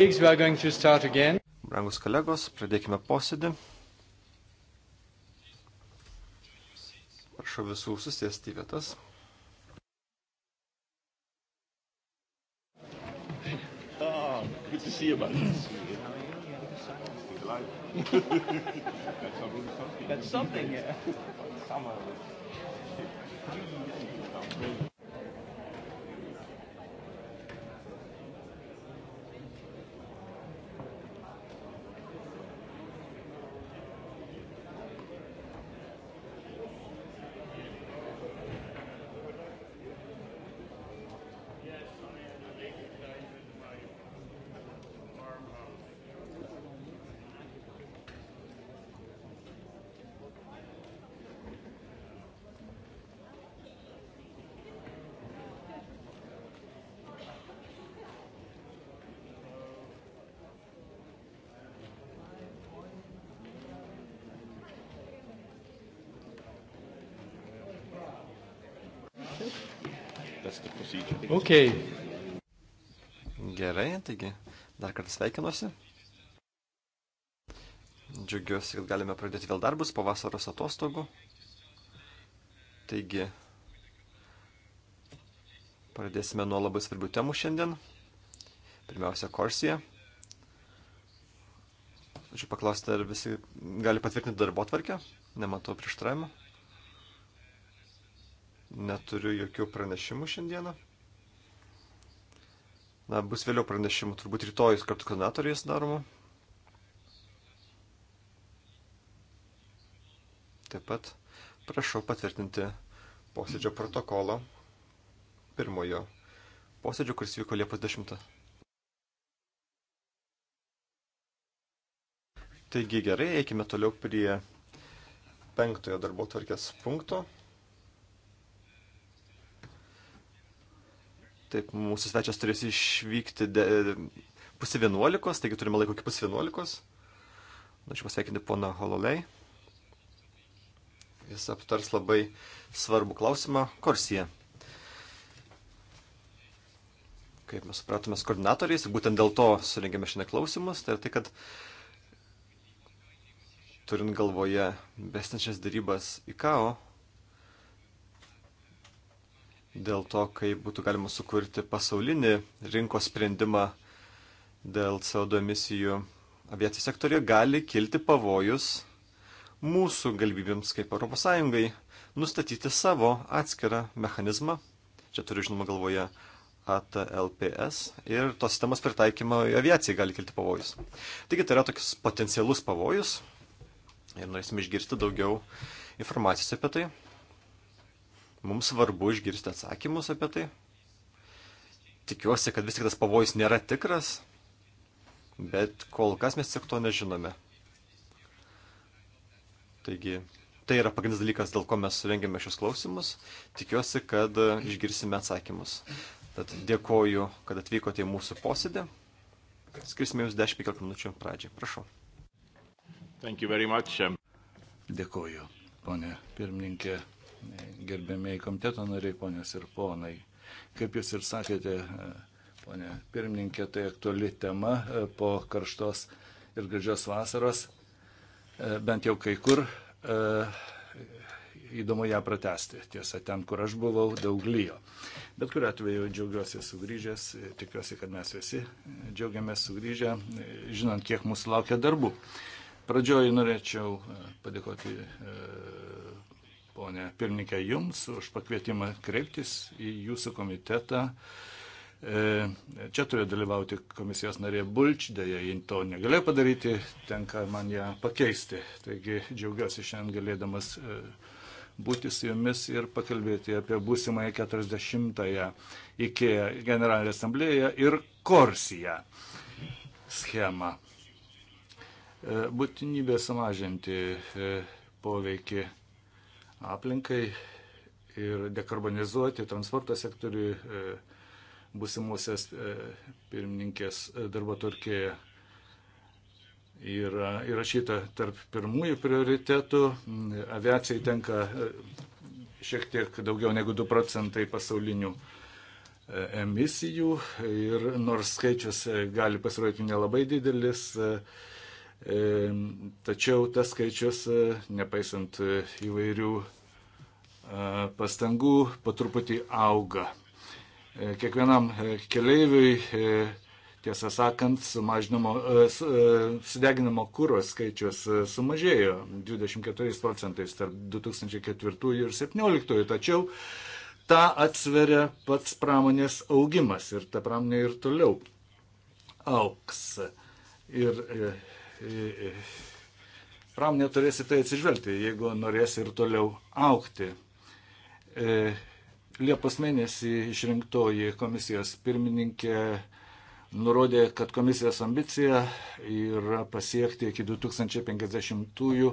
Brangus kolegos, pradėkime posėdį. Prašau visų susėsti vietas. Oh, good to see you, man. That's something, yeah. Summer. that's the procedure. Okay. Gerai, taigi dar kartą sveikinuosi. Džiugiuosi, kad galime pradėti vėl darbus po vasaros atostogų. Taigi, pradėsime nuo labai svarbių temų šiandien. Pirmiausia, Korsija. Ačiū paklausti, ar visi gali patvirtinti darbo tvarkę. Nematau prieštaravimų neturiu jokių pranešimų šiandieną. Na, bus vėliau pranešimų, turbūt rytoj kartu koordinatoriais daroma. Taip pat prašau patvirtinti posėdžio protokolo pirmojo posėdžio, kuris vyko Liepos 10. Taigi gerai, eikime toliau prie penktojo darbo tvarkės punkto. Taip, mūsų svečias turės išvykti de, pusė vienuolikos, taigi turime laiko iki pusė vienuolikos. Norėčiau pasveikinti poną Hololei. Jis aptars labai svarbų klausimą - Korsija. Kaip mes supratome su koordinatoriais, būtent dėl to surinkėme šiandien klausimus, tai yra tai, kad turint galvoje bestančias darybas į KAO, dėl to, kaip būtų galima sukurti pasaulinį rinkos sprendimą dėl CO2 emisijų aviacijos sektoriuje, gali kilti pavojus mūsų galimybėms kaip ES nustatyti savo atskirą mechanizmą. Čia turiu žinoma galvoje ATLPS ir tos sistemos pritaikymą aviacijai gali kilti pavojus. Taigi tai yra toks potencialus pavojus ir norėsime išgirsti daugiau informacijos apie tai. Mums svarbu išgirsti atsakymus apie tai. Tikiuosi, kad vis tik tas pavojus nėra tikras, bet kol kas mes tik to nežinome. Taigi, tai yra pagrindinis dalykas, dėl ko mes surengėme šios klausimus. Tikiuosi, kad išgirsime atsakymus. Tad dėkoju, kad atvykote į mūsų posėdį. Skirsime jums 10-15 minučių pradžiai. Prašau. Um. Dėkoju, ponė pirmininkė gerbėmiai komiteto nariai, ponios ir ponai. Kaip jūs ir sakėte, ponė pirmininkė, tai aktuali tema e, po karštos ir gražios vasaros, e, bent jau kai kur. E, įdomu ją pratesti. Tiesa, ten, kur aš buvau, daug lyjo. Bet kuriu atveju džiaugiuosi sugrįžęs, tikiuosi, kad mes visi džiaugiamės sugrįžę, žinant, kiek mūsų laukia darbų. Pradžioj norėčiau padėkoti ponė pirmininkė, jums už pakvietimą kreiptis į jūsų komitetą. E, čia turėjo dalyvauti komisijos narė Bulč, dėja jin to negalėjo padaryti, tenka man ją pakeisti. Taigi džiaugiuosi šiandien galėdamas e, būti su jumis ir pakalbėti apie būsimąją 40-ąją IKEA Generalinę asamblėją ir Korsiją schemą. E, būtinybė sumažinti poveikį aplinkai ir dekarbonizuoti transporto sektoriui e, busimusias e, pirmininkės e, darbo turkėje yra įrašyta tarp pirmųjų prioritetų. Aviacijai tenka šiek tiek daugiau negu 2 procentai pasaulinių emisijų ir nors skaičius gali pasirodyti nelabai didelis, E, tačiau tas skaičius, e, nepaisant e, įvairių pastangų, po truputį auga. Kiekvienam keleiviui, tiesą sakant, sudeginamo kūro skaičius sumažėjo 24 procentais tarp 2004 ir 2017, tačiau tą atsveria pats pramonės augimas ir ta pramonė ir toliau auks. Ir pramonė turės į tai atsižvelgti, jeigu norės ir toliau aukti. E, Liepos mėnesį išrinktoji komisijos pirmininkė nurodė, kad komisijos ambicija yra pasiekti iki 2050-ųjų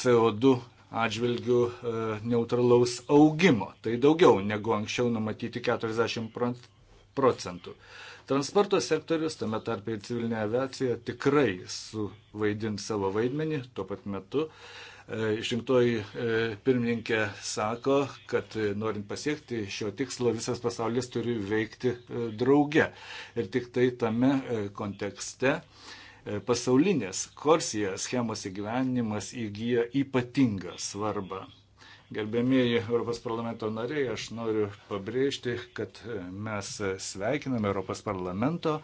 CO2 atžvilgių e, neutralaus augimo. Tai daugiau negu anksčiau numatyti 40 procentų. Transporto sektorius, tame tarp ir civilinė aviacija, tikrai suvaidins savo vaidmenį tuo pat metu. E, išrinktoji e, pirmininkė sako, kad e, norint pasiekti šio tikslo, visas pasaulis turi veikti drauge. Ir tik tai tame kontekste pasaulinės korsija schemos įgyvenimas įgyja ypatingą svarbą. Gerbėmėji Europos parlamento nariai, aš noriu pabrėžti, kad e, mes e, sveikiname Europos parlamento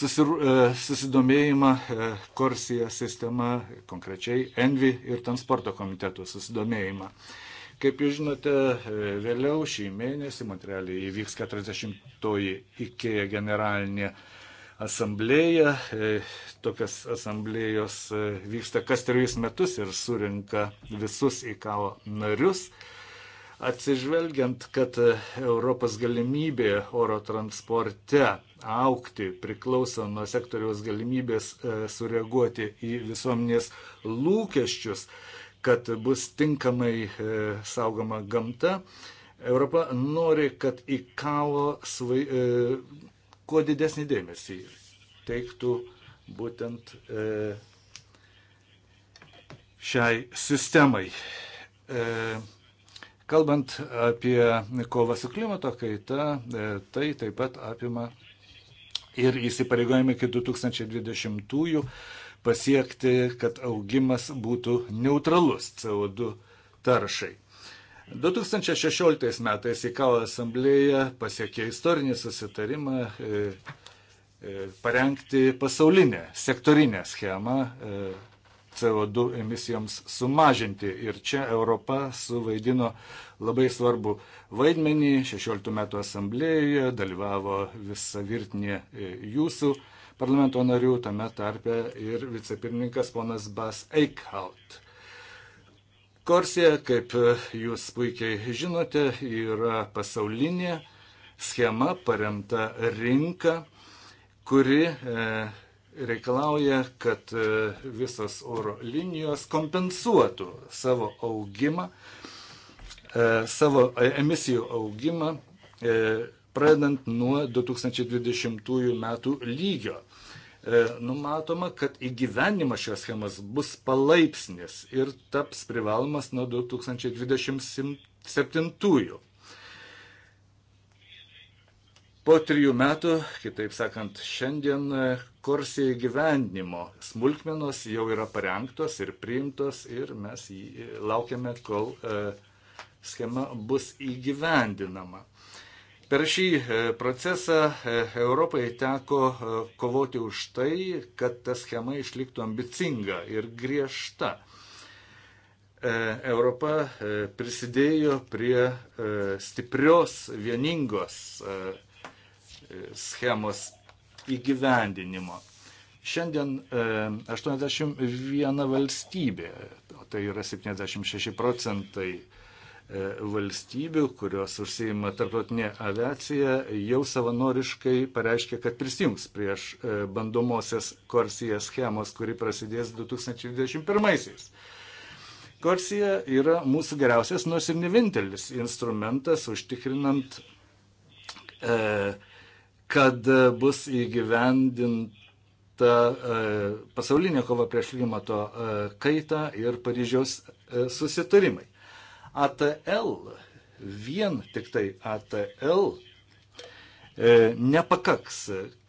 susir, e, susidomėjimą Korsija sistema, konkrečiai Envi ir transporto komitetų susidomėjimą. Kaip jūs žinote, vėliau šį mėnesį Montrealėje įvyks 40-oji IKEA generalinė asamblėja. E, tokios asamblėjos e, vyksta kas trejus metus ir surinka visus IKAO narius. Atsižvelgiant, kad e, Europos galimybė oro transporte aukti priklauso nuo sektoriaus galimybės sureaguoti į visuomenės lūkesčius, kad bus tinkamai saugoma gamta, Europa nori, kad IKAO svai, kuo didesnį dėmesį teiktų būtent e, šiai sistemai. E, kalbant apie kovą su klimato kaita, e, tai taip pat apima ir įsipareigojame iki 2020-ųjų pasiekti, kad augimas būtų neutralus CO2 taršai. 2016 metais į KAO asamblėją pasiekė istorinį susitarimą e, e, parengti pasaulinę sektorinę schemą e, CO2 emisijoms sumažinti. Ir čia Europa suvaidino labai svarbu vaidmenį. 16 metų asamblėjoje dalyvavo visa virtinė jūsų parlamento narių, tame tarpe ir vicepirmininkas ponas Bas Eichhout. Korsija, kaip jūs puikiai žinote, yra pasaulinė schema paremta rinka, kuri e, reikalauja, kad e, visos oro linijos kompensuotų savo augimą, e, savo emisijų augimą, pradedant nuo 2020 metų lygio. E, numatoma, kad įgyvenimas šios schemos bus palaipsnis ir taps privalomas nuo 2027. Po trijų metų, kitaip sakant, šiandien e, korsijai gyvenimo smulkmenos jau yra parengtos ir priimtos ir mes e, laukiame, kol schema bus įgyvendinama. Per šį e, procesą e, Europai teko e, kovoti už tai, kad ta schema išliktų ambicinga ir griežta. Europa prisidėjo prie stiprios, vieningos schemos įgyvendinimo. Šiandien 81 valstybė, o tai yra 76 procentai E, valstybių, kurios užsieima tarptautinė aviacija, jau savanoriškai pareiškė, kad prisijungs prieš e, bandomosios Korsija schemos, kuri prasidės 2021-aisiais. Korsija yra mūsų geriausias, nors ir ne vienintelis instrumentas užtikrinant, e, kad bus įgyvendinta pasaulinė kova prieš klimato kaitą ir Paryžiaus susitarimai. ATL, vien tik tai ATL e, nepakaks,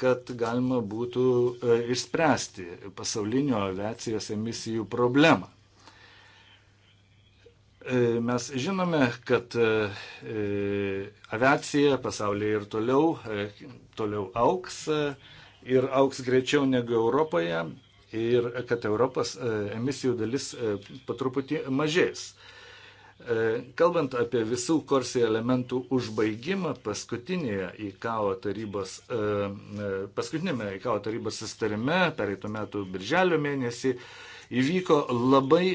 kad galima būtų e, išspręsti pasaulinio aviacijos emisijų problemą. E, mes žinome, kad aviacija pasaulyje ir toliau, toliau auks ir auks greičiau negu Europoje ir kad Europos emisijų dalis patruputį mažės. E, kalbant apie visų korsijų elementų užbaigimą paskutinėje IKAO tarybos, e, e, paskutinėme IKAO tarybos sustarime, pereitų metų birželio mėnesį, įvyko labai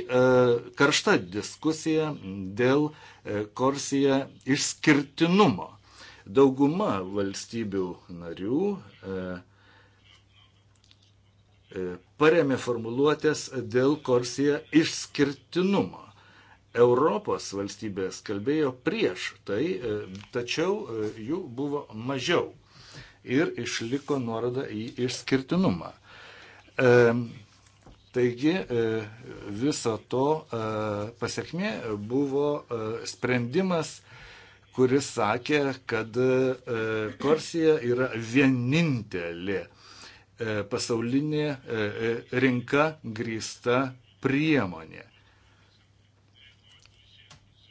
karšta diskusija dėl korsija išskirtinumo. Dauguma valstybių narių paremė formuluotės dėl korsija išskirtinumo. Europos valstybės kalbėjo prieš tai, e, tačiau e, jų buvo mažiau ir išliko nuoroda į išskirtinumą. E, taigi viso to pasiekmė buvo sprendimas, kuris sakė, kad Korsija yra vienintelė pasaulinė rinka grįsta priemonė.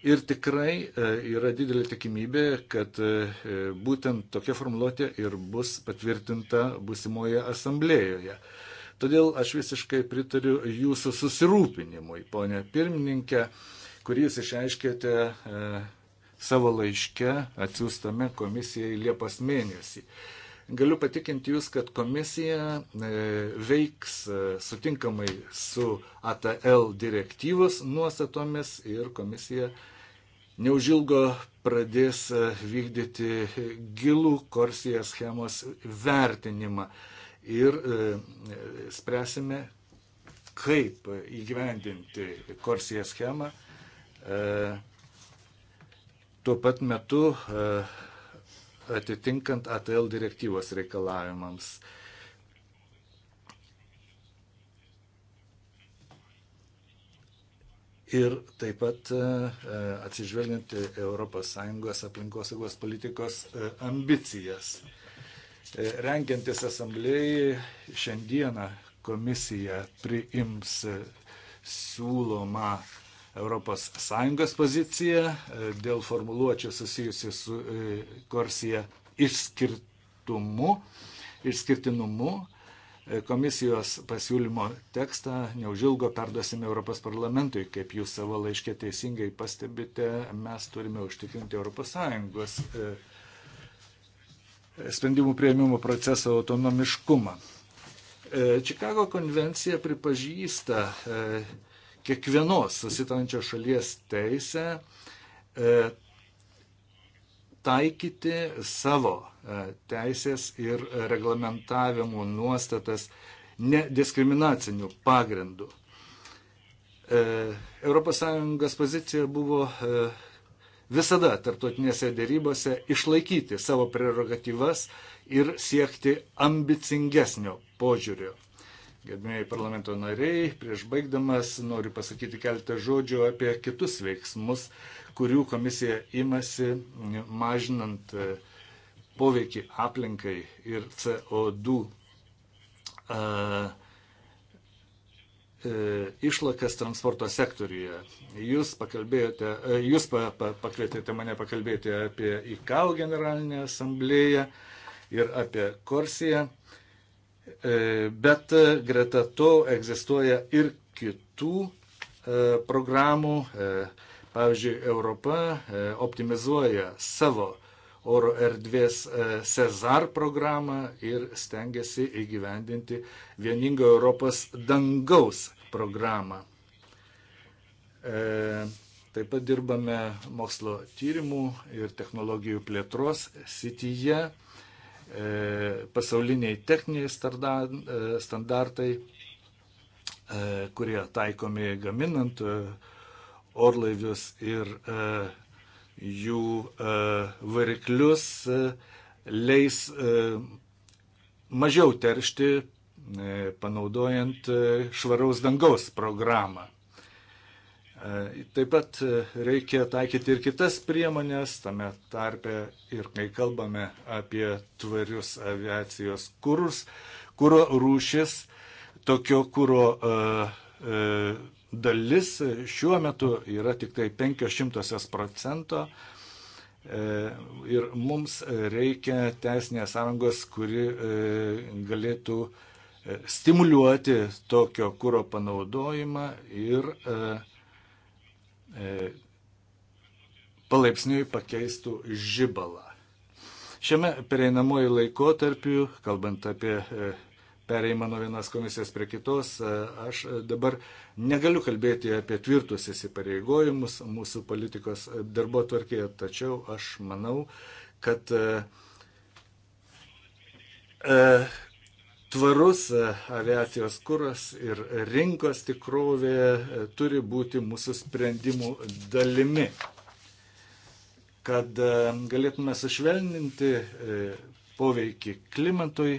Ir tikrai e, yra didelė tikimybė, kad e, e, būtent tokia formuluotė ir bus patvirtinta busimoje asamblėjoje. Todėl aš visiškai pritariu jūsų susirūpinimui, ponė pirmininkė, kurį jūs išaiškėte savo laiške atsiųstame komisijai Liepos mėnesį. Galiu patikinti Jūs, kad komisija veiks sutinkamai su ATL direktyvos nuostatomis ir komisija neužilgo pradės e, vykdyti gilų Korsija schemos vertinimą ir e, spręsime, kaip įgyvendinti Korsija schemą. E, tuo pat metu atitinkant ATL direktyvos reikalavimams. ir taip pat e, e, atsižvelgiant ES aplinkosaugos politikos e, ambicijas. Renkiantis asamblėjai šiandieną komisija priims siūlomą ES poziciją dėl formuluočių susijusių su Korsija išskirtumu, išskirtinumu E, komisijos pasiūlymo tekstą neužilgo perduosime Europos parlamentui. Kaip jūs savo laiškė teisingai pastebite, mes turime užtikrinti ES e, sprendimų prieimimo proceso autonomiškumą. E, Čikago konvencija pripažįsta kiekvienos susitarančios šalies teisę taikyti savo e, teisės ir e, reglamentavimo nuostatas nediskriminacinių pagrindų. ES pozicija buvo e, visada tarptautinėse dėrybose išlaikyti savo prerogatyvas ir siekti ambicingesnio požiūrio. Gerbėjai parlamento nariai, prieš baigdamas noriu pasakyti keletą žodžių apie kitus veiksmus, kurių komisija imasi mažinant e, poveikį aplinkai ir CO2 e, e, išlakas transporto sektoriuje. Jūs, jūs pa, pa, pakvietėte mane pakalbėti apie ICAO generalinę asamblėją ir apie Korsiją. E, bet e, greta to egzistuoja ir kitų e, programų. Pavyzdžiui, Europa optimizuoja savo oro erdvės Cezar programą ir stengiasi įgyvendinti vieningo Europos dangaus programą. Taip pat dirbame mokslo tyrimų ir technologijų plėtros sityje. E, pasauliniai techniniai e, standartai, e, kurie taikomi gaminant orlaivius ir jų variklius, leis mažiau teršti, panaudojant švaraus dangaus programą. E, taip pat e, reikia taikyti ir kitas priemonės, tame tarpe ir kai kalbame apie tvarius aviacijos kūrus, kūro rūšis, tokio kūro uh, e, uh, dalis šiuo metu yra tik tai 500 procento uh, ir mums reikia teisinės sąrangos, kuri galėtų stimuliuoti tokio kūro panaudojimą ir uh, E, palaipsniui pakeistų žibalą. Šiame pereinamojo laikotarpiu, kalbant apie e, pereimą nuo vienos komisijos prie kitos, e, aš dabar negaliu kalbėti apie tvirtus įsipareigojimus mūsų politikos darbo tvarkėje, tačiau aš manau, kad tvarus e, aviacijos kuras ir rinkos tikrovė e, turi būti mūsų sprendimų dalimi. Kad e, galėtume sušvelninti poveikį klimatui,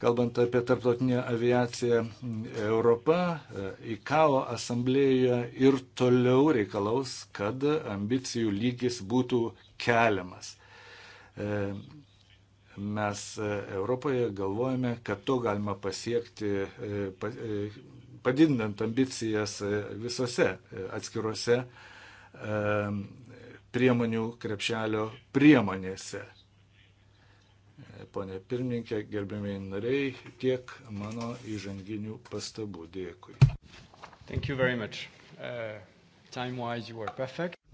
kalbant apie tarptautinę aviaciją, Europa ICAO asamblėje ir toliau reikalaus, kad ambicijų lygis būtų keliamas Mes e, Europoje galvojame, kad to galima pasiekti e, e, padidinant ambicijas visose atskiruose priemonių krepšelio priemonėse. Pone pirmininkė, gerbėmiai nariai, tiek mano įžanginių pastabų. Dėkui. Uh,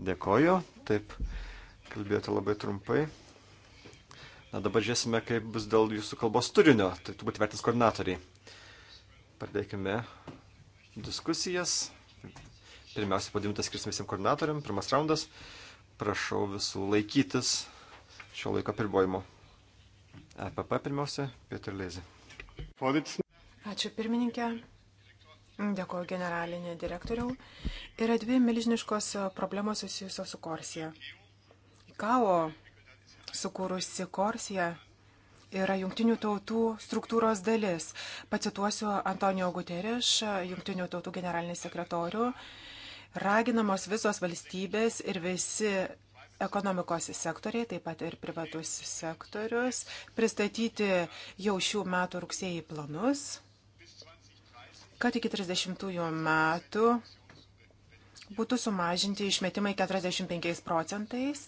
Dėkoju, taip kalbėjote labai trumpai. Na dabar žiūrėsime, kaip bus dėl jūsų kalbos turinio. Tai turbūt vertins koordinatoriai. Pradėkime diskusijas. Pirmiausia, po dvimtas skirsim visiems koordinatoriam. Pirmas raundas. Prašau visų laikytis šio laiko pribojimo. EPP pirmiausia, Pietur Leizė. Ačiū pirmininkė. Dėkuoju generalinė direktoriau. Yra dvi milžiniškos problemos susijusios su Korsija. IKAO sukūrusi Korsija yra jungtinių tautų struktūros dalis. Pacituosiu Antonijo Guteriš, jungtinių tautų generalinį sekretorių. Raginamos visos valstybės ir visi ekonomikos sektoriai, taip pat ir privatus sektorius, pristatyti jau šių metų rugsėjai planus, kad iki 30 metų būtų sumažinti išmetimai 45 procentais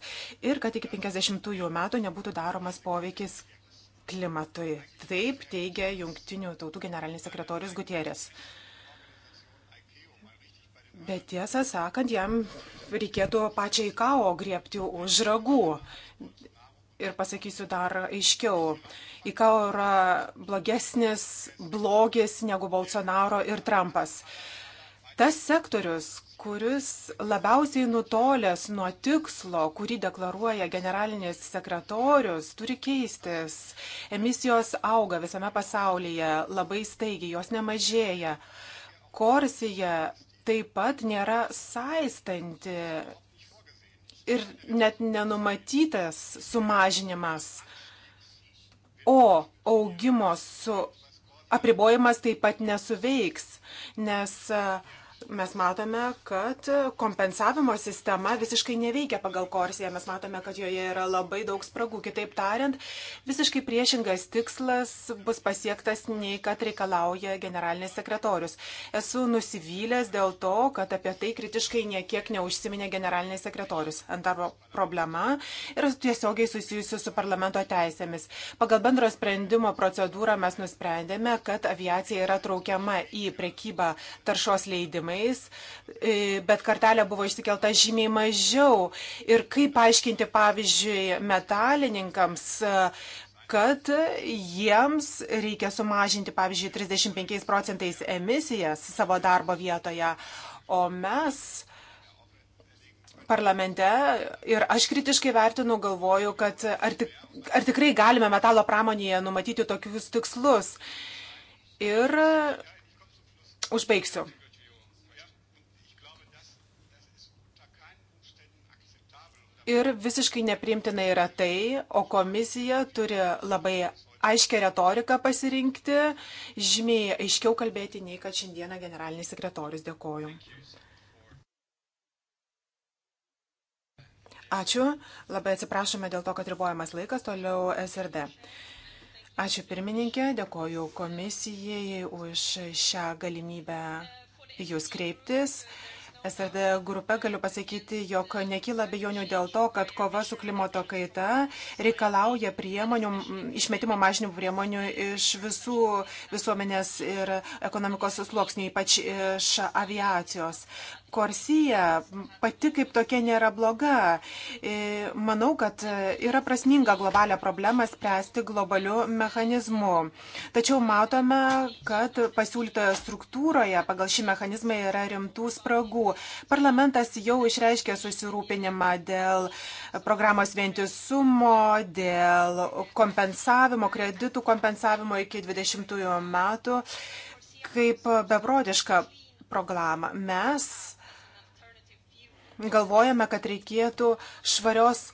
ir kad iki 50 metų nebūtų daromas poveikis klimatui. Taip teigia Junktinių tautų generalinis sekretorius Gutierės. Bet tiesą sakant, jam reikėtų pačiai kao griepti už ragų. Ir pasakysiu dar aiškiau, į ką yra blogesnis blogis negu Bolsonaro ir Trumpas. Tas sektorius, kuris labiausiai nutolęs nuo tikslo, kurį deklaruoja generalinis sekretorius, turi keistis. Emisijos auga visame pasaulyje labai staigiai, jos nemažėja. Korsija taip pat nėra saistanti ir net nenumatytas sumažinimas, o augimo su apribojimas taip pat nesuveiks, nes uh, mes matome, kad kompensavimo sistema visiškai neveikia pagal korsiją. Mes matome, kad joje yra labai daug spragų. Kitaip tariant, visiškai priešingas tikslas bus pasiektas nei kad reikalauja generalinis sekretorius. Esu nusivylęs dėl to, kad apie tai kritiškai niekiek neužsiminė generalinis sekretorius. Antaro problema yra tiesiogiai susijusi su parlamento teisėmis. Pagal bendro sprendimo procedūrą mes nusprendėme, kad aviacija yra traukiama į prekybą taršos leidimą klausimais, e, bet kartelė buvo išsikelta žymiai mažiau. Ir kaip paaiškinti, pavyzdžiui, metalininkams, e, kad jiems reikia sumažinti, pavyzdžiui, 35 procentais emisijas savo darbo vietoje, o mes parlamente ir aš kritiškai vertinu, galvoju, kad ar, tik, ar tikrai galime metalo pramonėje numatyti tokius tikslus. Ir užbaigsiu. Ir visiškai nepriimtina yra tai, o komisija turi labai aiškę retoriką pasirinkti, žymiai aiškiau kalbėti nei kad šiandieną generalinis sekretorius. Dėkoju. Ačiū. Labai atsiprašome dėl to, kad ribojamas laikas. Toliau SRD. Ačiū pirmininkė, dėkoju komisijai už šią galimybę jūs kreiptis. Uh, SRD grupe galiu pasakyti, jog nekyla bejonių dėl to, kad kova su klimato kaita reikalauja priemonių, išmetimo mažinimo priemonių iš visų visuomenės ir ekonomikos sluoksnių, ypač iš aviacijos. Korsija pati kaip tokia nėra bloga. E, manau, kad yra prasminga globalią problemą spręsti globaliu mechanizmu. Tačiau matome, kad pasiūlytoje struktūroje pagal šį mechanizmą yra rimtų spragų. Parlamentas jau išreiškė susirūpinimą dėl programos vientisumo, dėl kompensavimo, kreditų kompensavimo iki 20 metų kaip beprotišką programą. Mes galvojame, kad reikėtų švarios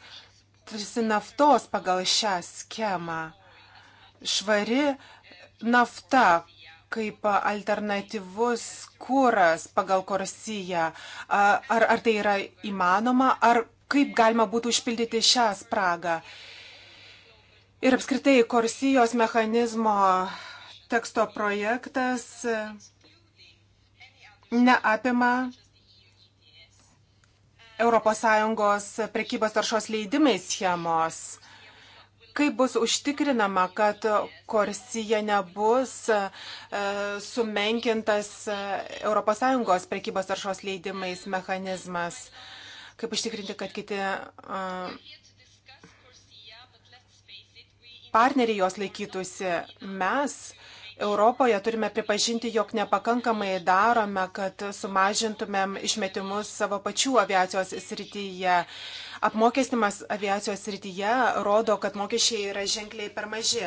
naftos pagal šią schemą. Švari nafta kaip alternatyvus kūras pagal korsiją. Ar, ar tai yra įmanoma, ar kaip galima būtų užpildyti šią spragą? Ir apskritai korsijos mechanizmo teksto projektas neapima ES prekybos taršos leidimai schemos. Kaip bus užtikrinama, kad Korsija nebus e, sumenkintas ES prekybos taršos leidimais mechanizmas? Kaip užtikrinti, kad kiti e, partneriai jos laikytųsi? Mes Europoje turime pripažinti, jog nepakankamai darome, kad sumažintumėm išmetimus savo pačių aviacijos srityje apmokestimas aviacijos srityje rodo, kad mokesčiai yra ženkliai per maži.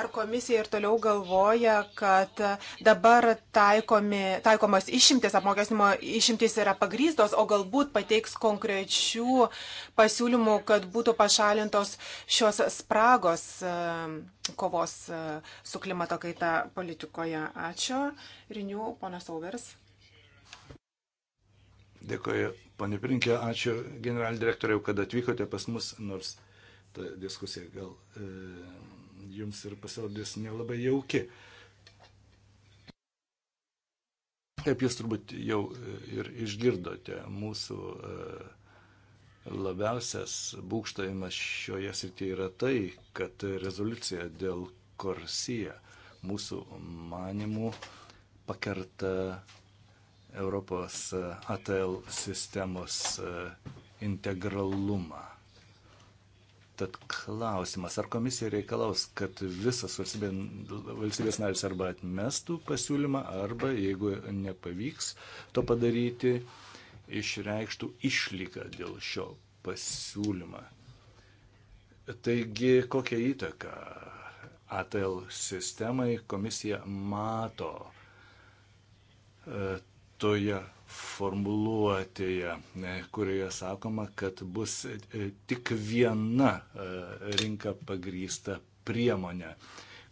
Ar komisija ir toliau galvoja, kad dabar taikomi, taikomos išimtis, apmokestimo išimtis yra pagrystos, o galbūt pateiks konkrečių pasiūlymų, kad būtų pašalintos šios spragos e, kovos e, su klimato kaita politikoje? Ačiū. Riniu, ponas Auvers. Dėkoju, ponė Prinkė, ačiū generalinį direktoriau, kad atvykote pas mus, nors ta diskusija gal e, jums ir pasirodys nelabai jauki. Kaip jūs turbūt jau e, ir išgirdote, mūsų e, labiausias būkštojimas šioje srityje yra tai, kad rezoliucija dėl Korsija mūsų manimų pakerta Europos e, ATL sistemos e, integralumą. Tad klausimas, ar komisija reikalaus, kad visas valstybė, valstybės narys arba atmestų pasiūlymą, arba, jeigu nepavyks to padaryti, išreikštų išlygą dėl šio pasiūlymą. Taigi, kokią įtaką ATL sistemai komisija mato e, toje formuluotėje, kurioje sakoma, kad bus e, tik viena e, rinka pagrysta priemonė,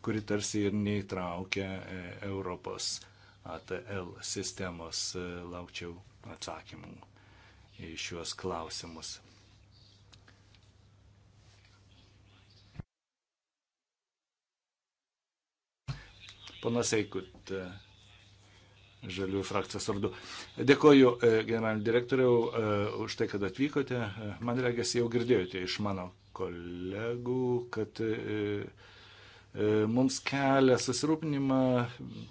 kuri tarsi ir neįtraukia e, Europos ATL sistemos. Laukčiau atsakymų į šiuos klausimus. Ponas Eikut, žaliųjų frakcijos vardu. Dėkoju e, generaliniu direktoriau e, už tai, kad atvykote. E, man regis, jau girdėjote iš mano kolegų, kad mums kelia susirūpinimą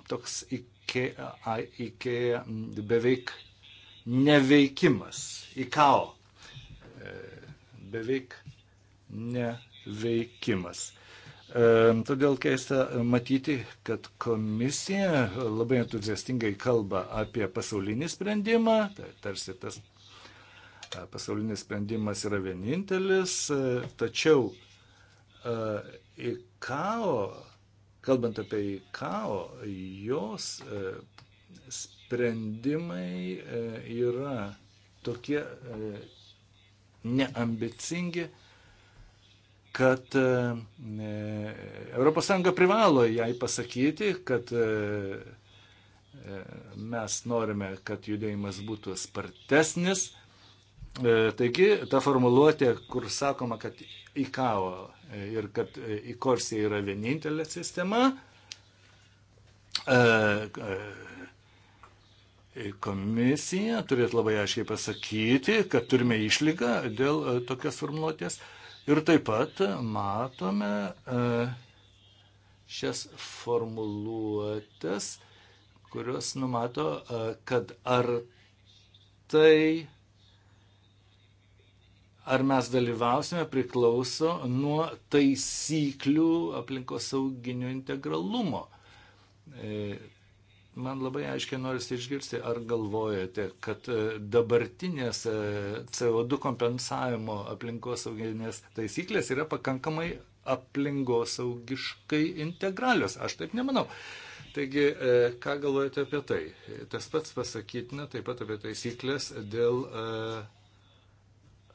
toks IKEA, IKEA beveik neveikimas, IKAO beveik neveikimas. E, todėl keista matyti, kad komisija labai entuziastingai kalba apie pasaulinį sprendimą, tai tarsi tas e, pasaulinis sprendimas yra vienintelis, e, tačiau ICAO, kalbant apie ICAO, jos sprendimai yra tokie neambicingi, kad ES e, privalo jai pasakyti, kad e, e, mes norime, kad judėjimas būtų spartesnis. Taigi, ta formuluotė, kur sakoma, kad ICAO ir kad ICORSIA yra vienintelė sistema, komisija turėtų labai aiškiai pasakyti, kad turime išlygą dėl tokios formuluotės. Ir taip pat matome e, šias formuluotės, kurios numato, e, kad ar tai, ar mes dalyvausime, priklauso nuo taisyklių aplinkosauginių integralumo. E, man labai aiškiai norisi išgirsti, ar galvojate, kad e, dabartinės e, CO2 kompensavimo aplinkosauginės taisyklės yra pakankamai aplinkosaugiškai integralios. Aš taip nemanau. Taigi, e, ką galvojate apie tai? Tas pats pasakytina taip pat apie taisyklės dėl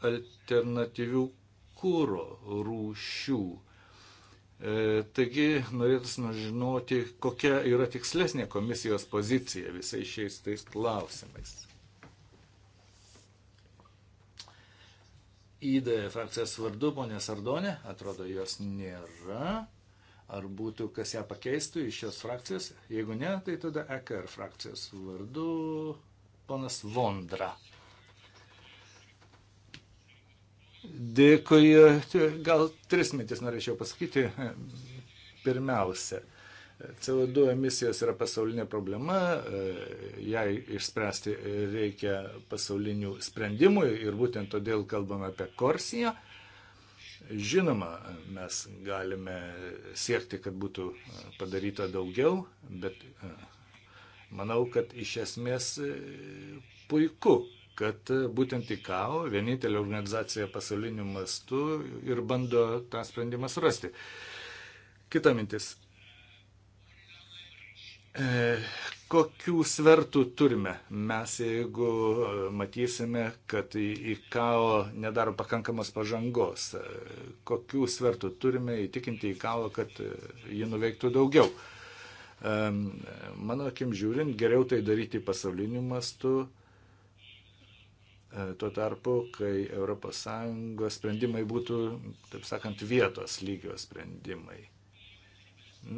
alternatyvių kūro rūšių E, taigi norėtume žinoti, kokia yra tikslesnė komisijos pozicija visai šiais tais klausimais. ID frakcijos vardu, ponė Sardonė, atrodo jos nėra. Ar būtų kas ją pakeistų iš šios frakcijos? Jeigu ne, tai tada EKR frakcijos vardu ponas Vondra. Dėkui. Gal tris mintis norėčiau pasakyti. Pirmiausia, CO2 emisijos yra pasaulinė problema, jai išspręsti reikia pasaulinių sprendimų ir būtent todėl kalbame apie Korsiją. Žinoma, mes galime siekti, kad būtų padaryta daugiau, bet manau, kad iš esmės puiku, kad būtent ICAO, vienintelė organizacija pasauliniu mastu ir bando tą sprendimą surasti. Kita mintis. E, kokių svertų turime mes, jeigu matysime, kad ICAO nedaro pakankamos pažangos? E, kokių svertų turime įtikinti ICAO, kad ji nuveiktų daugiau? E, mano akim žiūrint, geriau tai daryti pasauliniu mastu, E, tuo tarpu, kai ES sprendimai būtų, taip sakant, vietos lygio sprendimai.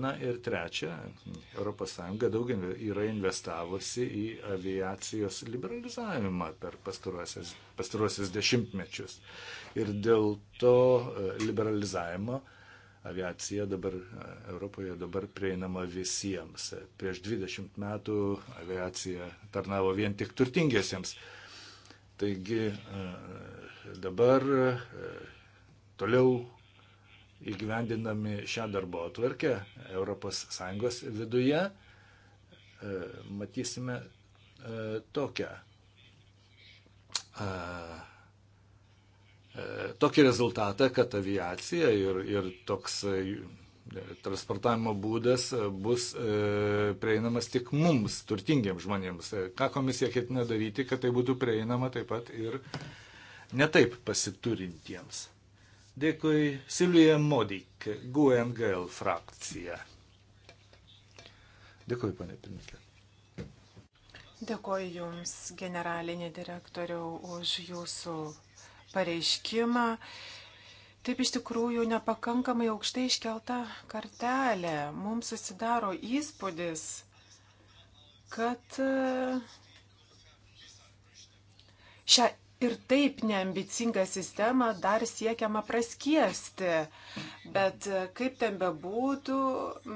Na ir trečia, ES daug yra investavusi į aviacijos liberalizavimą per pastaruosius dešimtmečius. Ir dėl to e, liberalizavimo aviacija dabar e, Europoje dabar prieinama visiems. Prieš 20 metų aviacija tarnavo vien tik turtingiesiems. Taigi e, dabar e, toliau įgyvendinami šią darbo atvarkę ES viduje, e, matysime tokią, tokį rezultatą, kad aviacija ir, ir toks transportavimo būdas e, bus e, prieinamas tik mums, turtingiems žmonėms. E, ką komisija ketina daryti, kad tai būtų prieinama taip pat ir netaip pasiturintiems. Dėkui Silvija Modik, GUNGL frakcija. Dėkui, panė pirmininkė. Dėkoju Jums, generalinė direktoriau, už Jūsų pareiškimą. Taip iš tikrųjų nepakankamai aukštai iškelta kartelė. Mums susidaro įspūdis, kad e, šią ir taip neambicingą sistemą dar siekiama praskiesti. Bet e, kaip ten bebūtų,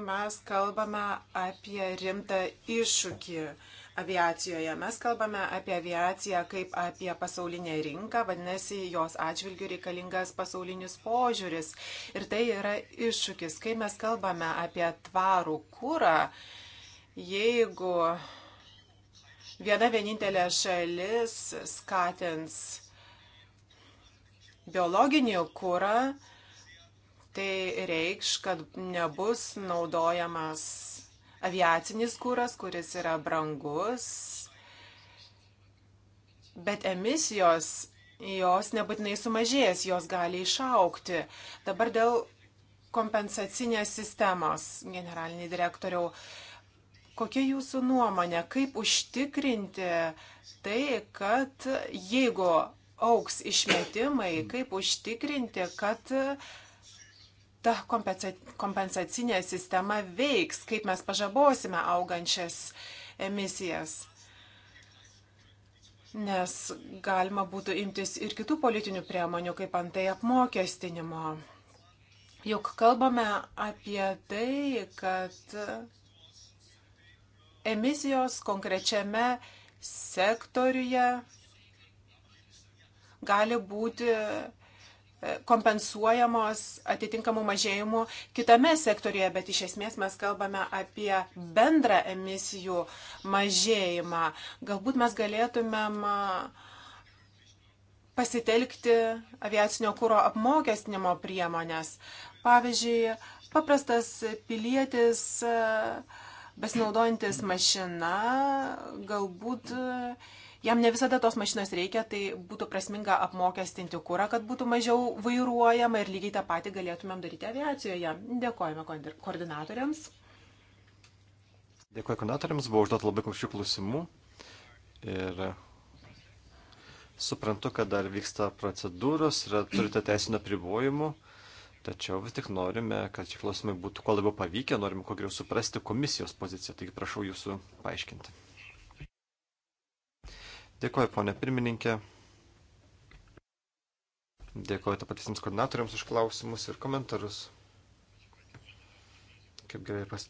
mes kalbame apie rimtą iššūkį aviacijoje. Mes kalbame apie aviaciją kaip apie pasaulinę rinką, vadinasi, jos atžvilgių reikalingas pasaulinis požiūris. Ir tai yra iššūkis, kai mes kalbame apie tvarų kūrą, jeigu viena vienintelė šalis skatins biologinį kūrą, tai reikš, kad nebus naudojamas aviacinis kūras, kuris yra brangus, bet emisijos jos nebūtinai sumažės, jos gali išaukti. Dabar dėl kompensacinės sistemos, generaliniai direktoriau, kokia jūsų nuomonė, kaip užtikrinti tai, kad jeigu auks išmetimai, kaip užtikrinti, kad ta kompensacinė sistema veiks, kaip mes pažabosime augančias emisijas. Nes galima būtų imtis ir kitų politinių priemonių, kaip antai apmokestinimo. Juk kalbame apie tai, kad emisijos konkrečiame sektoriuje gali būti kompensuojamos atitinkamų mažėjimų kitame sektorėje, bet iš esmės mes kalbame apie bendrą emisijų mažėjimą. Galbūt mes galėtumėm pasitelkti aviacinio kūro apmokestinimo priemonės. Pavyzdžiui, paprastas pilietis besinaudojantis mašina galbūt jam ne visada tos mašinos reikia, tai būtų prasminga apmokestinti kūrą, kad būtų mažiau vairuojama ir lygiai tą patį galėtumėm daryti aviacijoje. Dėkojame koordinatoriams. Dėkuoju koordinatoriams, buvo užduota labai kumščių klausimų ir suprantu, kad dar vyksta procedūros ir turite teisinio pribojimų. Tačiau vis tik norime, kad šie klausimai būtų kuo labiau pavykę, norime kuo geriau suprasti komisijos poziciją. Taigi prašau jūsų paaiškinti. Dėkuoju, ponė pirmininkė. Dėkuoju tą patysiems koordinatoriams už klausimus ir komentarus. Kaip gerai pas...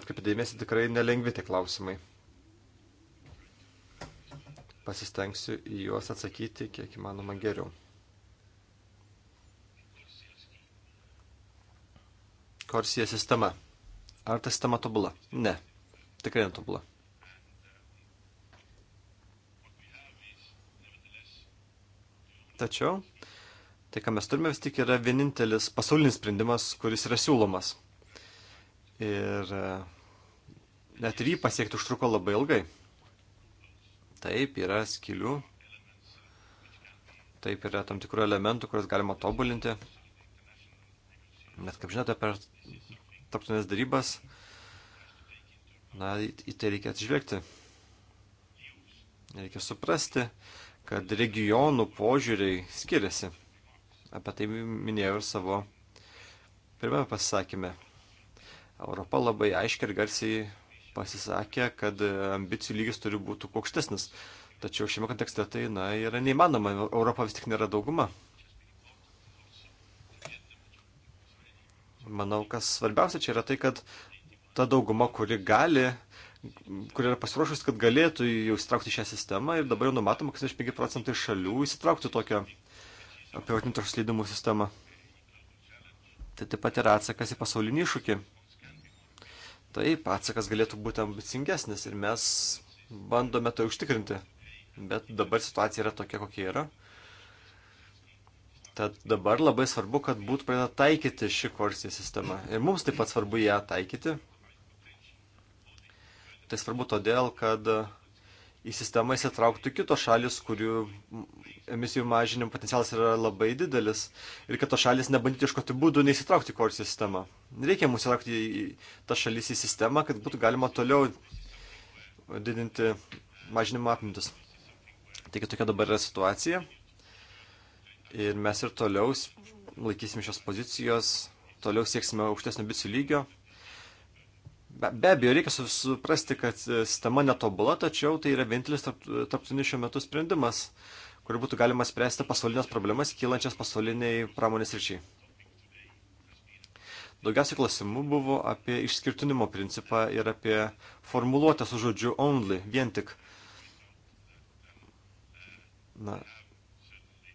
atkreipė dėmesį, tikrai nelengvi tie klausimai. Pasistengsiu į juos atsakyti kiek įmanoma geriau. Korsija sistema. Ar ta sistema tobula? Ne. Tikrai netobula. Tačiau tai, ką mes turime, vis tik yra vienintelis pasaulinis sprendimas, kuris yra siūlomas. Ir e, net ir jį pasiekti užtruko labai ilgai. Taip, yra skilių, taip yra tam tikrų elementų, kuriuos galima tobulinti. Bet kaip žinote, per tarptautinės darybas, na, į tai reikia atžvelgti. Reikia suprasti, kad regionų požiūriai skiriasi. Apie tai minėjau ir savo pirmame pasisakymė. Europa labai aiškiai ir garsiai pasisakė, kad ambicijų lygis turi būti aukštesnis. Tačiau šiame kontekste tai na, yra neįmanoma. Europa vis tik nėra dauguma. Manau, kas svarbiausia čia yra tai, kad ta dauguma, kuri gali kurie yra pasiruošus, kad galėtų jau įsitraukti šią sistemą ir dabar jau numatoma, kad 65 procentai šalių įsitrauktų tokią apivartinių taršos leidimų sistemą. Tai taip pat yra atsakas į pasaulinį iššūkį. Taip, atsakas galėtų būti ambicingesnis ir mes bandome tai užtikrinti. Bet dabar situacija yra tokia, kokia yra. Tad dabar labai svarbu, kad būtų pradėta taikyti šį korsį sistemą. Ir mums taip pat svarbu ją taikyti, Tai svarbu todėl, kad į sistemą įsitrauktų kitos šalis, kurių emisijų mažinimo potencialas yra labai didelis ir kad tos šalis nebandytų iškoti būdų neįsitraukti į korsį sistemą. Reikia mūsų įsitraukti į tą šalis į sistemą, kad būtų galima toliau didinti mažinimo apimtis. Taigi tokia dabar yra situacija. Ir mes ir toliau laikysim šios pozicijos, toliau sieksime aukštesnio ambicijų lygio Be, be abejo, reikia suprasti, kad e, sistema netobula, tačiau tai yra vienintelis tarptautinis šiuo metu sprendimas, kuriuo būtų galima spręsti pasaulinės problemas, kylančias pasauliniai pramonės ryčiai. Daugiausiai klausimų buvo apie išskirtinimo principą ir apie formuluotę su žodžiu only, vien tik. Na,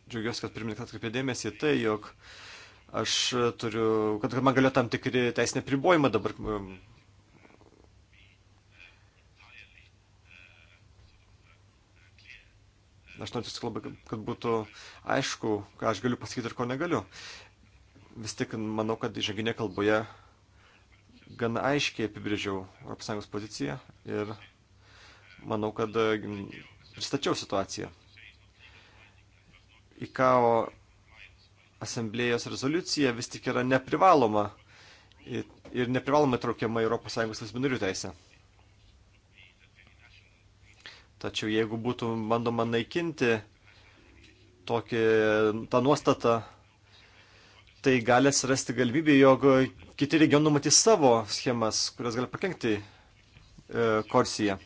džiaugiuosi, kad pirmininkas atkreipė dėmesį į tai, jog aš turiu, kad man galėjo tam tikri teisinė pribojimai dabar Aš noriu tiesiog labai, kad būtų aišku, ką aš galiu pasakyti ir ko negaliu. Vis tik manau, kad įžanginė kalboje gan aiškiai apibrėžiau ES poziciją ir manau, kad mm, pristačiau situaciją. IKAO asamblėjos rezoliucija vis tik yra neprivaloma ir neprivaloma traukiama ES valstybinarių teisė. Tačiau jeigu būtų bandoma naikinti tokį, tą nuostatą, tai gali atsirasti galimybė, jog kiti regionai numatys savo schemas, kurias gali pakengti e, Korsija.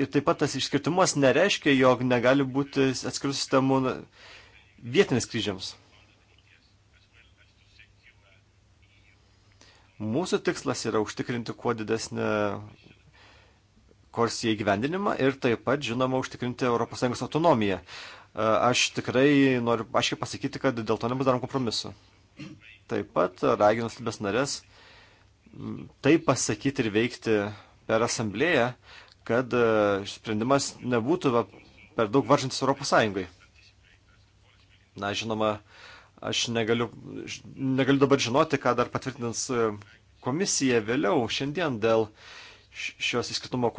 Ir taip pat tas išskirtimas nereiškia, jog negali būti atskirų sistemų vietinis kryžiams. Mūsų tikslas yra užtikrinti kuo didesnę Korsija įgyvendinimą ir taip pat, žinoma, užtikrinti ES autonomiją. E, aš tikrai noriu aiškiai pasakyti, kad dėl to nebus darom kompromisu. Taip pat raginu valstybės narės tai pasakyti ir veikti per asamblėją, kad e, sprendimas nebūtų per daug varžantis Europos Sąjungai. Na, žinoma, aš negaliu, negaliu dabar žinoti, ką dar patvirtins e, komisija vėliau šiandien dėl uh, šios įskirtumo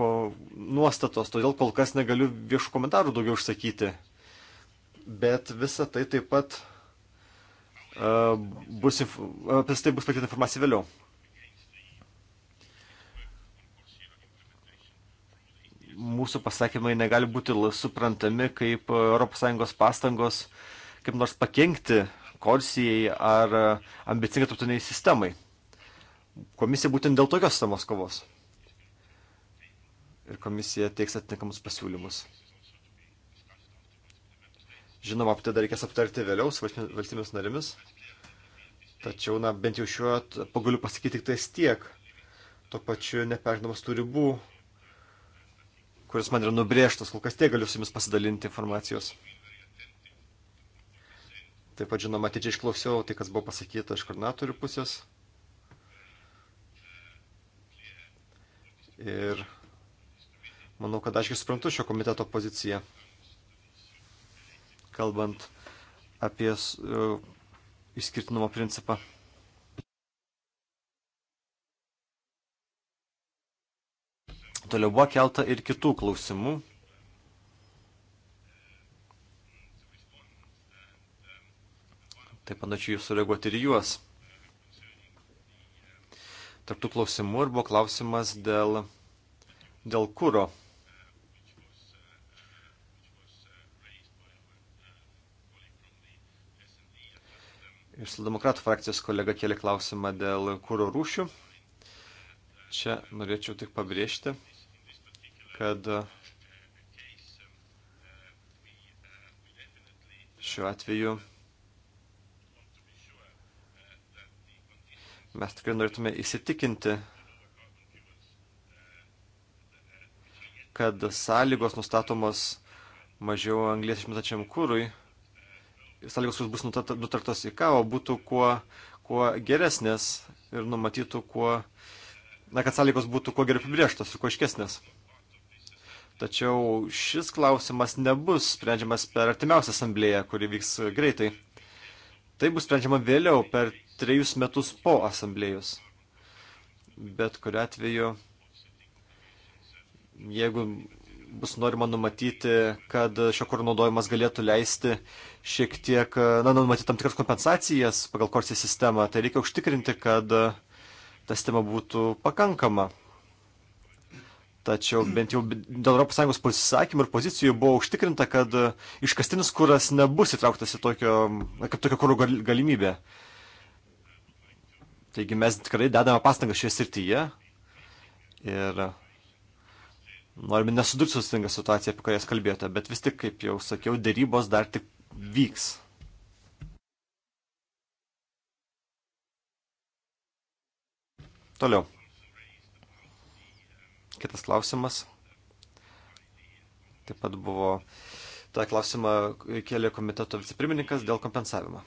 nuostatos, todėl kol kas negaliu viešų komentarų daugiau užsakyti. Bet visa tai taip pat uh, bus, apie tai bus patikta informacija vėliau. Mūsų pasakymai negali būti suprantami kaip ES pastangos kaip nors pakengti Korsijai ar e, ambicingai tautiniai sistemai. Komisija būtent dėl tokios sistemos kovos ir komisija teiks atitinkamus pasiūlymus. Žinoma, apie tai dar reikės aptarti vėliau su valstybės narėmis, tačiau, na, bent jau šiuo pagaliu pasakyti tik tais tiek, tuo pačiu neperždamas tų ribų, kuris man yra nubrėžtas, kol kas tiek galiu su jumis pasidalinti informacijos. Taip pat, žinoma, atidžiai išklausiau tai, kas buvo pasakyta iš koordinatorių pusės. Ir Manau, kad aiškiai suprantu šio komiteto poziciją, kalbant apie e, išskirtinumo principą. Toliau buvo kelta ir kitų klausimų. Taip panašiai jūs sureaguoti ir juos. Tarptų klausimų ir buvo klausimas dėl, dėl kūro. Iš Saldemokratų frakcijos kolega kėlė klausimą dėl kūro rūšių. Čia norėčiau tik pabrėžti, kad šiuo atveju mes tikrai norėtume įsitikinti, kad sąlygos nustatomos mažiau anglės išmetačiam kūrui sąlygos, kurios bus nutartos į kavo, būtų kuo, kuo geresnės ir numatytų kuo, na, kad sąlygos būtų kuo geriau apibrieštos ir kuo iškesnės. Tačiau šis klausimas nebus sprendžiamas per artimiausią asamblėją, kuri vyks greitai. Tai bus sprendžiama vėliau, per trejus metus po asamblėjus. Bet kuriu atveju, jeigu bus norima numatyti, kad šio kūro naudojimas galėtų leisti šiek tiek, na, numatyti tam tikras kompensacijas pagal korsį sistemą, tai reikia užtikrinti, kad ta sistema būtų pakankama. Tačiau bent jau dėl ES pasisakymų ir pozicijų buvo užtikrinta, kad iškastinis kuras nebus įtrauktas į tokio, kaip tokio kūro galimybę. Taigi mes tikrai dedame pastangą šioje srityje ir norime nu, nesudurti su stinga situacija, apie kurią jūs kalbėjote, bet vis tik, kaip jau sakiau, dėrybos dar tik vyks. Toliau. Kitas klausimas. Taip pat buvo tą klausimą kėlė komiteto vicepirmininkas dėl kompensavimo.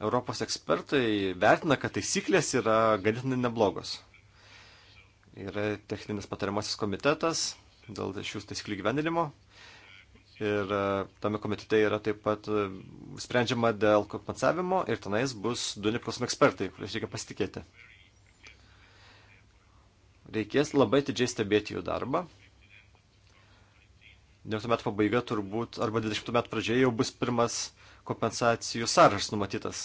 Europos ekspertai vertina, kad taisyklės yra ganėtinai neblogos. Yra techninis patariamasis komitetas dėl šių taisyklių gyvendinimo. Ir e, tame komitete yra taip pat e, sprendžiama dėl kompensavimo ir tenais bus du nepriklausomi ekspertai, kuriais reikia pasitikėti. Reikės labai didžiai stebėti jų darbą. 19 metų pabaiga turbūt, arba 20 metų pradžioje jau bus pirmas uh, kompensacijų sąrašas numatytas.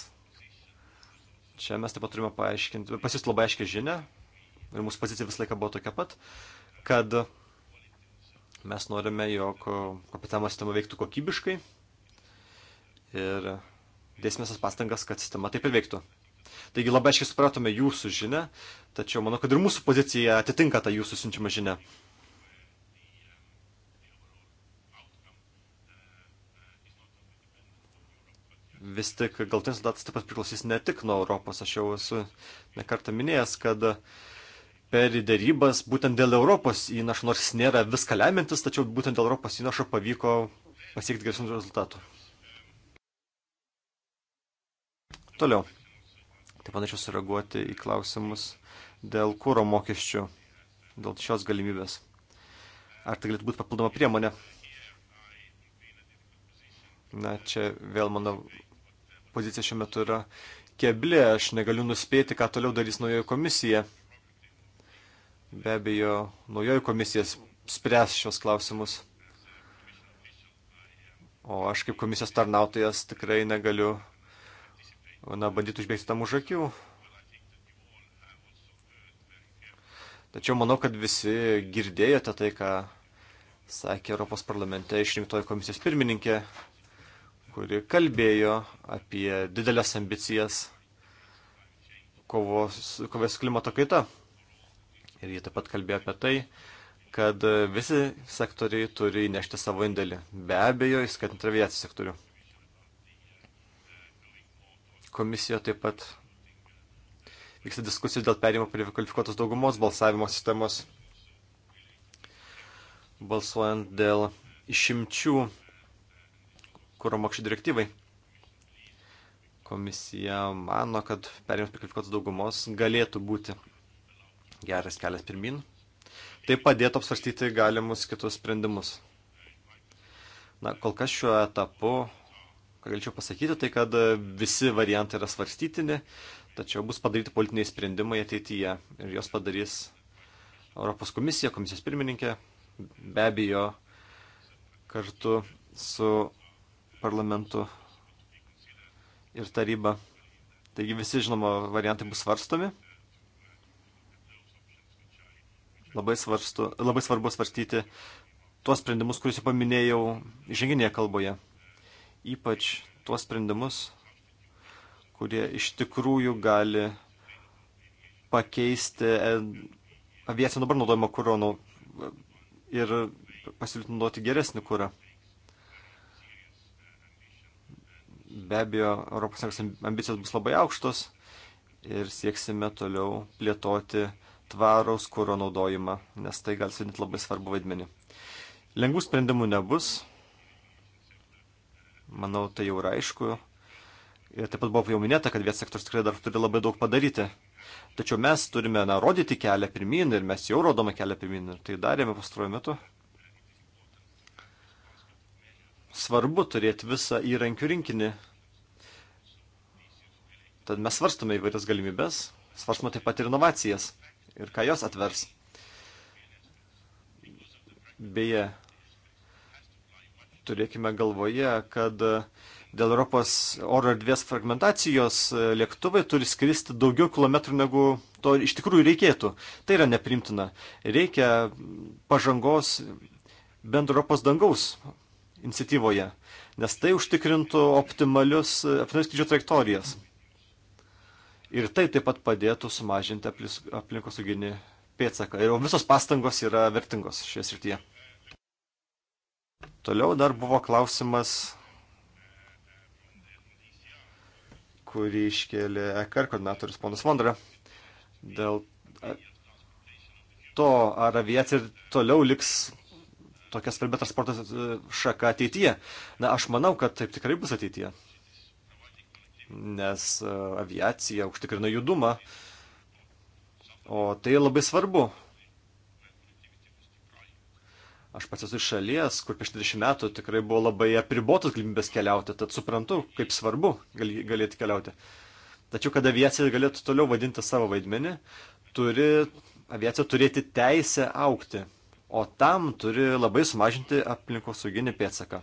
Čia mes taip pat turime paaiškinti, pasist labai aiškiai žinia, ir mūsų pozicija visą laiką buvo tokia pat, kad mes norime, jog kompensavimo sistema veiktų kokybiškai ir dėsime visas pastangas, kad sistema taip ir veiktų. Taigi labai aiškiai supratome jūsų žinę, tačiau manau, kad ir mūsų pozicija atitinka tą jūsų siunčiamą žinę. vis tik galtinis rezultatas taip pat priklausys ne tik nuo Europos. Aš jau esu nekartą minėjęs, kad per dėrybas būtent dėl Europos įnašo, nors nėra viską lemintis, tačiau būtent dėl Europos įnašo pavyko pasiekti geresnių rezultatų. Toliau. Taip panašiau sureaguoti į klausimus dėl kūro mokesčių, dėl šios galimybės. Ar tai galėtų būti papildoma priemonė? Na, čia vėl mano pozicija šiuo metu yra kebli, aš negaliu nuspėti, ką toliau darys naujoji komisija. Be abejo, naujoji komisija spręs šios klausimus. O aš kaip komisijos tarnautojas tikrai negaliu, na, bandyti užbėgti tam už akių. Tačiau manau, kad visi girdėjote tai, ką sakė Europos parlamente išrinktoji komisijos pirmininkė kuri kalbėjo apie didelės ambicijas kovos su klimato kaita. Ir jie taip pat kalbėjo apie tai, kad visi sektoriai turi įnešti savo indėlį. Be abejo, įskaitant ir aviacijos sektorių. Komisija taip pat vyksta diskusija dėl perėjimo prie kvalifikuotos daugumos balsavimo sistemos balsuojant dėl išimčių kūro mokščių direktyvai. Komisija mano, kad perimus prie kvalifikuotos daugumos galėtų būti geras kelias pirmin. Tai padėtų apsvarstyti galimus kitus sprendimus. Na, kol kas šiuo etapu, ką galėčiau pasakyti, tai kad visi variantai yra svarstytini, tačiau bus padaryti politiniai sprendimai ateityje ir jos padarys Europos komisija, komisijos pirmininkė, be abejo, kartu su parlamentu ir taryba. Taigi visi, žinoma, variantai bus svarstomi. Labai, svarstu, labai svarbu svarstyti tuos sprendimus, kuriuos jau paminėjau žinginėje kalboje. Ypač tuos sprendimus, kurie iš tikrųjų gali pakeisti e, aviaciją dabar naudojimo kūro nu, ir pasiliūti naudoti geresnį kūrą. Be abejo, ES ambicijos bus labai aukštos ir sieksime toliau plėtoti tvaros kūro naudojimą, nes tai gali sudinti labai svarbu vaidmenį. Lengvų sprendimų nebus, manau, tai jau yra aišku. Ir taip pat buvo jau minėta, kad vietos sektorius tikrai dar turi labai daug padaryti. Tačiau mes turime na, rodyti kelią pirmin ir mes jau rodome kelią pirmin ir tai darėme pastaruoju metu svarbu turėti visą įrankių rinkinį. Tad mes svarstome įvairias galimybės, svarstome taip pat ir inovacijas ir ką jos atvers. Beje, turėkime galvoje, kad dėl Europos oro erdvės fragmentacijos lėktuvai turi skristi daugiau kilometrų, negu to iš tikrųjų reikėtų. Tai yra neprimtina. Reikia pažangos bendro Europos dangaus iniciatyvoje, nes tai užtikrintų optimalius, e, optimalius skrydžio trajektorijas. Ir tai taip pat padėtų sumažinti aplinkosauginį pėtsaką. Ir visos pastangos yra vertingos šioje srityje. Toliau dar buvo klausimas, kurį iškėlė EKR koordinatorius ponas Vondra, dėl to, ar aviacija toliau liks tokia svarbi transporto e, šaka ateityje. Na, aš manau, kad taip tikrai bus ateityje. Nes e, aviacija užtikrina judumą, o tai labai svarbu. Aš pats esu iš šalies, kur prieš 30 metų tikrai buvo labai apribotos galimybės keliauti, tad suprantu, kaip svarbu galėti keliauti. Tačiau, kad aviacija galėtų toliau vadinti savo vaidmenį, turi aviacija turėti teisę aukti o tam turi labai sumažinti aplinkosauginį pėdsaką.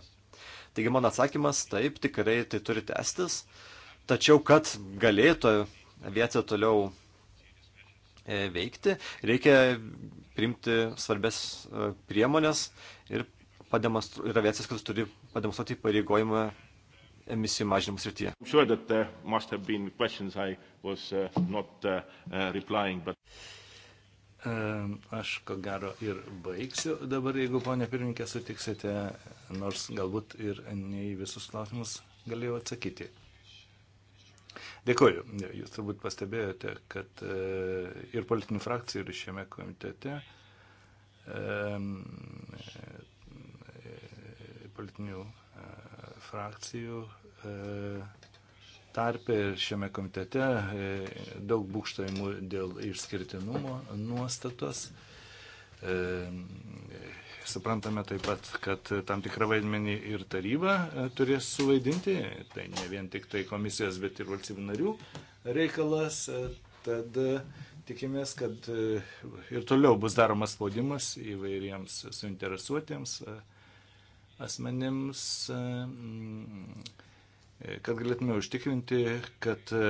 Taigi mano atsakymas taip, tikrai tai turi tęstis, tačiau kad galėtų aviacija toliau e, veikti, reikia priimti svarbės e, priemonės ir, ir aviacijos, kad turi pademonstruoti pareigojimą emisijų mažinimo srityje. Sure uh, uh, uh, but... Aš ko gero ir baigsiu dabar, jeigu ponė pirmininkė sutiksite, nors galbūt ir ne į visus klausimus galėjau atsakyti. Dėkuoju. Jūs turbūt pastebėjote, kad e, ir politinių frakcijų, ir šiame komitete e, politinių e, frakcijų tarpe ir šiame komitete e, daug būkštojimų dėl išskirtinumo nuostatos. E, suprantame taip pat, kad tam tikrą vaidmenį ir taryba e, turės suvaidinti, tai ne vien tik tai komisijos, bet ir valstybių narių reikalas. Tad tikimės, kad ir toliau bus daromas spaudimas įvairiems suinteresuotiems asmenims. Mm, kad galėtume užtikrinti, kad e,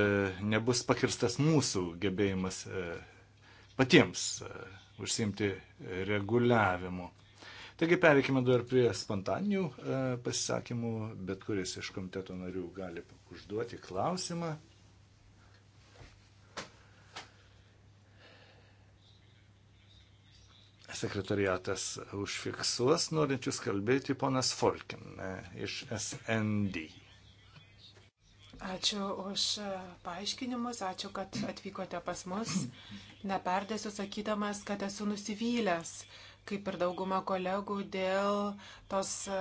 nebus pakirstas mūsų gebėjimas e, patiems e, užsimti reguliavimu. Taigi pereikime dar prie spontaninių pasisakymų, bet kuris iš komiteto narių gali užduoti klausimą. sekretariatas užfiksuos norinčius kalbėti ponas Folkin iš SND. Ačiū už e, paaiškinimus, ačiū, kad atvykote pas mus. Neperdėsiu sakydamas, kad esu nusivylęs, kaip ir dauguma kolegų, dėl tos e,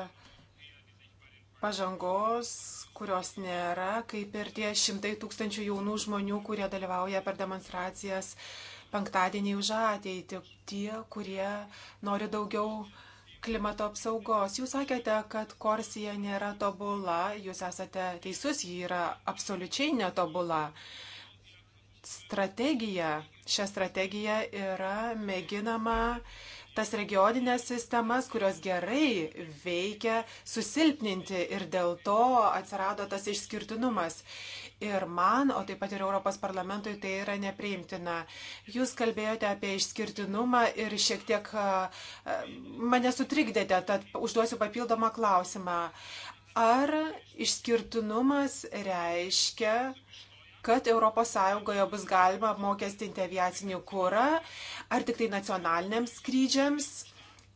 pažangos, kurios nėra, kaip ir tie šimtai tūkstančių jaunų žmonių, kurie dalyvauja per demonstracijas penktadienį už ateitį. Tie, kurie nori daugiau klimato apsaugos. Jūs sakėte, kad Korsija nėra tobula, jūs esate teisus, ji yra absoliučiai netobula. Strategija, šią strategiją yra mėginama tas regioninės sistemas, kurios gerai veikia, susilpninti ir dėl to atsirado tas išskirtinumas ir man, o taip pat ir Europos parlamentui tai yra nepriimtina. Jūs kalbėjote apie išskirtinumą ir šiek tiek mane sutrikdėte, tad užduosiu papildomą klausimą. Ar išskirtinumas reiškia, kad ES bus galima apmokestinti aviacinį kūrą, ar tik tai nacionaliniams skrydžiams,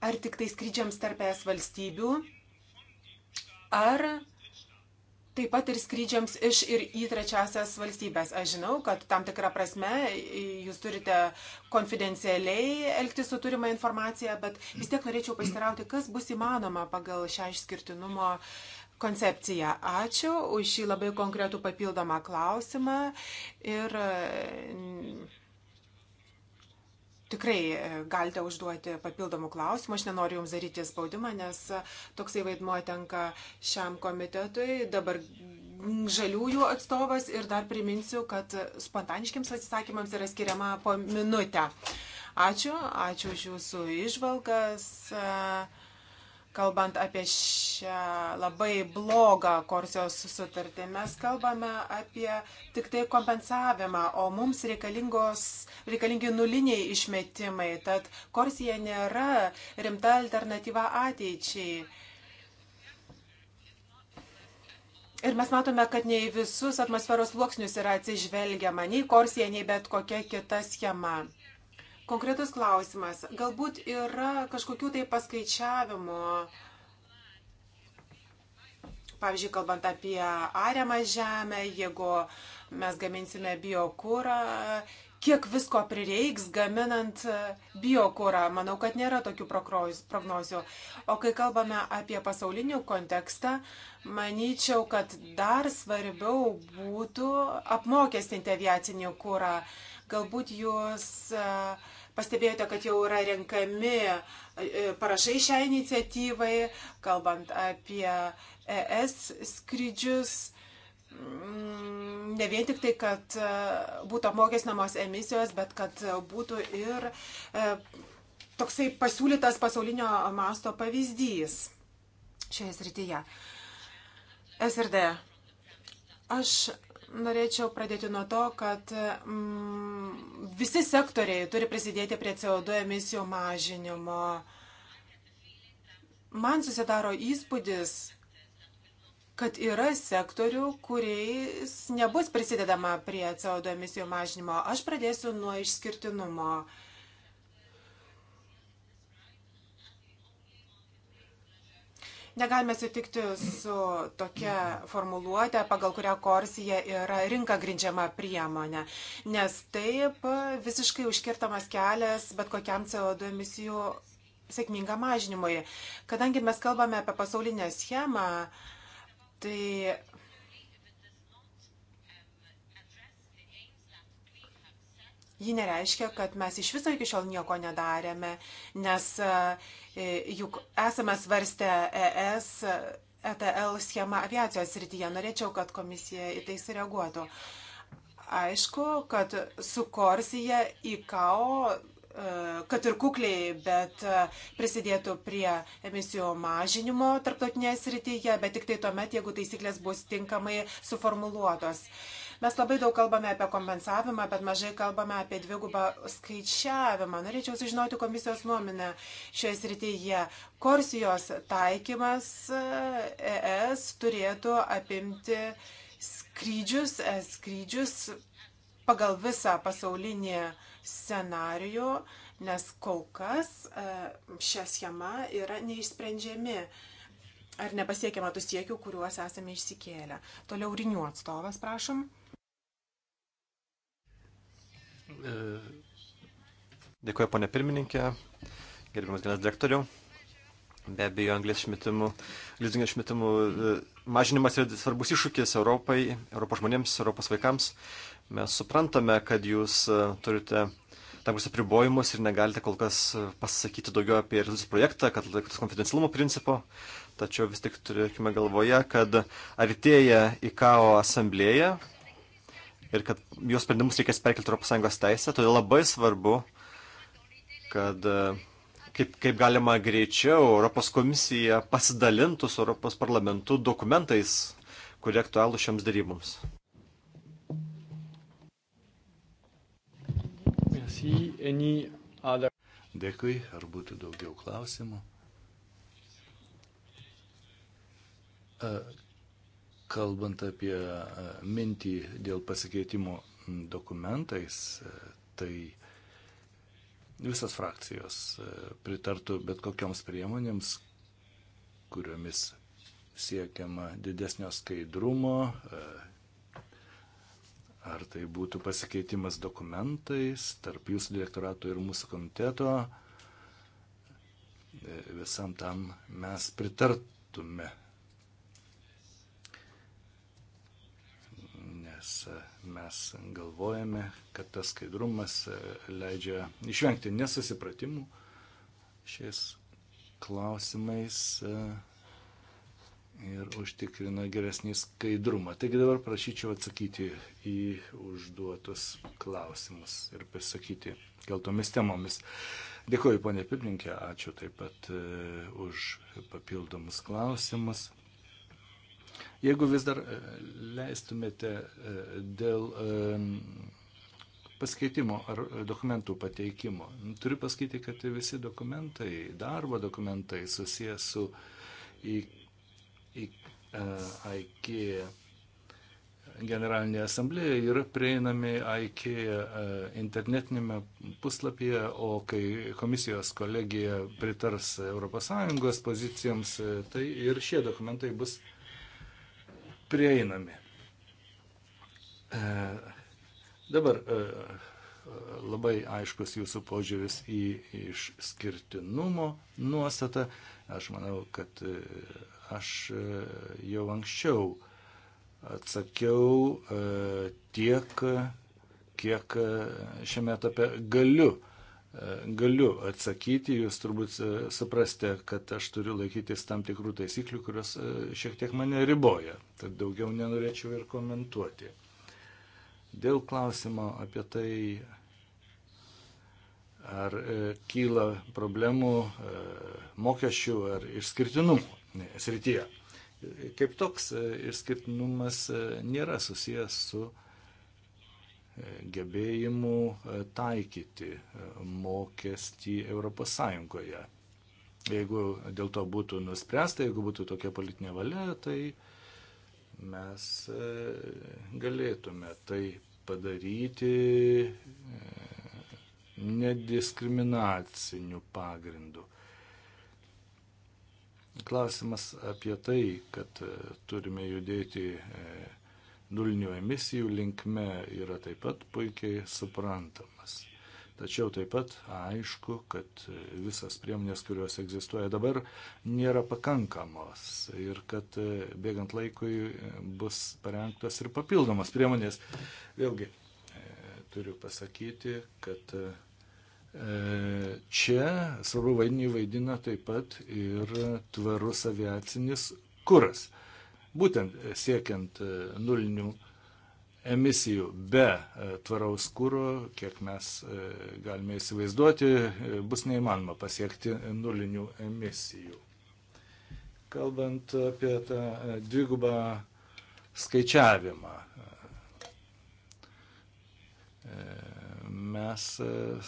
ar tik tai skrydžiams tarp es valstybių, ar taip pat ir skrydžiams iš ir į trečiasias valstybės. Aš žinau, kad tam tikrą prasme jūs turite konfidencialiai elgtis su turima informacija, bet vis tiek norėčiau pasirauti, kas bus įmanoma pagal šią išskirtinumo koncepciją. Ačiū už šį labai konkretų papildomą klausimą ir tikrai e, galite užduoti papildomų klausimų. Aš nenoriu Jums daryti spaudimą, nes e, toksai vaidmuo tenka šiam komitetui. Dabar žaliųjų atstovas ir dar priminsiu, kad spontaniškiams atsisakymams yra skiriama po minutę. Ačiū, ačiū už Jūsų išvalgas. Uh kalbant apie šią labai blogą Korsijos sutartį. Mes kalbame apie tik tai kompensavimą, o mums reikalingi nuliniai išmetimai. Tad Korsija nėra rimta alternatyva ateičiai. Ir mes matome, kad ne į visus atmosferos sluoksnius yra atsižvelgiama, nei Korsija, nei bet kokia kita schema. Konkretus klausimas. Galbūt yra kažkokių tai paskaičiavimo, pavyzdžiui, kalbant apie ariamą žemę, jeigu mes gaminsime biokūrą, kiek visko prireiks gaminant biokūrą. Manau, kad nėra tokių prognozių. O kai kalbame apie pasaulinių kontekstą, manyčiau, kad dar svarbiau būtų apmokestinti aviacinį kūrą. Galbūt jūs e, pastebėjote, kad jau yra renkami e, parašai šią iniciatyvai, kalbant apie ES skrydžius mm, ne vien tik tai, kad e, būtų apmokestinamos emisijos, bet kad būtų ir toksai pasiūlytas pasaulinio masto pavyzdys šioje srityje. SRD. Aš Norėčiau pradėti nuo to, kad mm, visi sektoriai turi prisidėti prie CO2 emisijų mažinimo. Man susidaro įspūdis, kad yra sektorių, kuriais nebus prisidedama prie CO2 emisijų mažinimo. Aš pradėsiu nuo išskirtinumo. Negalime sutikti su tokia formuluotė, pagal kurią Korsija yra rinka grindžiama priemonė, nes taip visiškai užkirtamas kelias bet kokiam CO2 emisijų sėkmingam mažinimui. Kadangi mes kalbame apie pasaulinę schemą, tai Ji nereiškia, kad mes iš viso iki šiol nieko nedarėme, nes e, juk esame svarstę ES ETL schemą aviacijos srityje. Norėčiau, kad komisija į tai sureaguotų. Aišku, kad su Korsija į KAO e, kad ir kukliai, bet e, prisidėtų prie emisijų mažinimo tarptautinėje srityje, bet tik tai tuomet, jeigu taisyklės bus tinkamai suformuluotos. Uh, Mes labai daug kalbame apie kompensavimą, bet mažai kalbame apie dvigubą skaičiavimą. Norėčiau sužinoti komisijos nuomonę šioje srityje. Korsijos taikymas e, ES turėtų apimti skrydžius, e, skrydžius pagal visą pasaulinį scenarijų, nes kol kas e, šią schemą yra neišsprendžiami ar nepasiekiama tų siekių, kuriuos esame išsikėlę. Toliau Rinių atstovas, prašom. Dėkuoju, ponė pirmininkė, gerbiamas geras direktoriau. Be abejo, anglės išmetimų, lizingo išmetimų e, mažinimas yra svarbus iššūkis Europai, Europos žmonėms, Europos vaikams. Mes suprantame, kad jūs e, turite tam tikrus apribojimus ir negalite kol kas e, pasakyti daugiau apie rezultatus projektą, kad laikytus konfidencialumo principo, tačiau vis tik turėkime galvoje, kad artėja IKAO asamblėje, ir kad jos sprendimus reikės perkelti Europos Sąjungos teisę, todėl labai svarbu, kad e, kaip, kaip galima greičiau Europos komisija pasidalintų su Europos parlamentu dokumentais, kurie aktualų šiems daryboms. Dėkui, ar būtų daugiau klausimų? E, Kalbant apie e, mintį dėl pasikeitimo dokumentais, e, tai visas frakcijos e, pritartų bet kokioms priemonėms, kuriomis siekiama didesnio skaidrumo, ar tai būtų pasikeitimas dokumentais tarp jūsų direktorato ir mūsų komiteto, visam tam mes pritartume nes e, mes galvojame, kad tas skaidrumas e, leidžia išvengti nesusipratimų šiais klausimais e, ir užtikrina geresnį skaidrumą. Taigi dabar prašyčiau atsakyti į užduotus klausimus ir pasakyti keltomis temomis. Dėkuoju, ponė pirmininkė, ačiū taip pat už papildomus klausimus. Jeigu vis dar e, leistumėte e, dėl pasikeitimo ar e, dokumentų pateikimo, nu, turiu pasakyti, kad visi dokumentai, darbo dokumentai susijęs su į, į, IKEA generalinė asamblėja yra prieinami IKEA internetinėme puslapyje, o kai komisijos kolegija pritars ES pozicijoms, tai ir šie dokumentai bus prieinami. E, dabar e, labai aiškus jūsų požiūris į išskirtinumo nuostatą. Aš manau, kad e, aš e, jau anksčiau atsakiau e, tiek, kiek šiame etape galiu galiu atsakyti, jūs turbūt e, suprastė, kad aš turiu laikytis tam tikrų taisyklių, kurios e, šiek tiek mane riboja. Tad daugiau nenorėčiau ir komentuoti. Dėl klausimo apie tai, ar e, kyla problemų mokesčių ar išskirtinumų srityje. Kaip toks išskirtinumas nėra susijęs su gebėjimų e, taikyti e, mokestį ES. Jeigu dėl to būtų nuspręsta, jeigu būtų tokia politinė valia, tai mes e, galėtume tai padaryti nediskriminaciniu pagrindu. Klausimas apie tai, kad turime judėti nulinių emisijų linkme yra taip pat puikiai suprantamas. Tačiau taip pat aišku, kad visas priemonės, kurios egzistuoja dabar, nėra pakankamos ir kad e, bėgant laikui e, bus parengtos ir papildomas priemonės. Vėlgi, e, turiu pasakyti, kad čia svarbu vaidinį vaidina taip pat ir tvarus aviacinis kuras būtent e, siekiant e, nulinių emisijų be e, tvaraus kūro, kiek mes galime įsivaizduoti, bus neįmanoma pasiekti nulinių emisijų. Kalbant apie tą dvigubą skaičiavimą, mes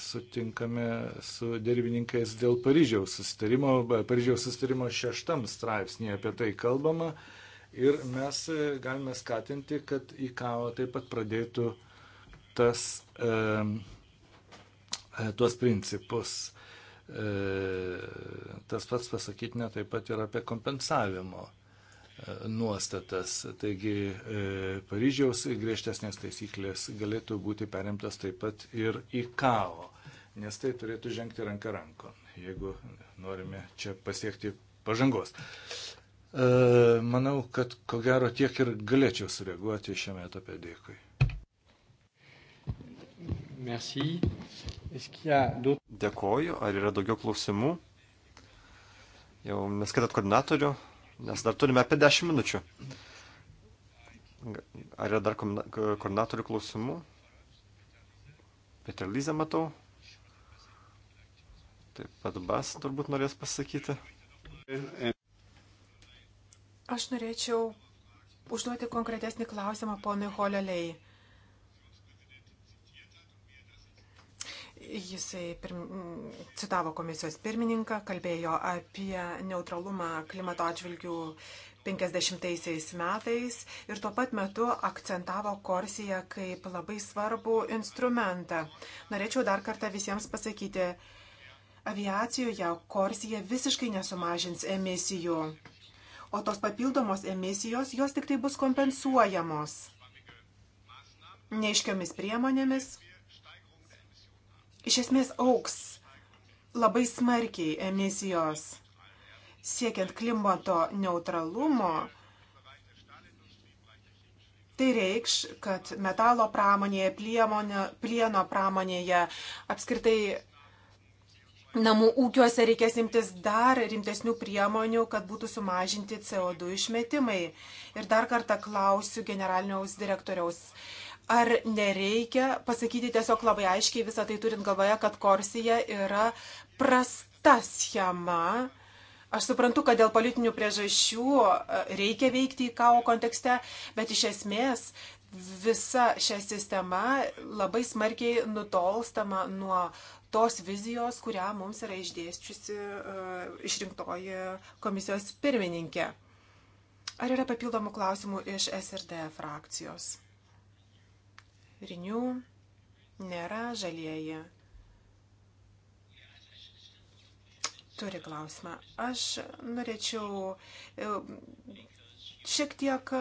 sutinkame su dėrybininkais dėl Paryžiaus sustarimo. Paryžiaus sustarimo šeštam straipsnėje apie tai kalbama. Ir mes e, galime skatinti, kad į kavą taip pat pradėtų tas, e, e, tuos principus. E, tas pats pasakytina taip pat ir apie kompensavimo e, nuostatas. Taigi Paryžiaus griežtesnės taisyklės galėtų būti perimtas taip pat ir į kavo, nes tai turėtų žengti ranką ranko, jeigu norime čia pasiekti pažangos. E, manau, kad ko gero tiek ir galėčiau sureaguoti šiame etape. Dėkui. Merci. Dėkoju. Ar yra daugiau klausimų? Jau neskaitat koordinatorių, nes dar turime apie 10 minučių. Ar yra dar koordinatorių klausimų? Peter Lyzę matau. Taip pat Bas turbūt norės pasakyti. Aš norėčiau užduoti konkretesnį klausimą ponui Holelei. Jisai pirm... citavo komisijos pirmininką, kalbėjo apie neutralumą klimato atžvilgių 50 metais ir tuo pat metu akcentavo Korsiją kaip labai svarbų instrumentą. Norėčiau dar kartą visiems pasakyti, aviacijoje Korsija visiškai nesumažins emisijų o tos papildomos emisijos, jos tik tai bus kompensuojamos neiškiomis priemonėmis. Iš esmės auks labai smarkiai emisijos siekiant klimato neutralumo. Tai reikš, kad metalo pramonėje, pliemonė, plieno pramonėje, apskritai namų ūkiuose reikės imtis dar rimtesnių priemonių, kad būtų sumažinti CO2 išmetimai. Ir dar kartą klausiu generaliniaus direktoriaus. Ar nereikia pasakyti tiesiog labai aiškiai visą tai turint galvoje, kad Korsija yra prasta schema? Aš suprantu, kad dėl politinių priežasčių e, reikia veikti į kavo kontekste, bet iš esmės visa šią sistemą labai smarkiai nutolstama nuo tos vizijos, kurią mums yra išdėščiusi e, išrinktoji komisijos pirmininkė. Ar yra papildomų klausimų iš SRD frakcijos? Rinių nėra žalieji. Turi klausimą. Aš norėčiau e, šiek tiek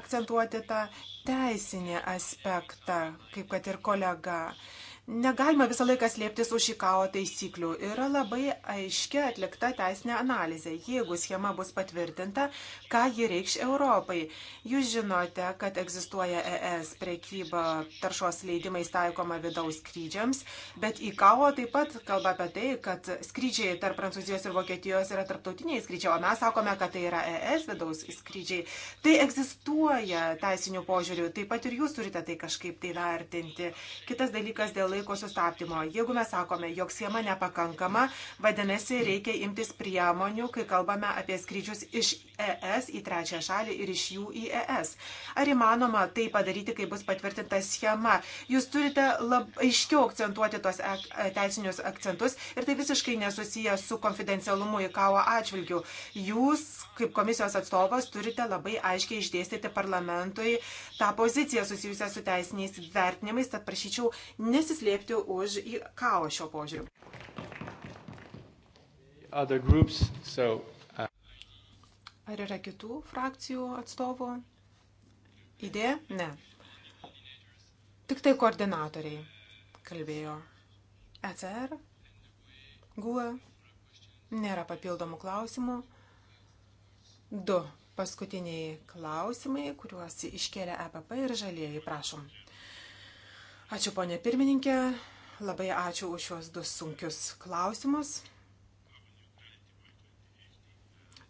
akcentuoti tą teisinį aspektą, kaip kad ir kolega. Uh, Negalima visą laiką slėptis už IKAO taisyklių. Yra labai aiškia atlikta teisinė analizė. Jeigu schema bus patvirtinta, ką ji reikš Europai. Jūs žinote, kad egzistuoja ES prekyba taršos leidimais taikoma vidaus skrydžiams, bet IKAO taip pat kalba apie tai, kad skrydžiai tarp Prancūzijos ir Vokietijos yra tarptautiniai skrydžiai, o mes sakome, kad tai yra ES vidaus skrydžiai. Tai egzistuoja teisinių požiūrių, taip pat ir jūs turite tai kažkaip tai vertinti. Kitas dalykas dėl laiko laiko sustabdymo. Jeigu mes sakome, jog siema nepakankama, vadinasi, reikia imtis priemonių, kai kalbame apie skrydžius iš ES į trečią šalį ir iš jų į ES. Ar įmanoma tai padaryti, kai bus patvirtinta schema? Jūs turite lab, aiškiau akcentuoti tuos ek, teisinius akcentus ir tai visiškai nesusiję su konfidencialumu į kavo atžvilgių. Jūs kaip komisijos atstovas turite labai aiškiai išdėstyti parlamentui tą poziciją susijusią su teisiniais vertinimais, tad prašyčiau nesislėpti už IKAO šio požiūriu. Groups, so, uh... Ar yra kitų frakcijų atstovų? Idėja? Ne. Tik tai koordinatoriai kalbėjo. ECR, GUE, nėra papildomų klausimų. Du paskutiniai klausimai, kuriuos iškėlė EPP ir žalieji, prašom. Ačiū, ponė pirmininkė, labai ačiū už šios du sunkius klausimus.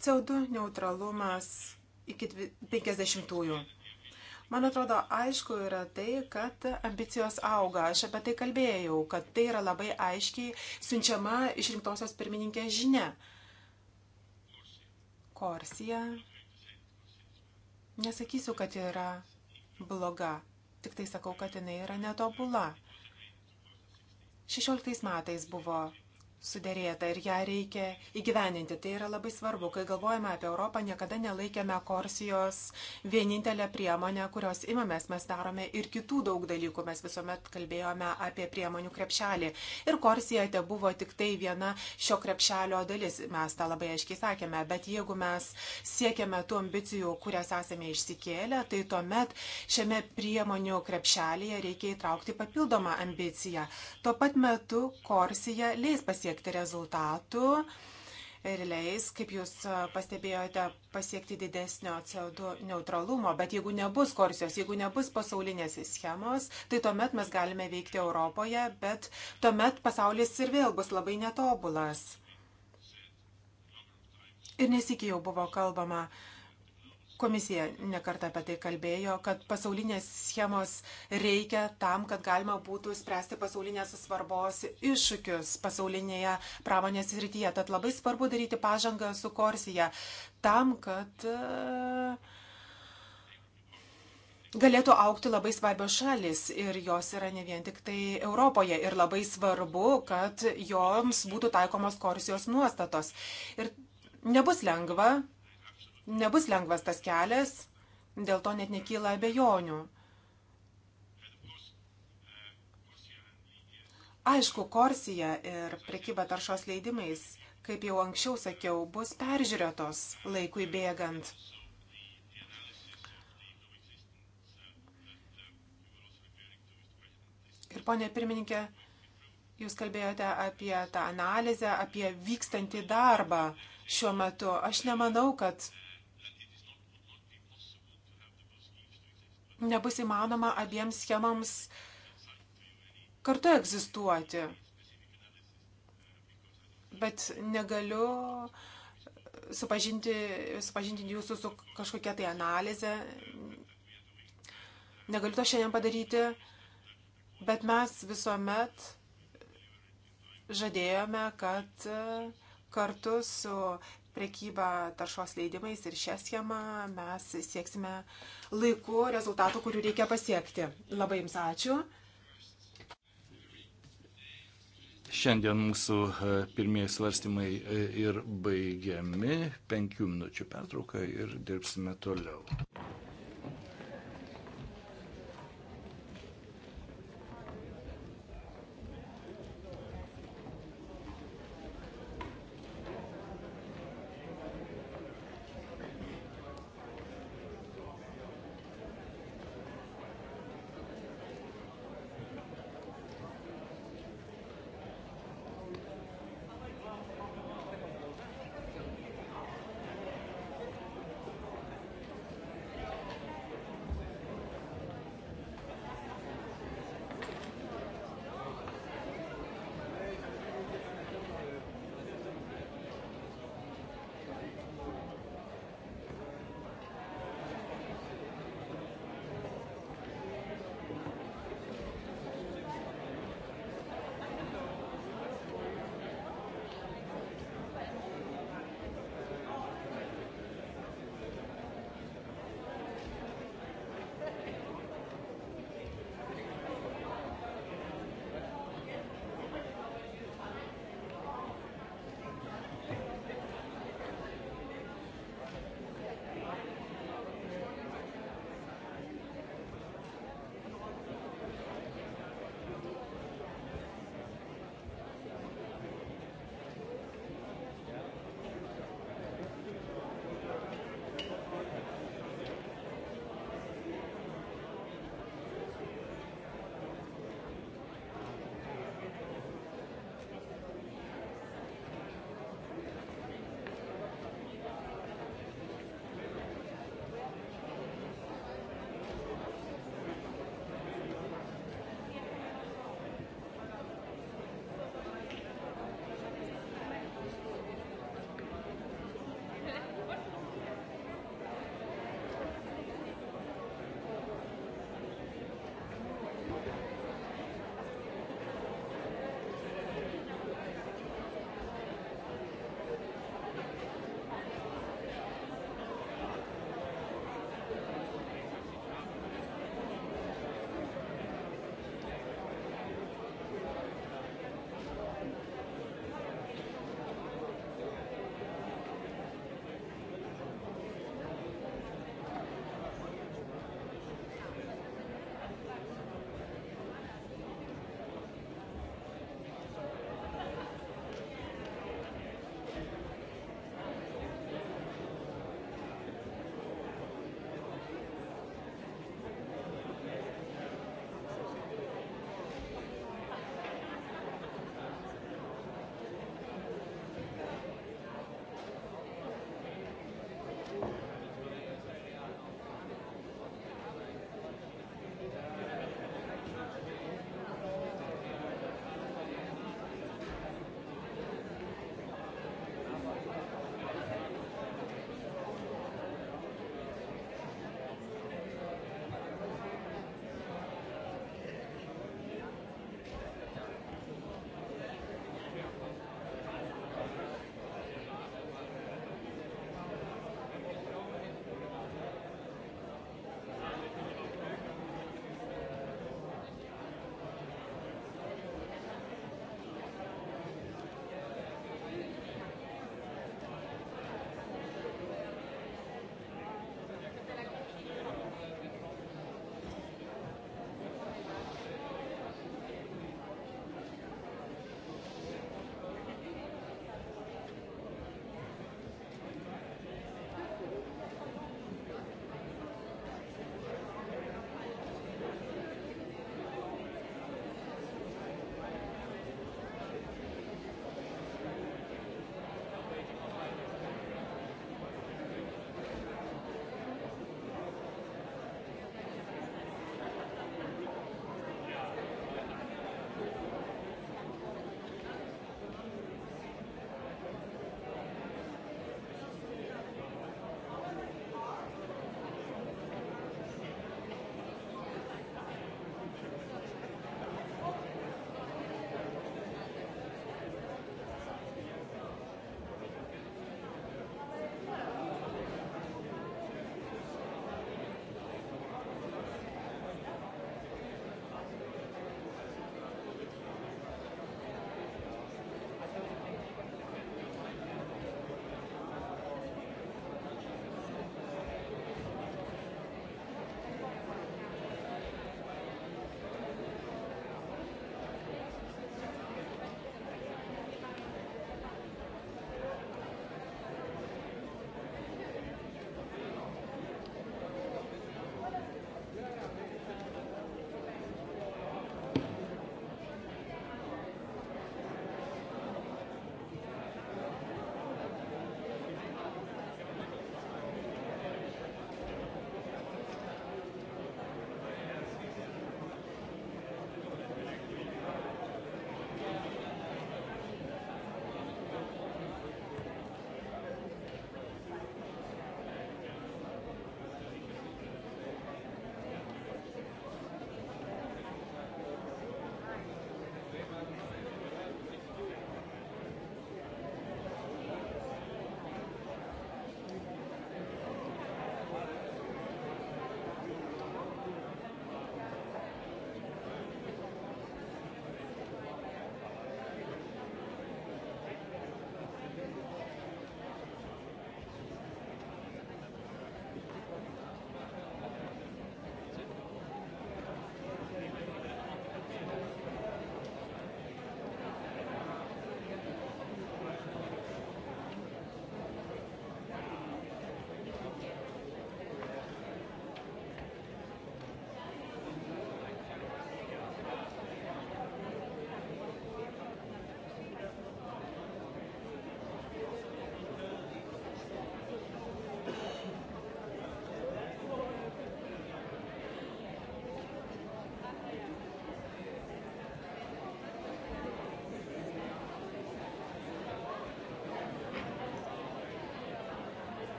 CO2 neutralumas iki 50-ųjų. Man atrodo, aišku yra tai, kad ambicijos auga. Aš apie tai kalbėjau, kad tai yra labai aiškiai siunčiama išrinktosios pirmininkės žinia. Korsija nesakysiu, kad yra bloga, tik tai sakau, kad jinai yra netobula. 16 metais buvo sudėrėta ir ją reikia įgyveninti. Tai yra labai svarbu. Kai galvojame apie Europą, niekada nelaikėme Korsijos vienintelę priemonę, kurios imamės. Mes darome ir kitų daug dalykų. Mes visuomet kalbėjome apie priemonių krepšelį. Ir Korsija te buvo tik tai viena šio krepšelio dalis. Mes tą labai aiškiai sakėme. Bet jeigu mes siekiame tų ambicijų, kurias esame išsikėlę, tai tuomet šiame priemonių krepšelėje reikia įtraukti papildomą ambiciją. Tuo pat metu Korsija leis pasiekti pasiekti rezultatų ir leis, kaip jūs e, pastebėjote, pasiekti didesnio CO2 neutralumo. Bet jeigu nebus korsijos, jeigu nebus pasaulinės schemos, tai tuomet mes galime veikti Europoje, bet tuomet pasaulis ir vėl bus labai netobulas. Ir nesikėjau buvo kalbama Komisija nekartą apie tai kalbėjo, kad pasaulinės schemos reikia tam, kad galima būtų spręsti pasaulinės svarbos iššūkius pasaulinėje pramonės srityje. Tad labai svarbu daryti pažangą su Korsija tam, kad e, galėtų aukti labai svarbios šalis ir jos yra ne vien tik tai Europoje ir labai svarbu, kad joms būtų taikomos korsijos nuostatos. Ir nebus lengva, nebus lengvas tas kelias, dėl to net nekyla abejonių. Aišku, Korsija ir prekyba taršos leidimais, kaip jau anksčiau sakiau, bus peržiūrėtos laikui bėgant. Ir ponė pirmininkė, jūs kalbėjote apie tą analizę, apie vykstantį darbą šiuo metu. Aš nemanau, kad nebus įmanoma abiems schemams kartu egzistuoti. Bet negaliu supažinti, supažinti jūsų su kažkokia tai analizė. Negaliu to šiandien padaryti, bet mes visuomet žadėjome, kad kartu su prekybą taršos leidimais ir šią schemą mes sieksime laiku rezultatų, kurių reikia pasiekti. Labai Jums ačiū. Šiandien mūsų e, pirmieji svarstymai e, ir baigiami. Penkių minučių pertrauka ir dirbsime toliau.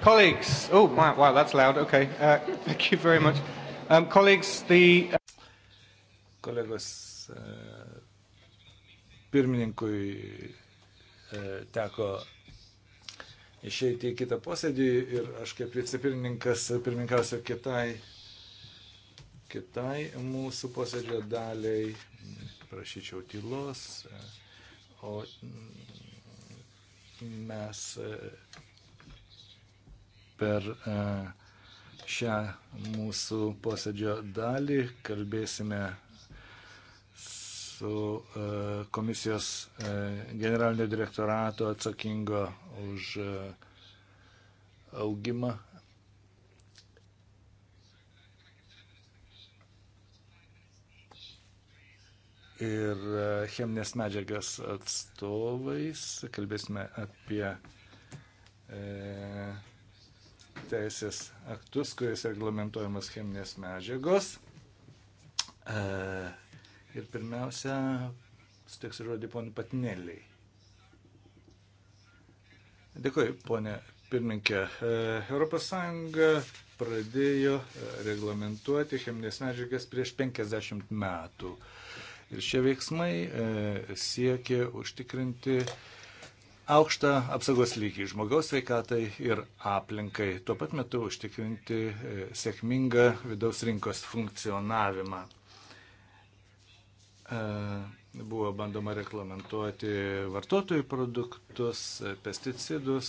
Colleagues, oh my, wow, that's loud. Okay, uh, thank you very much. Um, colleagues, the uh, kolegos uh, pirmininkui uh, teko išeiti į kitą posėdį ir aš kaip vicepirmininkas pirmininkausiu kitai, kitai mūsų posėdžio daliai. Prašyčiau tylos, o mm, mes per e, šią mūsų posėdžio dalį kalbėsime su e, komisijos e, generalinio direktorato atsakingo už augimą ir cheminės medžiagas atstovais. Kalbėsime apie e, teisės aktus, kuriuose reglamentojamas cheminės medžiagos. E, ir pirmiausia, sutiks žodį ponį Patinėliai. Dėkui, ponė pirmininkė. ES pradėjo e, reglamentuoti cheminės medžiagas prieš 50 metų. Ir šie veiksmai e, siekia užtikrinti aukštą apsaugos lygį žmogaus sveikatai ir aplinkai, tuo pat metu užtikrinti e, sėkmingą vidaus rinkos funkcionavimą. E, buvo bandoma reglamentuoti vartotojų produktus, e, pesticidus,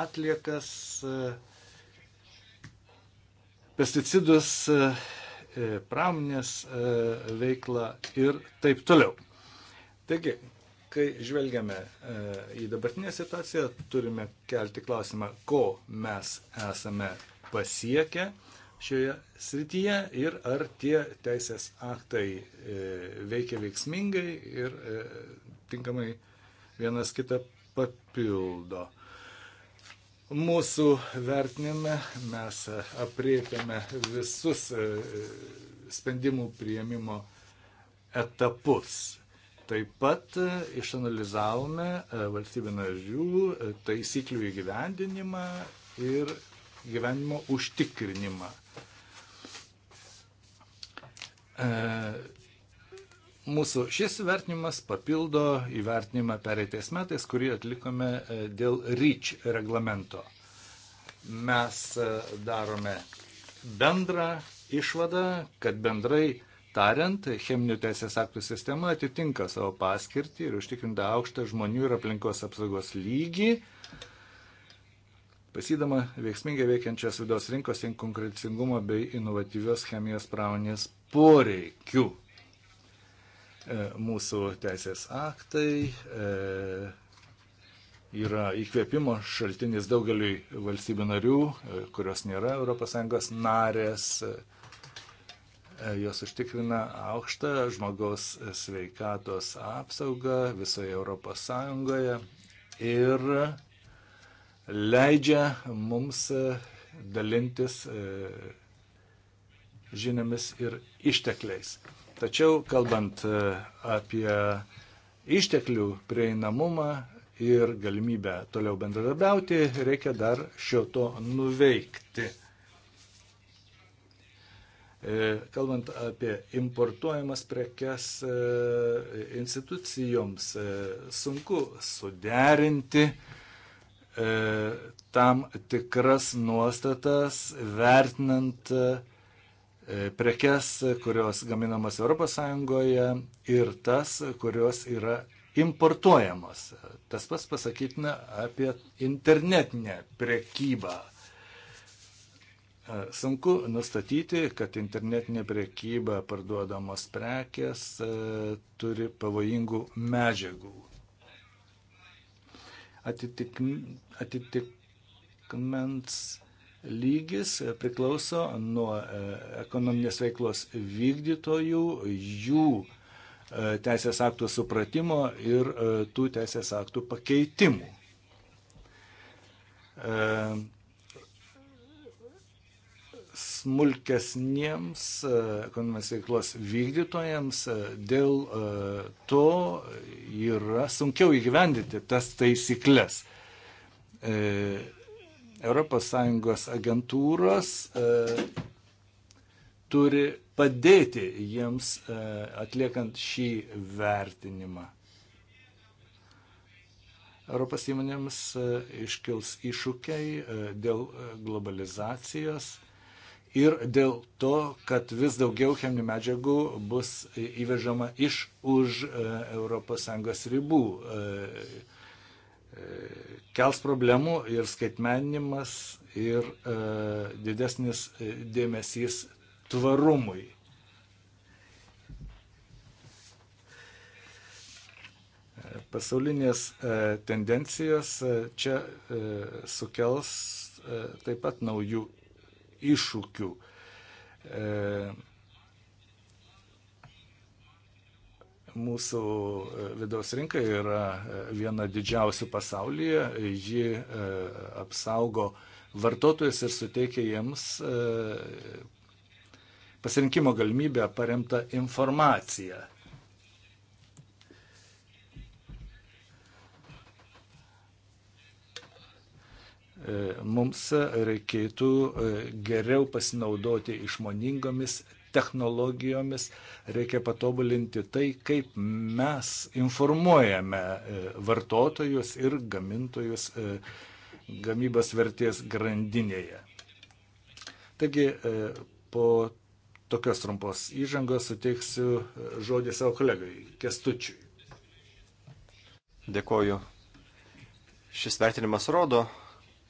atliekas, pesticidus, pramonės veiklą ir taip toliau. Taigi, kai žvelgiame e, į dabartinę situaciją, turime kelti klausimą, ko mes esame pasiekę šioje srityje ir ar tie teisės aktai e, veikia veiksmingai ir e, tinkamai vienas kitą papildo. Mūsų vertinime mes apriepiame visus sprendimų prieimimo etapus Taip pat e, išanalizavome e, valstybių narių e, taisyklių įgyvendinimą ir gyvenimo užtikrinimą. Mūsų šis vertinimas papildo įvertinimą pereitais metais, kurį atlikome dėl REACH reglamento. Mes darome bendrą išvadą, kad bendrai tariant, cheminių teisės aktų sistema atitinka savo paskirtį ir užtikrinta aukštą žmonių ir aplinkos apsaugos lygį, pasydama veiksmingai veikiančias vidaus rinkos konkurencingumo bei inovatyvios chemijos pramonės poreikių. E, mūsų teisės aktai e, yra įkvėpimo šaltinis daugeliui valstybių narių, e, kurios nėra ES narės. Jos užtikrina aukštą žmogaus sveikatos apsaugą visoje Europos Sąjungoje ir leidžia mums e, dalintis e, žiniomis ir ištekliais. Tačiau kalbant e, apie išteklių prieinamumą ir galimybę toliau bendradarbiauti, reikia dar šio to nuveikti. E, kalbant apie importuojamas prekes e, institucijoms, e, sunku suderinti tam tikras nuostatas, vertinant prekes, kurios gaminamas ES ir tas, kurios yra importuojamos. Tas pats pasakytina apie internetinę prekybą. Sunku nustatyti, kad internetinė priekyba parduodamos prekės turi pavojingų medžiagų. Atitik, atitikmens lygis priklauso nuo e, ekonominės veiklos vykdytojų, jų e, teisės aktų supratimo ir e, tų teisės aktų pakeitimų smulkesniems e, ekonominės veiklos vykdytojams e, dėl e, to yra sunkiau įgyvendyti tas taisyklės. ES agentūros turi padėti jiems atliekant šį vertinimą. Europos įmonėms iškils iššūkiai dėl globalizacijos ir dėl to, kad vis daugiau cheminių medžiagų bus įvežama iš už ES ribų. E, e, kels problemų ir skaitmeninimas, ir e, didesnis dėmesys tvarumui. Pasaulinės tendencijos čia sukels taip pat naujų iššūkių. E, mūsų vidaus rinka yra viena didžiausių pasaulyje, ji e, apsaugo vartotojus ir suteikia jiems e, pasirinkimo galimybę paremtą informaciją. mums reikėtų e, geriau pasinaudoti išmoningomis technologijomis, reikia patobulinti tai, kaip mes informuojame e, vartotojus ir gamintojus e, gamybos vertės grandinėje. Taigi, po tokios trumpos įžangos suteiksiu žodį savo kolegai Kestučiui. Dėkoju. Šis vertinimas rodo,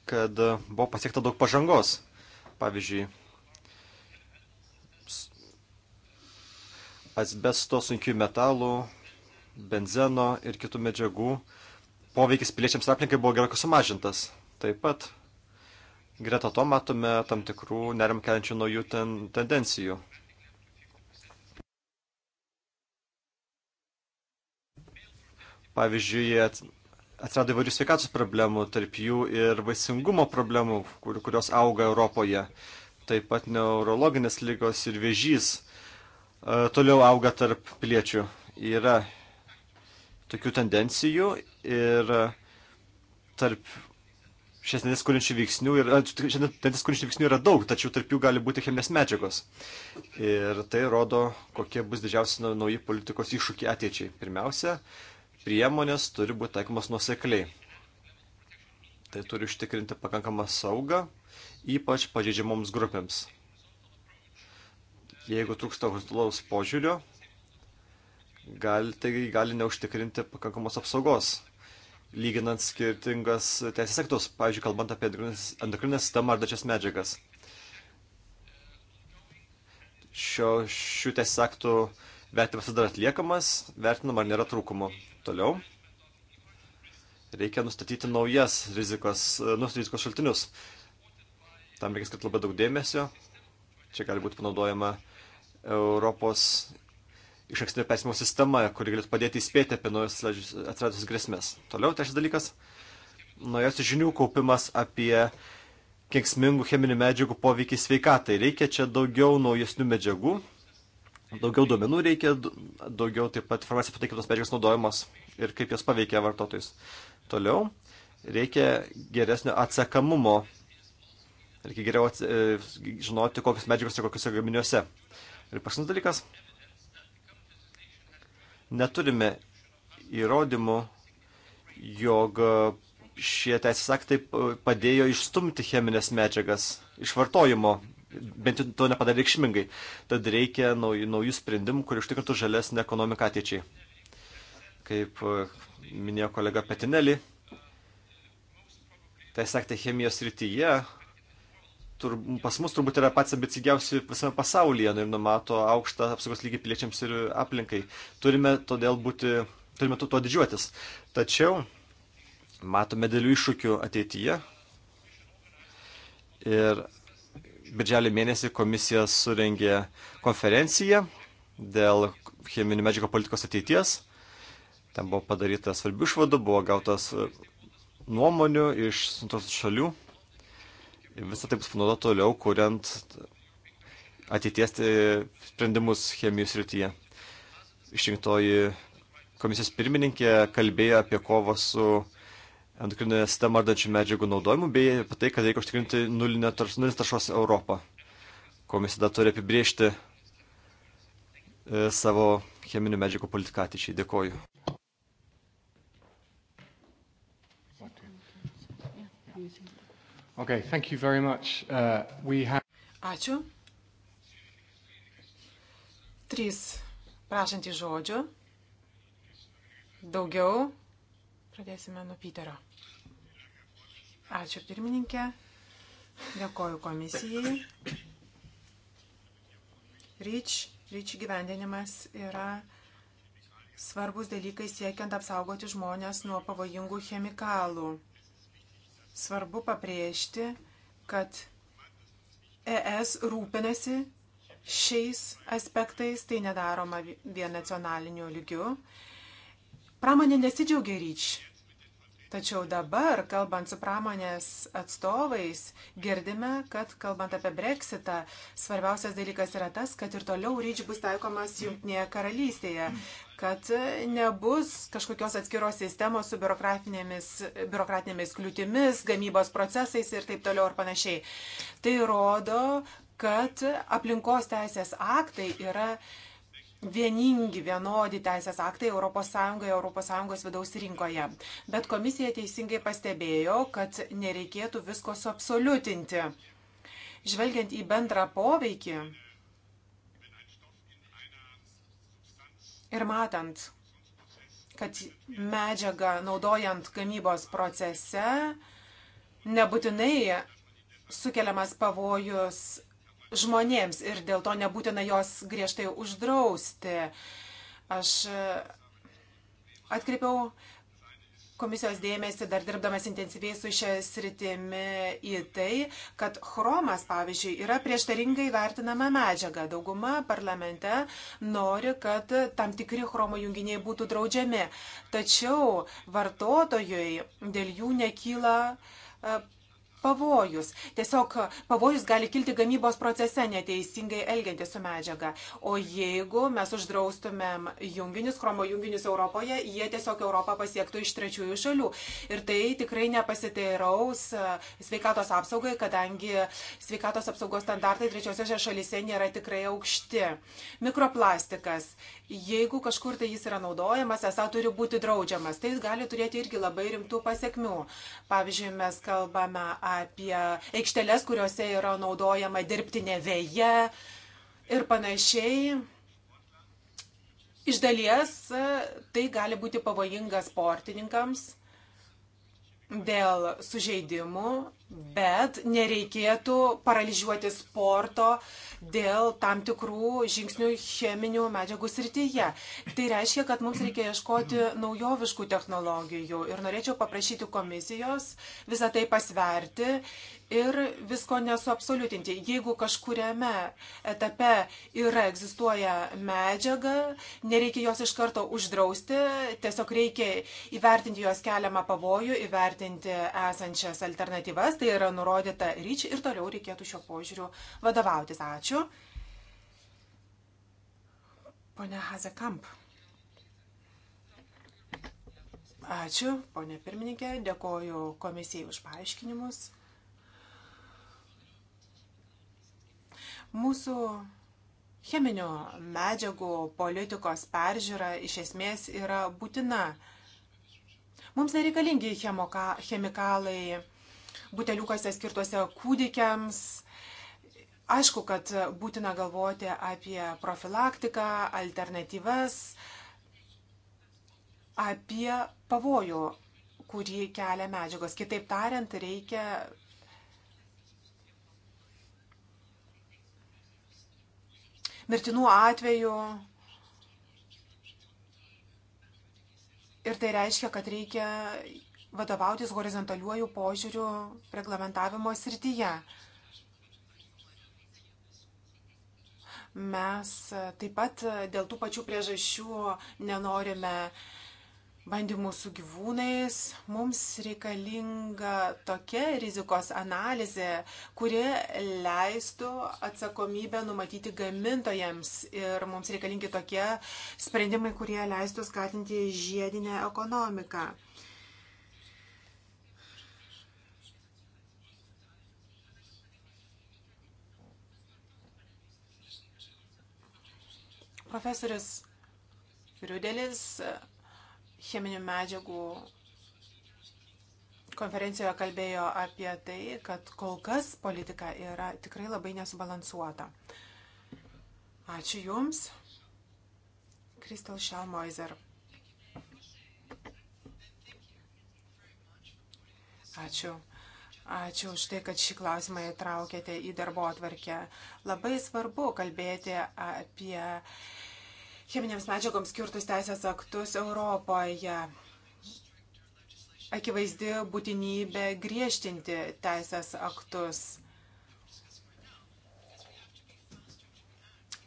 kad buvo pasiekta daug pažangos. Pavyzdžiui, asbesto sunkių metalų, benzeno ir kitų medžiagų poveikis piliečiams aplinkai buvo gerokai sumažintas. Taip pat greta to matome tam tikrų nerim keliančių naujų ten, tendencijų. Pavyzdžiui, atsirado įvairių sveikatos problemų, tarp jų ir vaisingumo problemų, kur, kurios auga Europoje. Taip pat neurologinės lygos ir vėžys e, toliau auga tarp piliečių. Yra tokių tendencijų ir e, tarp šiandienis kūrinčių veiksnių, ir, e, šiandienis kūrinčių veiksnių yra daug, tačiau tarp jų gali būti cheminės medžiagos. Ir tai rodo, kokie bus didžiausi nauji politikos iššūkiai ateičiai. Pirmiausia, priemonės turi būti taikomas nusekliai. Tai turi užtikrinti pakankamą saugą, ypač pažeidžiamoms grupėms. Jeigu trūksta horizontalaus požiūrio, gali, tai gali neužtikrinti pakankamos apsaugos, lyginant skirtingas teisės aktus, pavyzdžiui, kalbant apie endokrinę sistemą ar dačias medžiagas. Šio, šių teisės aktų vertinimas dar atliekamas, vertinama ar nėra trūkumo. Toliau reikia nustatyti naujas rizikos, e, naujus rizikos šaltinius. Tam reikia skirti labai daug dėmesio. Čia gali būti panaudojama Europos iš anksinio persimo sistema, kuri galėtų padėti įspėti apie naujas atsiradusias grėsmės. Toliau, trečias dalykas - naujausių žinių kaupimas apie kenksmingų cheminių medžiagų poveikį sveikatai. Reikia čia daugiau naujesnių medžiagų, Daugiau duomenų reikia, daugiau taip pat informacija apie tai, kaip tos medžiagos naudojamos ir kaip jas paveikia vartotojus. Toliau reikia geresnio atsekamumo. Reikia geriau ats... E, žinoti, kokios medžiagos ir kokiuose gaminiuose. Ir paskutinis dalykas. Neturime įrodymų, jog šie teisės aktai padėjo išstumti cheminės medžiagas iš vartojimo bent to nepadarė reikšmingai. Tad reikia naujų, naujų sprendimų, kurie užtikrintų žalesnę ekonomiką ateičiai. Kaip e, minėjo kolega Petinelį, teisė aktai chemijos rytyje tur, pas mus turbūt yra pats ambicingiausi visame pasaulyje nu, ir numato aukštą apsaugos lygį piliečiams ir aplinkai. Turime todėl būti, turime to, to didžiuotis. Tačiau matome dėlių iššūkių ateityje ir birželio mėnesį komisija surengė konferenciją dėl cheminių medžiagų politikos ateities. Ten buvo padaryta svarbių išvadų, buvo gautas e, nuomonių iš suntos šalių. Ir visą tai bus panaudota toliau, kuriant ateities e, sprendimus chemijos rytyje. Išrinktoji komisijos pirmininkė kalbėjo apie kovą su endokrininę sistemą ardančių medžiagų naudojimu, bei apie tai, kad reikia užtikrinti nulinės tarš, taršos Europą. Komisija dar turi apibriežti e, savo cheminių medžiagų politiką ateičiai. Dėkoju. Okay, thank you very much. Uh, we have... Ačiū. Trys prašantys žodžio. Daugiau Pradėsime nuo Piterio. Ačiū pirmininkė. Dėkoju komisijai. Ryč, ryč gyvendinimas yra svarbus dalykai siekiant apsaugoti žmonės nuo pavojingų chemikalų. Svarbu pabrėžti, kad ES rūpinasi šiais aspektais, tai nedaroma vien nacionaliniu lygiu. Pramonė nesidžiaugia ryč Tačiau dabar, kalbant su pramonės atstovais, girdime, kad kalbant apie breksitą, svarbiausias dalykas yra tas, kad ir toliau ryč bus taikomas Junktinėje karalystėje, kad nebus kažkokios atskiros sistemos su biurokratinėmis, biurokratinėmis kliūtimis, gamybos procesais ir taip toliau ir panašiai. Tai rodo, kad aplinkos teisės aktai yra vieningi, vienodi teisės aktai ES, ES vidaus rinkoje. Bet komisija teisingai pastebėjo, kad nereikėtų visko suabsoliutinti. Žvelgiant į bendrą poveikį ir matant, kad medžiaga naudojant gamybos procese nebūtinai sukeliamas pavojus žmonėms ir dėl to nebūtina jos griežtai uždrausti. Aš e, atkreipiau komisijos dėmesį, dar dirbdamas intensyviai su šia sritimi, į tai, kad chromas, pavyzdžiui, yra prieštaringai vertinama medžiaga. Dauguma parlamente nori, kad tam tikri chromo junginiai būtų draudžiami. Tačiau vartotojui dėl jų nekyla e, pavojus. Tiesiog pavojus gali kilti gamybos procese neteisingai elgiantis su medžiaga. O jeigu mes uždraustumėm junginius, chromo junginius Europoje, jie tiesiog Europą pasiektų iš trečiųjų šalių. Ir tai tikrai nepasiteiraus e, sveikatos apsaugai, kadangi sveikatos apsaugos standartai trečiosiose šalyse nėra tikrai aukšti. Mikroplastikas. Jeigu kažkur tai jis yra naudojamas, esą turi būti draudžiamas. Tai jis gali turėti irgi labai rimtų pasiekmių. Pavyzdžiui, mes kalbame apie aikšteles, kuriuose yra naudojama dirbtinė vėja ir panašiai. Iš dalies tai gali būti pavojinga sportininkams dėl sužeidimų bet nereikėtų paralyžiuoti sporto dėl tam tikrų žingsnių cheminių medžiagų srityje. Tai reiškia, kad mums reikia ieškoti naujoviškų technologijų ir norėčiau paprašyti komisijos visą tai pasverti ir visko nesuabsoliutinti. Jeigu kažkuriame etape yra egzistuoja medžiaga, nereikia jos iš karto uždrausti, tiesiog reikia įvertinti jos keliamą pavojų, įvertinti esančias alternatyvas tai yra nurodyta ryč ir toliau reikėtų šio požiūriu vadovautis. Ačiū. Pone Hazekamp. Ačiū, ponė pirmininkė, dėkoju komisijai už paaiškinimus. Mūsų cheminių medžiagų politikos peržiūra iš esmės yra būtina. Mums nereikalingi chemoka, chemikalai buteliukose skirtuose kūdikiams. Aišku, kad būtina galvoti apie profilaktiką, alternatyvas, apie pavojų, kurį kelia medžiagos. Kitaip tariant, reikia mirtinų atvejų. Ir tai reiškia, kad reikia vadovautis horizontaliuoju požiūriu reglamentavimo srityje. Mes taip pat dėl tų pačių priežasčių nenorime bandymų su gyvūnais. Mums reikalinga tokia rizikos analizė, kuri leistų atsakomybę numatyti gamintojams. Ir mums reikalingi tokie sprendimai, kurie leistų skatinti žiedinę ekonomiką. Profesorius Riudelis cheminių medžiagų konferencijoje kalbėjo apie tai, kad kol kas politika yra tikrai labai nesubalansuota. Ačiū Jums. Kristal Šalmoizer. Ačiū Ačiū už tai, kad šį klausimą įtraukėte į darbo atvarkę. Labai svarbu kalbėti apie cheminėms medžiagoms skirtus teisės aktus Europoje. Akivaizdi būtinybė griežtinti teisės aktus.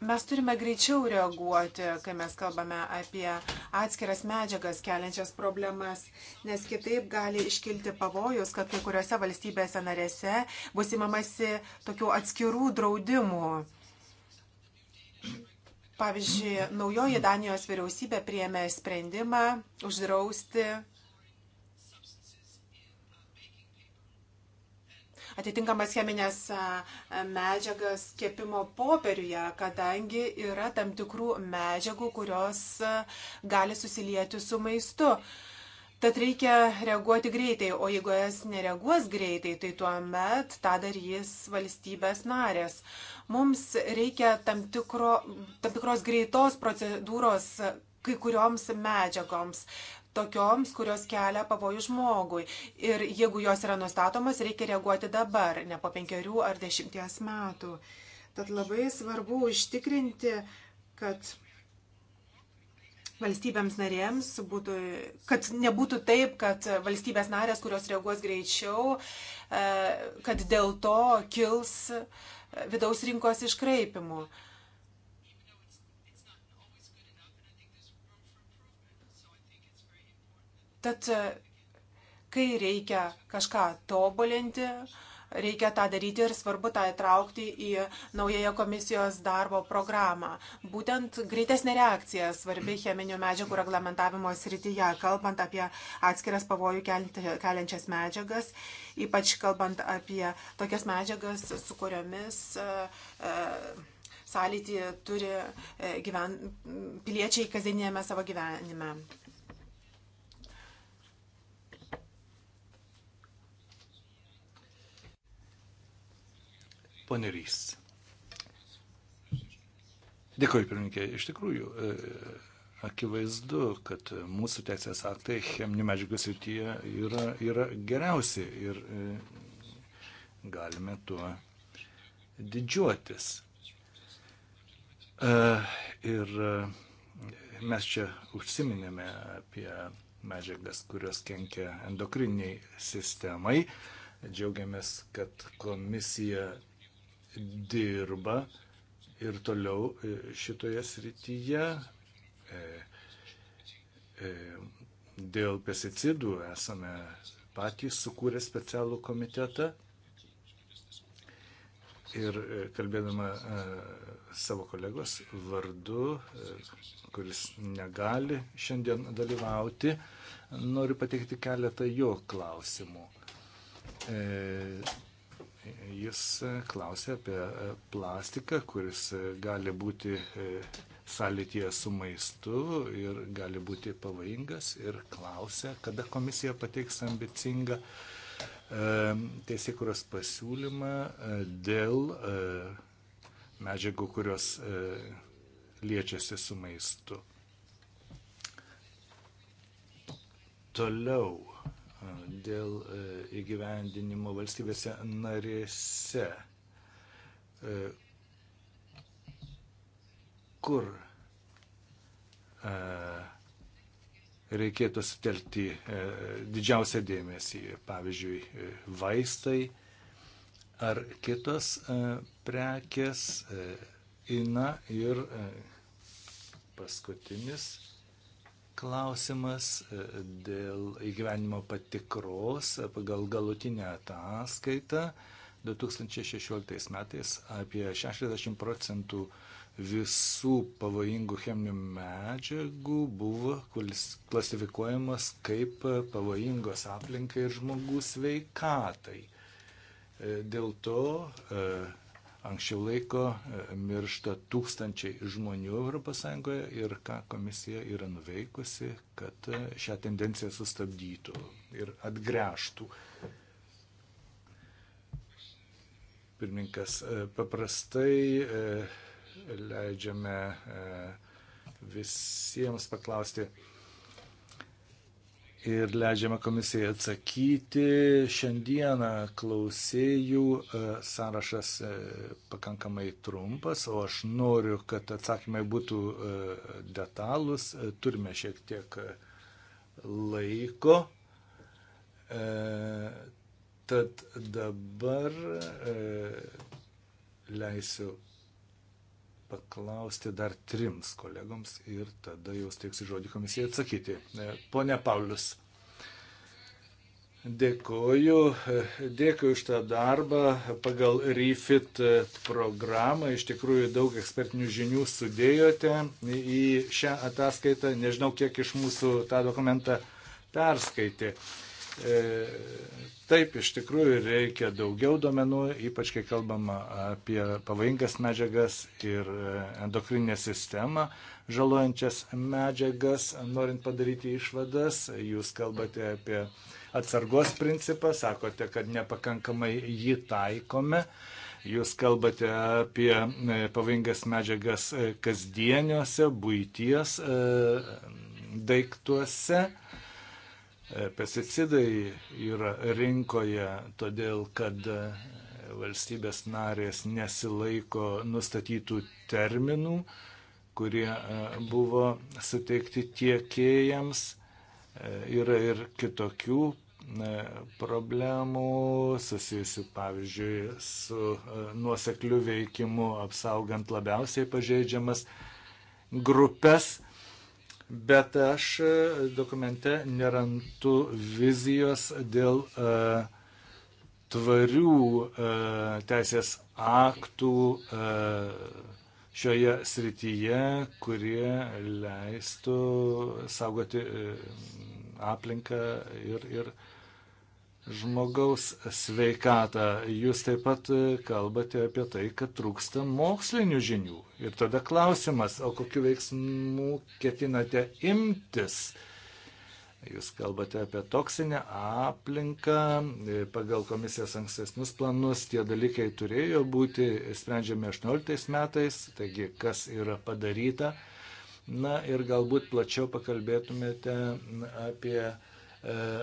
Mes turime greičiau reaguoti, kai mes kalbame apie atskiras medžiagas keliančias problemas, nes kitaip gali iškilti pavojus, kad kai kuriuose valstybėse narėse bus įmamasi tokių atskirų draudimų. Pavyzdžiui, naujoji Danijos vyriausybė priėmė sprendimą uždrausti atitinkamas cheminės medžiagas kepimo popieriuje, kadangi yra tam tikrų medžiagų, kurios gali susilieti su maistu. Tad reikia reaguoti greitai, o jeigu jas nereaguos greitai, tai tuomet tą darys valstybės narės. Mums reikia tam, tikro, tam tikros greitos procedūros kai kurioms medžiagoms tokioms, kurios kelia pavojų žmogui. Ir jeigu jos yra nustatomas, reikia reaguoti dabar, ne po penkerių ar dešimties metų. Tad labai svarbu užtikrinti, kad valstybėms narėms būtų, kad nebūtų taip, kad valstybės narės, kurios reaguos greičiau, e, kad dėl to kils vidaus rinkos iškraipimų. Tad, e, kai reikia kažką tobulinti, reikia tą daryti ir svarbu tą įtraukti į naująją komisijos darbo programą. Būtent greitesnė reakcija svarbi cheminių medžiagų reglamentavimo srityje, kalbant apie atskiras pavojų keliančias medžiagas, ypač kalbant apie tokias medžiagas, su kuriomis. Uh, uh, Sąlytį turi gyven, piliečiai kasdienėme savo gyvenime. ponerys. Dėkuoju, pirmininkė. Iš tikrųjų, e, akivaizdu, kad mūsų teisės aktai cheminių medžiagų srityje yra, yra geriausi ir e, galime tuo didžiuotis. E, ir mes čia užsiminėme apie medžiagas, kurios kenkia endokriniai sistemai. Džiaugiamės, kad komisija dirba ir toliau e, šitoje srityje. E, e, dėl pesticidų esame patys sukūrę specialų komitetą. Ir kalbėdama savo kolegos vardu, kuris negali šiandien dalyvauti, noriu pateikti keletą jo klausimų Jis e, klausė apie e, plastiką, kuris e, gali būti sąlytyje su maistu ir gali būti pavojingas ir klausė, kada komisija pateiks ambicingą teisėkuros pasiūlymą dėl medžiagų, kurios liečiasi su maistu. Toliau dėl e, įgyvendinimo valstybėse narėse, e, kur e, reikėtų sutelkti didžiausią dėmesį, pavyzdžiui, vaistai ar kitos prekės. Na ir paskutinis klausimas e, dėl įgyvenimo patikros pagal galutinę ataskaitą. 2016 metais apie 60 procentų visų pavojingų cheminių medžiagų buvo klasifikuojamas kaip pavojingos aplinkai ir žmogus veikatai. E, dėl to e, Anksčiau laiko e, miršta tūkstančiai žmonių ES ir ką komisija yra nuveikusi, kad e, šią tendenciją sustabdytų ir atgręžtų. Pirmininkas, e, paprastai leidžiame visiems paklausti ir leidžiame komisijai atsakyti. Šiandieną klausėjų e, sąrašas e, pakankamai trumpas, o aš noriu, kad atsakymai būtų e, detalus. Turime šiek tiek laiko. Tad dabar leisiu paklausti dar trims kolegoms ir tada jau steiksiu žodį komisijai atsakyti. E, Pone Paulius. Dėkoju, e, dėkoju už tą darbą pagal REFIT e, programą. Iš tikrųjų daug ekspertinių žinių sudėjote į šią ataskaitą. Nežinau, kiek iš mūsų tą dokumentą perskaitė. Taip, iš tikrųjų reikia daugiau duomenų, ypač kai kalbama apie pavojingas medžiagas ir e, endokrininę sistemą žalojančias medžiagas, norint padaryti išvadas. Jūs kalbate apie atsargos principą, sakote, kad nepakankamai jį taikome. Jūs kalbate apie e, pavojingas medžiagas e, kasdieniuose, būties daiktuose E, pesticidai yra rinkoje, todėl kad e, valstybės narės nesilaiko nustatytų terminų, kurie e, buvo suteikti tiekėjams. Yra ir kitokių problemų susijusių, pavyzdžiui, su nuosekliu veikimu apsaugant labiausiai pažeidžiamas grupės bet aš e, dokumente nerandu vizijos dėl e, tvarių e, teisės aktų e, šioje srityje, kurie leistų saugoti e, aplinką ir, ir žmogaus sveikatą. Jūs taip pat e, kalbate apie tai, kad trūksta mokslinių žinių. Ir tada klausimas, o kokiu veiksmu ketinate imtis? Jūs kalbate apie toksinę aplinką, e, pagal komisijos ankstesnius planus tie dalykai turėjo būti sprendžiami 18 metais, taigi kas yra padaryta. Na ir galbūt plačiau pakalbėtumėte apie uh,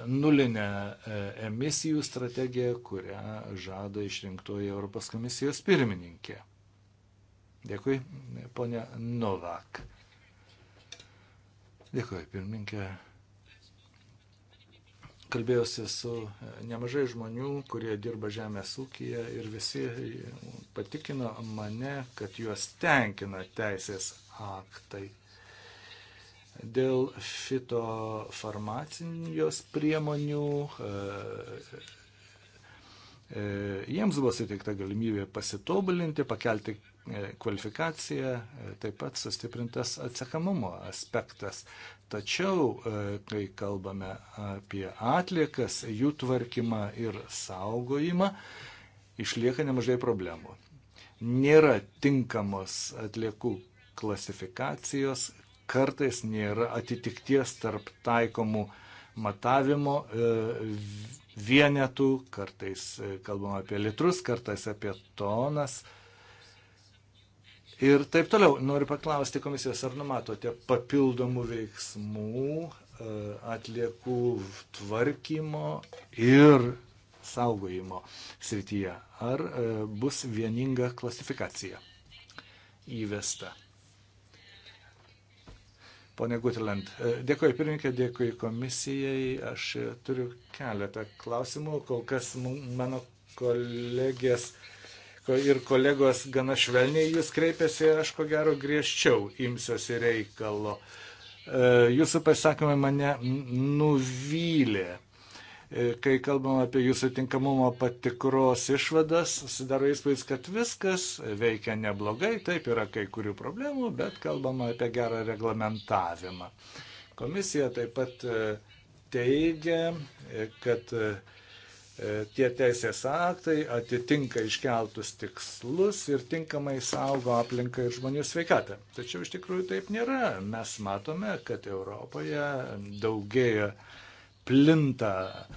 nulinę e, emisijų strategiją, kurią žada išrinktoji Europos komisijos pirmininkė. Dėkui, ponia Novak. Dėkui, pirmininkė. Kalbėjausi su nemažai žmonių, kurie dirba žemės ūkyje ir visi patikino mane, kad juos tenkina teisės aktai Dėl fitofarmacijos priemonių e, e, jiems buvo suteikta galimybė pasitobulinti, pakelti e, kvalifikacija, taip pat sustiprintas atsekamumo aspektas. Tačiau, kai kalbame apie atliekas, jų tvarkymą ir saugojimą, išlieka nemažai problemų. Nėra tinkamos atliekų klasifikacijos, kartais nėra atitikties tarp taikomų matavimo e, vienetų, kartais e, kalbam apie litrus, kartais apie tonas. Ir taip toliau, noriu paklausti komisijos, ar numatote papildomų veiksmų e, atliekų tvarkymo ir saugojimo srityje, ar bus vieninga klasifikacija įvesta. Pone Gutiland, e, dėkoju pirmininkė, dėkoju komisijai. Aš turiu keletą klausimų. Kol kas mano kolegės ir kolegos gana švelniai jūs kreipėsi, aš ko gero griežčiau imsiuosi reikalo. E, jūsų pasakymai mane nuvylė E, kai kalbam apie jūsų tinkamumo patikros išvadas, susidaro įspūdis, kad viskas veikia neblogai, taip yra kai kurių problemų, bet kalbama apie gerą reglamentavimą. Komisija taip pat e, teigia, e, kad tie teisės aktai atitinka iškeltus tikslus ir tinkamai saugo aplinką ir žmonių sveikatą. Tačiau iš tikrųjų taip nėra. Mes matome, kad Europoje daugėja plinta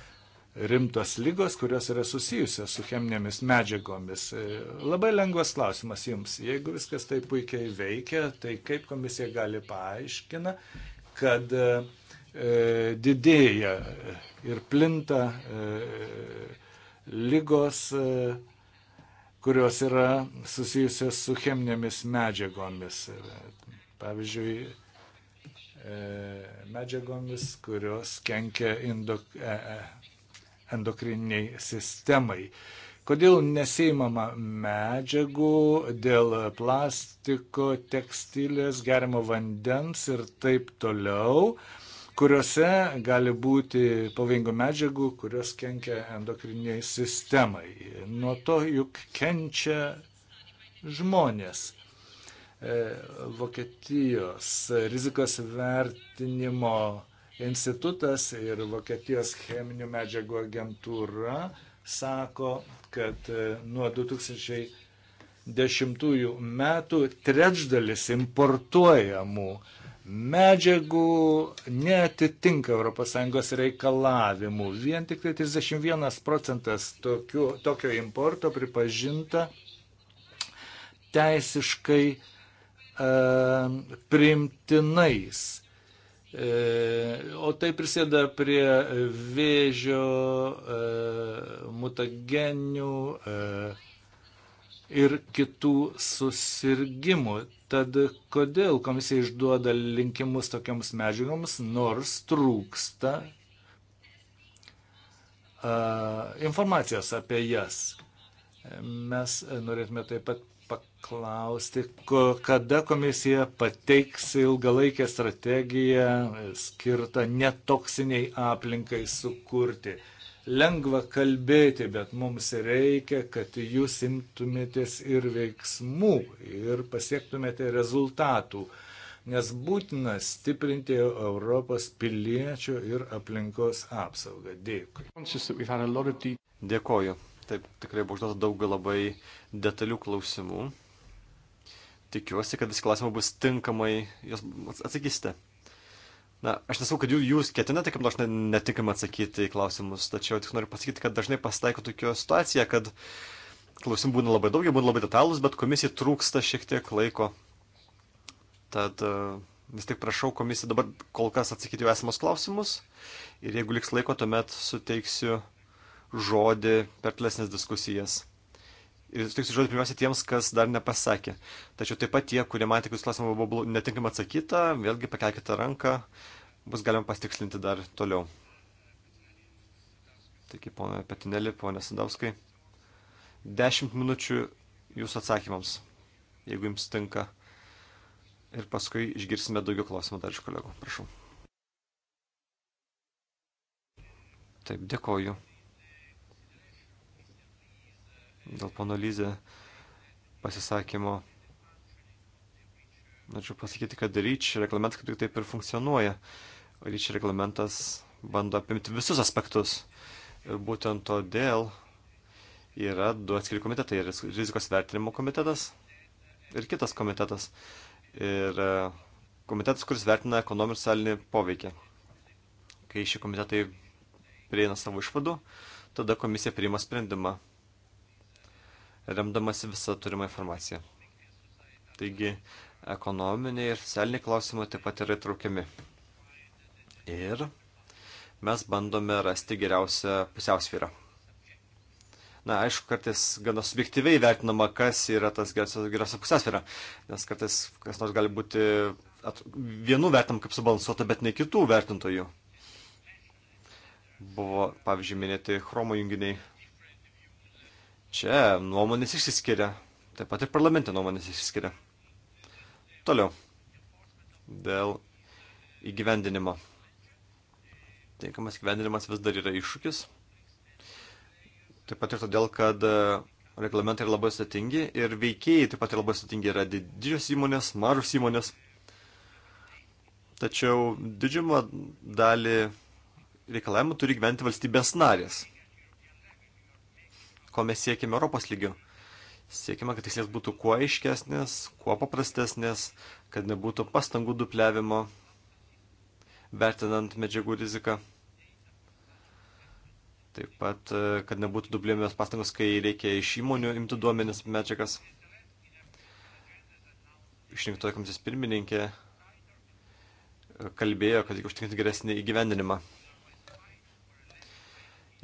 rimtos lygos, kurios yra susijusios su cheminėmis medžiagomis. E, labai lengvas klausimas jums. Jeigu viskas taip puikiai veikia, tai kaip komisija gali paaiškina, kad e, e didėja ir plinta e, lygos, e, kurios yra susijusios su cheminėmis medžiagomis. E, pavyzdžiui, E, medžiagomis, kurios kenkia endok, e, e, endokriniai sistemai. Kodėl nesėimama medžiagų dėl plastiko, tekstilės, gerimo vandens ir taip toliau, kuriuose gali būti pavojingų medžiagų, kurios kenkia endokriniai sistemai. Nuo to juk kenčia žmonės. E, Vokietijos rizikos vertinimo institutas ir Vokietijos cheminių medžiagų agentūra sako, kad e, nuo 2010 metų trečdalis importuojamų medžiagų netitinka ES reikalavimų. Vien tik tai 31 procentas tokiu, tokio importo pripažinta teisiškai E, primtinais. E, o tai prisėda prie vėžio, e, mutagenių ir kitų susirgymų. Tad kodėl komisija išduoda linkimus tokiams medžiagoms, nors trūksta informacijos apie jas. Mes norėtume taip pat paklausti, kada komisija pateiks ilgalaikę strategiją skirtą netoksiniai aplinkai sukurti. Lengva kalbėti, bet mums reikia, kad jūs imtumėtės ir veiksmų ir pasiektumėte rezultatų, nes būtina stiprinti Europos piliečio ir aplinkos apsaugą. Dėkui. Dėkoju. Taip, tikrai buvo užduota daug labai detalių klausimų tikiuosi, kad visi klausimai bus tinkamai, jos atsakysite. Na, aš nesakau, kad jūs ketinate kaip nors netinkamai atsakyti į klausimus, tačiau tik noriu pasakyti, kad dažnai pasitaiko tokio situacija, kad klausimų būna labai daug, jie būna labai detalūs, bet komisijai trūksta šiek tiek laiko. Tad e, vis tik prašau komisiją dabar kol kas atsakyti jau esamos klausimus ir jeigu liks laiko, tuomet suteiksiu žodį per tolesnės diskusijas. Ir sutiksiu žodį pirmiausia tiems, kas dar nepasakė. Tačiau taip pat tie, kurie matė, kad jūsų klausimą buvo netinkamai atsakyta, vėlgi pakelkite ranką, bus galima pastikslinti dar toliau. Taigi, ponia Petinėlė, ponia Sadauskai, 10 minučių jūsų atsakymams, jeigu jums tinka. Ir paskui išgirsime daugiau klausimų dar iš kolegų. Prašau. Taip, dėkoju dėl pono Lyze pasisakymo. Norėčiau pasakyti, kad ryč reglamentas kaip tik taip ir funkcionuoja. Ryč reglamentas bando apimti visus aspektus. Ir būtent todėl yra du atskiri komitetai - rizikos vertinimo komitetas ir kitas komitetas. Ir e, komitetas, kuris vertina ekonominį ir socialinį poveikį. Kai šie komitetai prieina savo išvadų, tada komisija priima sprendimą remdamasi visą turimą informaciją. Taigi ekonominiai ir socialiniai klausimai taip pat yra įtraukiami. Ir mes bandome rasti geriausią pusiausvyrą. Na, aišku, kartais gana subjektyviai vertinama, kas yra tas geriausia pusiausvyrą, nes kartais kas nors gali būti at, vienu vertinam kaip subalansuota, bet ne kitų vertintojų. Buvo, pavyzdžiui, minėti chromo junginiai Čia nuomonės išsiskiria. Taip pat ir parlamente nuomonės išsiskiria. Toliau. Dėl įgyvendinimo. Tinkamas įgyvendinimas vis dar yra iššūkis. Taip pat ir todėl, kad e, reglamentai yra labai sudėtingi ir veikėjai taip pat yra labai sudėtingi. Yra didžios įmonės, mažos įmonės. Tačiau didžiumą dalį reikalavimų turi gyventi valstybės narės ko mes siekime Europos lygiu. Siekime, kad tikslės būtų kuo aiškesnės, kuo paprastesnės, kad nebūtų pastangų dupliavimo, vertinant medžiagų riziką. Taip pat, e, kad nebūtų dubliuojamos pastangos, kai reikia iš įmonių imti duomenis medžiagas. Išrinktoji komisijos pirmininkė e, kalbėjo, kad reikia užtikrinti geresnį įgyvendinimą.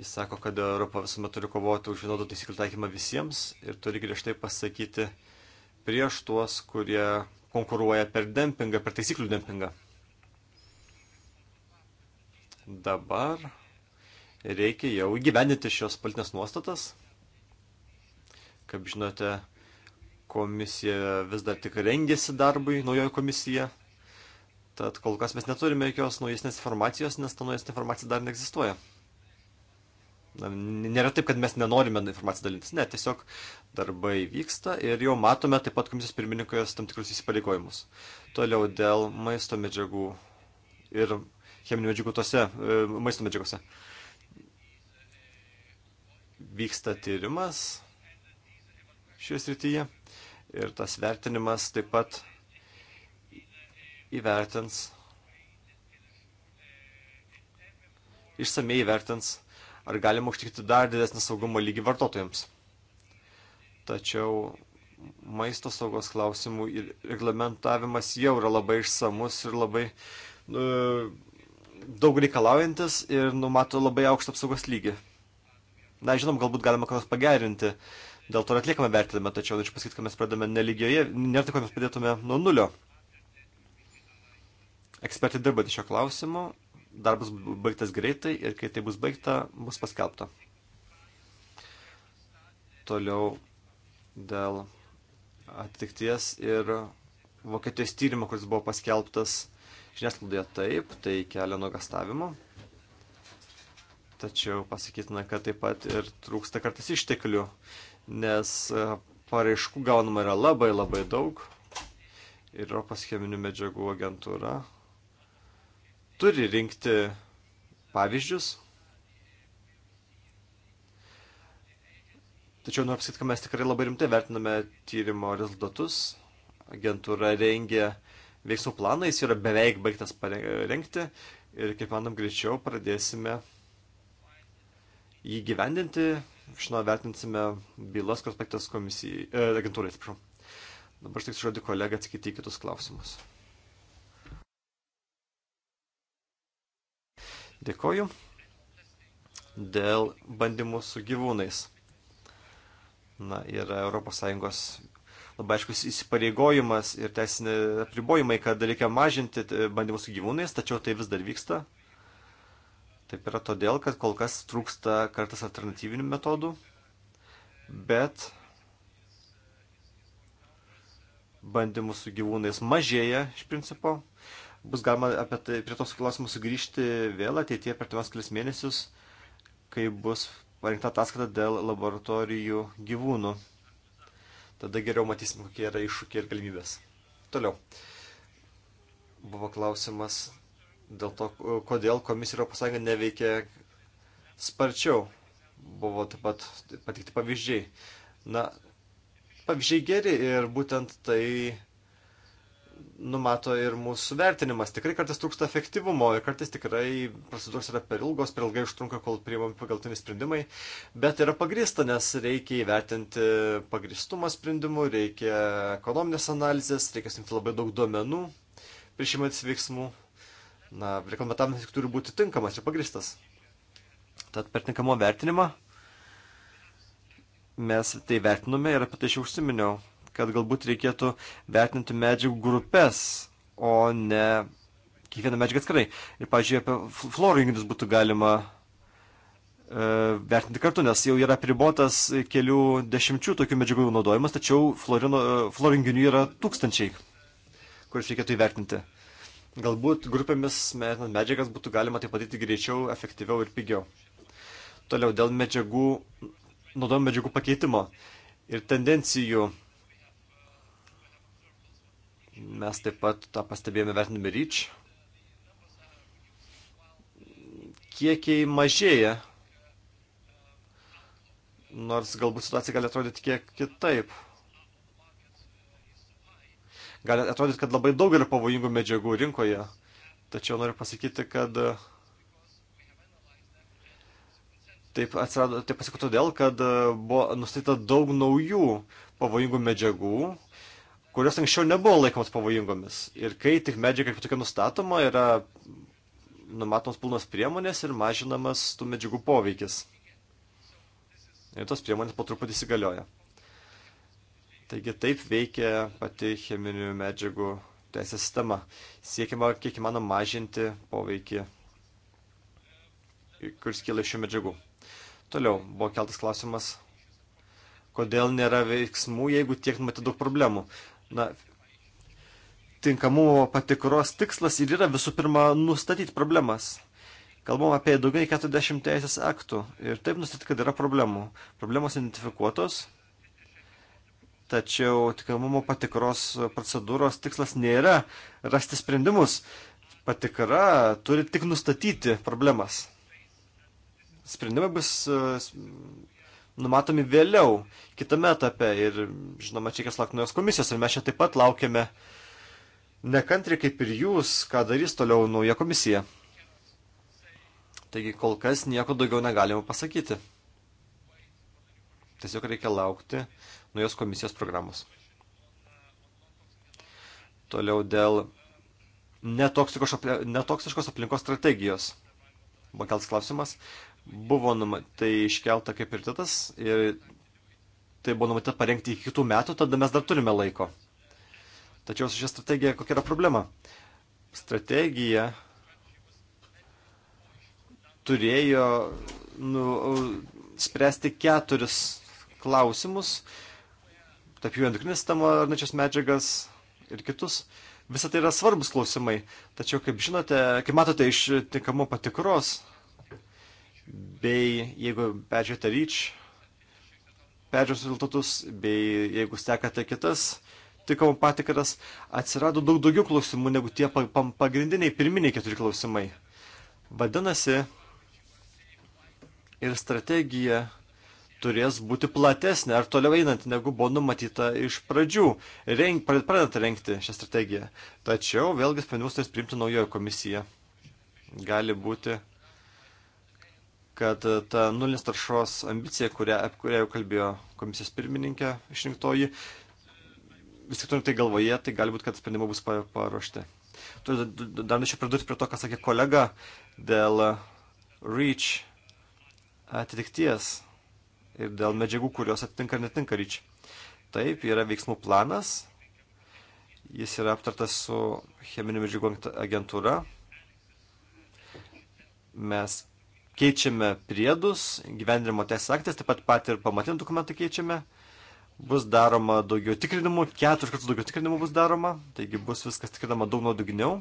Jis sako, kad Europa visuomet turi kovoti už vienodų taisyklių taikymą visiems ir turi griežtai pasakyti prieš tuos, kurie konkuruoja per dempingą, per taisyklių dempingą. Dabar reikia jau įgyvendinti šios politinės nuostatas. Kaip žinote, komisija vis dar tik rengėsi darbui, naujoji komisija. Tad kol kas mes neturime jokios naujesnės informacijos, nes ta naujesnė informacija dar neegzistuoja na, nėra taip, kad mes nenorime informaciją dalintis, ne, tiesiog darbai vyksta ir jau matome taip pat komisijos pirmininkojas tam tikrus įsipareigojimus. Toliau dėl maisto medžiagų ir cheminių medžiagų tose e, maisto medžiagose. Vyksta tyrimas šioje srityje ir tas vertinimas taip pat įvertins, išsamei įvertins ar galima užtikti dar didesnį saugumo lygį vartotojams. Tačiau maisto saugos klausimų reglamentavimas jau yra labai išsamus ir labai nu, daug reikalaujantis ir numato labai aukštą apsaugos lygį. Na, žinom, galbūt galima ką nors pagerinti, dėl to ir atliekame vertinimą, tačiau norėčiau pasakyti, kad mes pradedame neligioje, nėra tai, kad mes pradėtume nuo nulio. Ekspertai dirba šio klausimu darbas baigtas greitai ir kai tai bus baigta, bus paskelbta. Toliau dėl atitikties ir Vokietijos tyrimo, kuris buvo paskelbtas žiniasklaidoje taip, tai kelia nuogastavimo. Tačiau pasakytina, kad taip pat ir trūksta kartais išteklių, nes e, paraiškų gaunama yra labai labai daug. Ir Europos cheminių medžiagų agentūra turi rinkti pavyzdžius. Tačiau noriu pasakyti, kad mes tikrai labai rimtai vertiname tyrimo rezultatus. Agentūra rengia veiksmų planą, jis yra beveik baigtas parengti ir kaip manom greičiau pradėsime jį gyvendinti. Žinoma, vertinsime bylas prospektas komisijai, e, agentūrai, atsiprašau. Dabar aš tik žodį kolegą atsakyti į kitus klausimus. Dėkoju. Dėl bandymų su gyvūnais. Na ir ES labai aiškus įsipareigojimas ir teisinė apribojimai, kad reikia mažinti e, bandymus su gyvūnais, tačiau tai vis dar vyksta. Taip yra todėl, kad kol kas trūksta kartais alternatyvinių metodų, bet bandymų su gyvūnais mažėja iš principo. Bus galima apie tai, prie tos klausimus sugrįžti vėl ateitie per tuos kelias mėnesius, kai bus parinkta ataskata dėl laboratorijų gyvūnų. Tada geriau matysim, kokie yra iššūkiai ir galimybės. Toliau. Buvo klausimas dėl to, kodėl komisija Europos Sąjunga neveikia sparčiau. Buvo taip pat patikti pavyzdžiai. Na, pavyzdžiai geri ir būtent tai numato ir mūsų vertinimas. Tikrai kartais trūksta efektyvumo ir kartais tikrai procedūros yra per ilgos, per ilgai užtrunka, kol priimami pagaltiniai sprendimai, bet yra pagrįsta, nes reikia įvertinti pagristumą sprendimų, reikia ekonominės analizės, reikia surinkti labai daug duomenų prieš imantis veiksmų. Na, reglamentavimas turi būti tinkamas ir pagristas. Tad per tinkamo vertinimą mes tai vertinome ir apie tai jau užsiminiau kad galbūt reikėtų vertinti medžiagų grupės, o ne kiekvieną medžiagą atskirai. Ir, pažiūrėjau, apie florinius būtų galima e, vertinti kartu, nes jau yra pribotas kelių dešimčių tokių medžiagų naudojimas, tačiau florino, e, florinių yra tūkstančiai, kuriuos reikėtų įvertinti. Galbūt grupėmis medžiagas būtų galima tai padaryti greičiau, efektyviau ir pigiau. Toliau dėl medžiagų, naudojimo medžiagų pakeitimo ir tendencijų Mes taip pat tą pastebėjome vertinime ryč. Kiekiai mažėja, nors galbūt situacija gali atrodyti kiek kitaip. Gali atrodyti, kad labai daug yra pavojingų medžiagų rinkoje, tačiau noriu pasakyti, kad taip atsirado, taip pasakau todėl, kad buvo nustatyta daug naujų pavojingų medžiagų, kurios anksčiau nebuvo laikomos pavojingomis. Ir kai tik medžiaga kaip tokia nustatoma, yra numatomos pilnos priemonės ir mažinamas tų medžiagų poveikis. Ir tos priemonės po truputį įsigalioja. Taigi taip veikia pati cheminių medžiagų teisės sistema. Siekiama kiek įmanoma mažinti poveikį, kuris kyla iš šių medžiagų. Toliau buvo keltas klausimas, kodėl nėra veiksmų, jeigu tiek numatė daug problemų na, tinkamumo patikros tikslas ir yra visų pirma nustatyti problemas. Kalbam apie daugiau nei 40 teisės aktų ir taip nustatyti, kad yra problemų. Problemos identifikuotos, tačiau tinkamumo patikros procedūros tikslas nėra rasti sprendimus. Patikra turi tik nustatyti problemas. Sprendimai bus numatomi vėliau, kitame etape. Ir, žinoma, čia reikės laukti naujos komisijos. Ir mes čia taip pat laukiame nekantri kaip ir jūs, ką darys toliau nauja komisija. Taigi kol kas nieko daugiau negalima pasakyti. Tiesiog reikia laukti naujos komisijos programos. Toliau dėl netoksiškos aplinkos strategijos. Buvo keltas klausimas buvo tai iškelta kaip ir titas ir tai buvo numatyta parengti iki kitų metų, tada mes dar turime laiko. Tačiau su šia strategija kokia yra problema? Strategija turėjo nu, spręsti keturis klausimus, tarp jų endokrinę sistemą arnačias medžiagas ir kitus. Visą tai yra svarbus klausimai, tačiau kaip žinote, kaip matote iš tinkamo patikros, bei jeigu peržiūrite REACH, peržiūrės rezultatus, bei jeigu sekate kitas tikamų patikras, atsirado daug daugiau klausimų negu tie pagrindiniai pirminiai keturi klausimai. Vadinasi, ir strategija turės būti platesnė ar toliau einant, negu buvo numatyta iš pradžių, renk, pradedant renkti šią strategiją. Tačiau vėlgi sprendimus turės priimti naujoji komisija. Gali būti kad ta nulinės taršos ambicija, kurią, apie kurią jau kalbėjo komisijos pirmininkė išrinktoji, vis tik turint tai galvoje, tai gali būti, kad sprendimai bus paruošti. Dar norėčiau pridurti prie to, ką sakė kolega dėl REACH atitikties ir dėl medžiagų, kurios atitinka ar netinka REACH. Taip, yra veiksmų planas, jis yra aptartas su cheminių medžiagų agentūra. Mes keičiame priedus, gyvendinimo teisės aktais, taip pat pat ir pamatinį dokumentą keičiame. Bus daroma daugiau tikrinimų, keturis kartus daugiau tikrinimų bus daroma, taigi bus viskas tikrinama daug nuodugniau.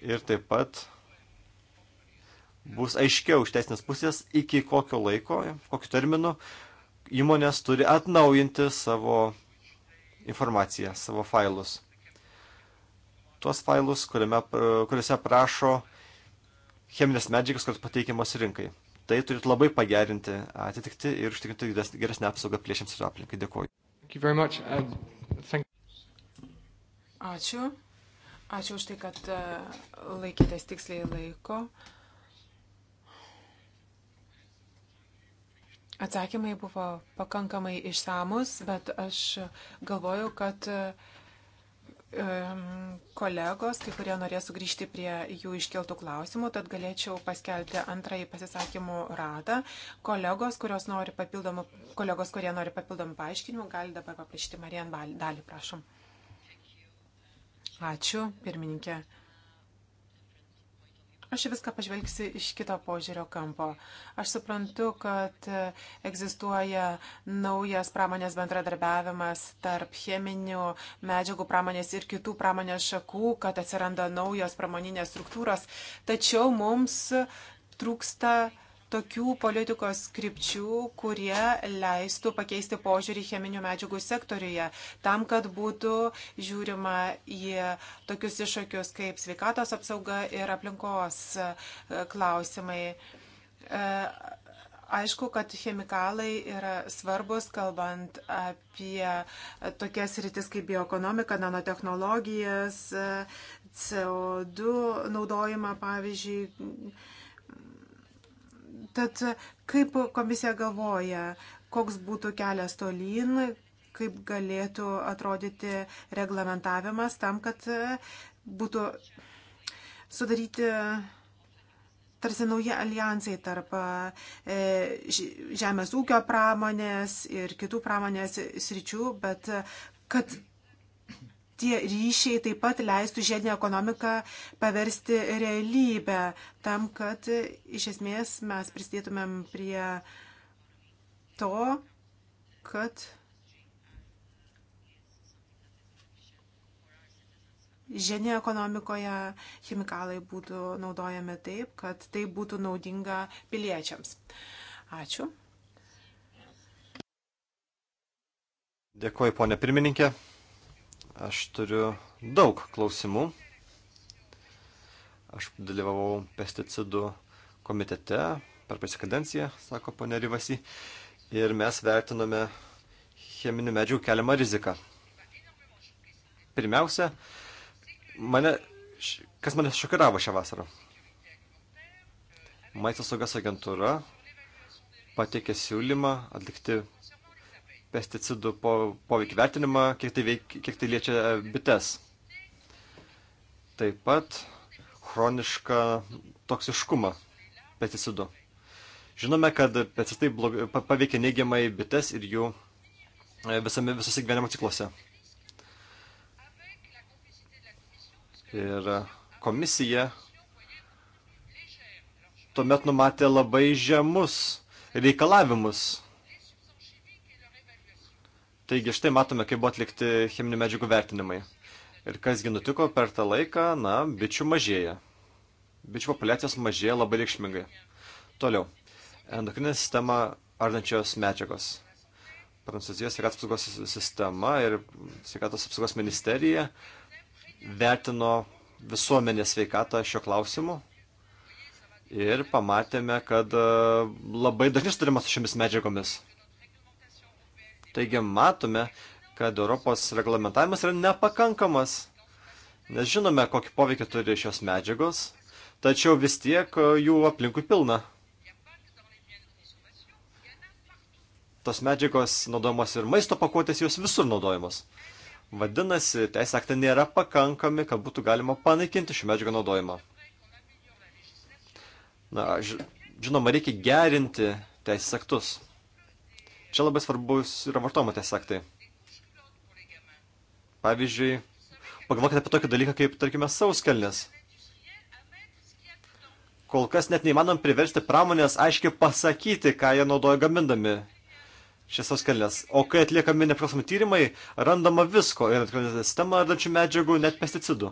Ir taip pat bus aiškiau iš teisinės pusės, iki kokio laiko, kokiu terminu įmonės turi atnaujinti savo informaciją, savo failus. Tuos failus, kuriame, kuriuose prašo cheminės medžiagas, kurios pateikiamos rinkai. Tai turėtų labai pagerinti atitikti ir užtikrinti geresnę apsaugą plėšiams ir aplinkai. Dėkuoju. Uh, Ačiū. Ačiū už tai, kad uh, laikytės tiksliai laiko. Atsakymai buvo pakankamai išsamus, bet aš galvoju, kad uh, kolegos, kai kurie norės sugrįžti prie jų iškeltų klausimų, tad galėčiau paskelbti antrąjį pasisakymų ratą. Kolegos, nori kolegos kurie nori papildomų paaiškinimų, gali dabar paprašyti Marijan Dalį, prašom. Ačiū, pirmininkė. Aš viską pažvelgsiu iš kito požiūrio kampo. Aš suprantu, kad egzistuoja naujas pramonės bendradarbiavimas tarp cheminių medžiagų pramonės ir kitų pramonės šakų, kad atsiranda naujos pramoninės struktūros. Tačiau mums trūksta tokių politikos skripčių, kurie leistų pakeisti požiūrį cheminių medžiagų sektoriuje, tam, kad būtų žiūrima į tokius iššūkius kaip sveikatos apsauga ir aplinkos e, klausimai. E, aišku, kad chemikalai yra svarbus, kalbant apie tokias rytis kaip bioekonomika, nanotehnologijas, e, CO2 naudojimą, pavyzdžiui, Tad kaip komisija galvoja, koks būtų kelias tolyn, kaip galėtų atrodyti reglamentavimas tam, kad e, būtų sudaryti tarsi nauji alijansai tarp e, žemės ūkio pramonės ir kitų pramonės sričių, bet e, kad tie ryšiai taip pat leistų žiedinę ekonomiką paversti realybę, tam, kad iš esmės mes prisidėtumėm prie to, kad žiedinėje ekonomikoje chemikalai būtų naudojami taip, kad tai būtų naudinga piliečiams. Ačiū. Dėkuoju, ponė pirmininkė. Aš turiu daug klausimų. Aš dalyvavau pesticidų komitete per pasikadenciją, sako ponė Rivasi, ir mes vertinome cheminių medžių keliamą riziką. Pirmiausia, mane, kas mane šokiravo šią vasarą. Maisto saugos agentūra pateikė siūlymą atlikti pesticidų po, poveikį vertinimą, kiek tai, veik, kiek tai liečia e, bites. Taip pat chronišką toksiškumą pesticidų. Žinome, kad pesticidai blog, paveikia neigiamai bites ir jų e, visame, visose gyvenimo cikluose. Ir komisija tuomet numatė labai žemus reikalavimus Taigi štai matome, kaip buvo atlikti cheminių medžiagų vertinimai. Ir kasgi nutiko per tą laiką, na, bičių mažėja. Bičių populiacijos mažėja labai reikšmingai. Toliau. Endokrinė sistema ardančios medžiagos. Prancūzijos sveikatos apsaugos sistema ir sveikatos apsaugos ministerija vertino visuomenės sveikatą šio klausimu. Ir pamatėme, kad e, labai dažnai sutarima su šiomis medžiagomis. Taigi matome, kad Europos reglamentavimas yra nepakankamas. Nes žinome, kokį poveikį turi šios medžiagos, tačiau vis tiek e, jų aplinkui pilna. Tos medžiagos naudojamos ir maisto pakuotės, jos visur naudojamos. Vadinasi, teisės aktai nėra pakankami, kad būtų galima panaikinti šių medžiagų naudojimą. Na, žinoma, reikia gerinti teisės aktus. Čia labai svarbus yra vartojimo tie aktai. Pavyzdžiui, pagalvokite apie tokį dalyką kaip, tarkime, sauskelnės. Kol kas net neįmanom priversti pramonės aiškiai pasakyti, ką jie naudoja gamindami šias sauskelnes. O kai atliekami nepriklausomi tyrimai, randama visko, ir atkrintanti sistema, randančių medžiagų, net pesticidų.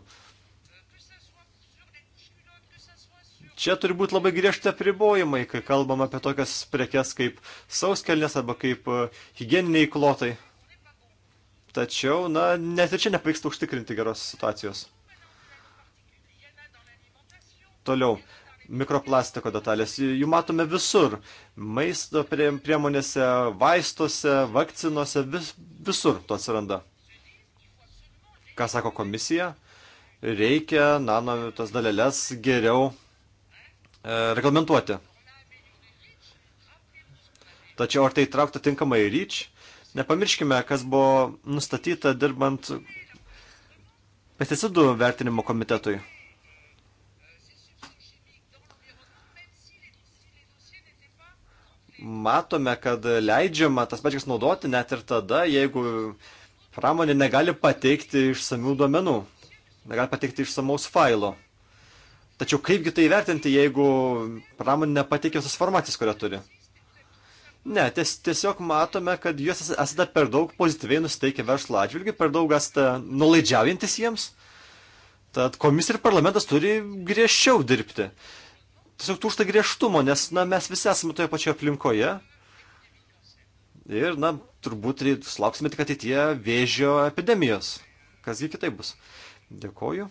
Čia turi būti labai griežti apribojimai, kai kalbam apie tokias prekes kaip sauskelnės arba kaip e, hygieniniai klotai. Tačiau, na, net ir čia nepavyksta užtikrinti geros situacijos. Toliau, mikroplastiko detalės. Jų matome visur. Maisto priemonėse, vaistuose, vakcinuose, vis, visur to atsiranda. Ką sako komisija? Reikia nano tas dalelės geriau E, reglamentuoti. Tačiau ar tai traukta tinkamai į ryč, nepamirškime, kas buvo nustatyta dirbant pesticidų vertinimo komitetui. Matome, kad leidžiama tas medžiagas naudoti net ir tada, jeigu pramonė negali pateikti išsamių duomenų, negali pateikti išsamaus failo. Tačiau kaipgi tai vertinti, jeigu pramonė nepatikė visos formatys, kurią turi? Ne, ties, tiesiog matome, kad jūs esate per daug pozityviai nusteikę verslo atžvilgių, per daug esate nulaidžiaujantis jiems. Tad komisija ir parlamentas turi griežčiau dirbti. Tiesiog trūksta griežtumo, nes na, mes visi esame toje pačioje aplinkoje. Ir, na, turbūt sulauksime tik ateityje vėžio epidemijos. Kasgi kitaip bus. Dėkoju.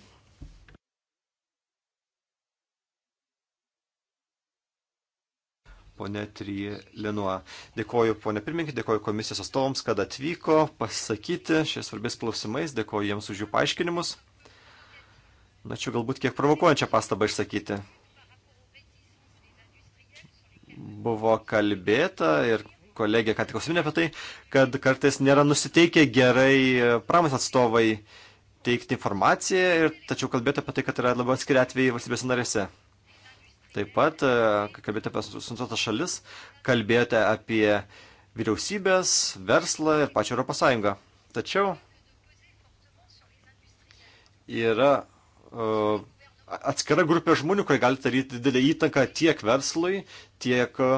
ponė Trije Lenua. Dėkoju ponė pirmininkė, dėkoju komisijos atstovams, kad atvyko pasakyti šiais svarbiais klausimais, dėkoju jiems už jų paaiškinimus. Na čia galbūt kiek provokuojančią pastabą išsakyti. Buvo kalbėta ir kolegė ką tik užsiminė apie tai, kad kartais nėra nusiteikę gerai pramonės atstovai teikti informaciją, ir, tačiau kalbėti apie tai, kad yra labai atskiri atvejai valstybės narėse. Taip pat, e, kai kalbėjote apie suinteresuotas šalis, kalbėjote apie vyriausybės, verslą ir pačią Europos Sąjungą. Tačiau yra uh, atskira grupė žmonių, kurie gali daryti didelį įtaką tiek verslui, tiek e,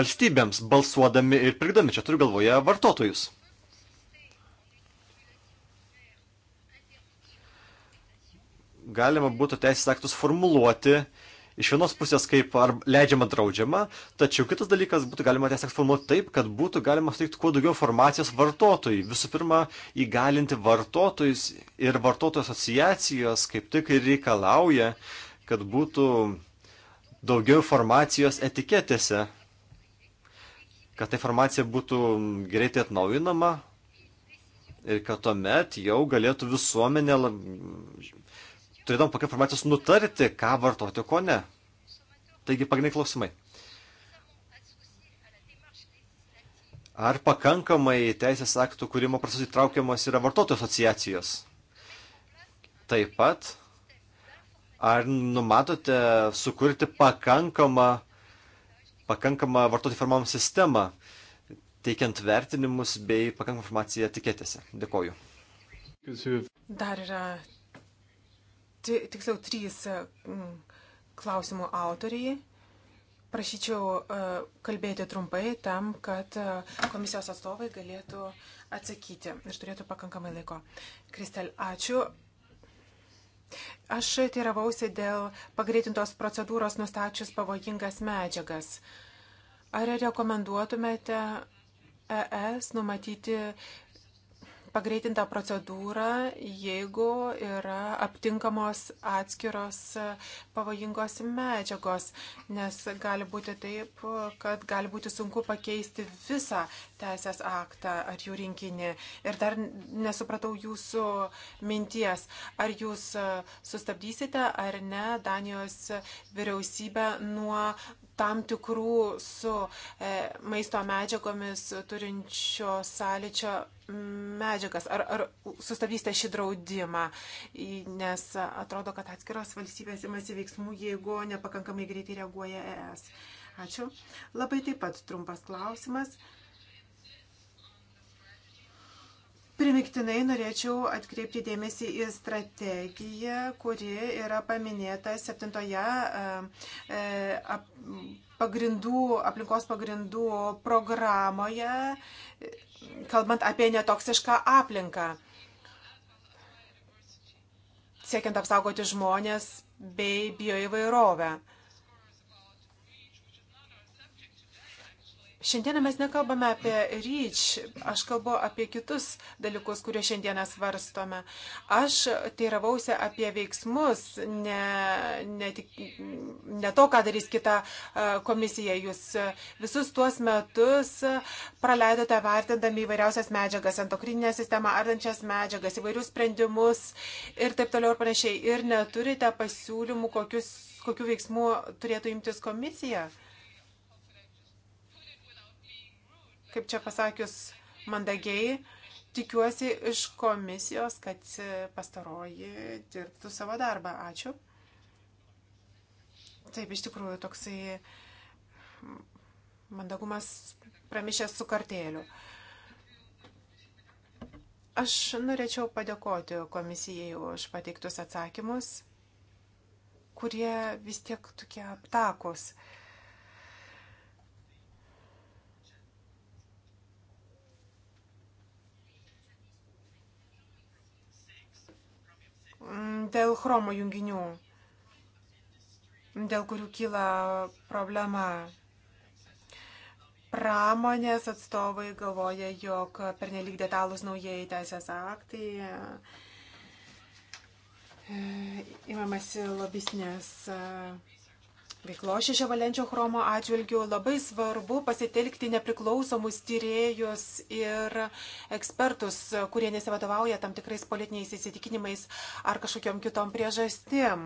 valstybėms, balsuodami ir pirkdami. Čia turiu galvoje vartotojus. Galima būtų teisės aktus formuluoti uh, iš vienos pusės kaip ar leidžiama draudžiama, tačiau kitas dalykas būtų galima tiesiog formuoti taip, kad būtų galima suteikti kuo daugiau informacijos vartotojai. Visų pirma, įgalinti vartotojus ir vartotojų asociacijos kaip tik ir reikalauja, kad būtų daugiau informacijos etiketėse, kad ta informacija būtų greitai atnaujinama ir kad tuomet jau galėtų visuomenė turėdam kokią informacijos nutarti, ką vartoti, ko ne. Taigi pagrindiniai klausimai. Ar pakankamai teisės aktų kūrimo procesus įtraukiamas yra vartotojų asociacijos? Taip pat, ar numatote sukurti pakankamą, pakankamą vartotojų informavimo sistemą, teikiant vertinimus bei pakankamą informaciją etiketėse? Dėkoju. Dar yra tiksliau, trys e, klausimų autoriai. Prašyčiau e, kalbėti trumpai tam, kad e, komisijos atstovai galėtų atsakyti ir turėtų pakankamai laiko. Kristel, ačiū. Aš teiravausi dėl pagreitintos procedūros nustačius pavojingas medžiagas. Ar rekomenduotumėte ES numatyti pagreitintą procedūrą, jeigu yra aptinkamos atskiros pavojingos medžiagos, nes gali būti taip, kad gali būti sunku pakeisti visą teisės aktą ar jų rinkinį. Ir dar nesupratau jūsų minties, ar jūs sustabdysite ar ne Danijos vyriausybę nuo tam tikrų su e, maisto medžiagomis turinčio sąlyčio medžiagas. Ar, ar sustabdysite šį draudimą, nes atrodo, kad atskiros valstybės imasi veiksmų, jeigu nepakankamai greitai reaguoja ES. Ačiū. Labai taip pat trumpas klausimas. Primiktinai norėčiau atkreipti dėmesį į strategiją, kuri yra paminėta septintoje e, e, pagrindų, aplinkos pagrindų programoje, kalbant apie netoksišką aplinką, siekiant apsaugoti žmonės bei bioįvairovę. Šiandieną mes nekalbame apie REACH, aš kalbu apie kitus dalykus, kuriuos šiandieną svarstome. Aš teiravausi apie veiksmus, ne, ne, tik, ne to, ką darys kita komisija. Jūs visus tuos metus praleidote vertindami įvairiausias medžiagas, endokrininę sistemą, ardančias medžiagas, įvairius sprendimus ir taip toliau ir panašiai. Ir neturite pasiūlymų, kokius, kokių veiksmų turėtų imtis komisija. kaip čia pasakius mandagiai, tikiuosi iš komisijos, kad pastaroji dirbtų savo darbą. Ačiū. Taip, iš tikrųjų, toksai mandagumas pramišęs su kartėliu. Aš norėčiau padėkoti komisijai už pateiktus atsakymus, kurie vis tiek tokie aptakus. Uh, Mm, dėl chromo junginių, dėl kurių kyla problema. Pramonės atstovai galvoja, jog pernelyg detalus naujieji teisės aktai įmamasi e, lobistinės e, veiklos šešiavalenčio chromo atžvilgių labai svarbu pasitelkti nepriklausomus tyrėjus ir ekspertus, kurie nesivadovauja tam tikrais politiniais įsitikinimais ar kažkokiam kitom priežastim.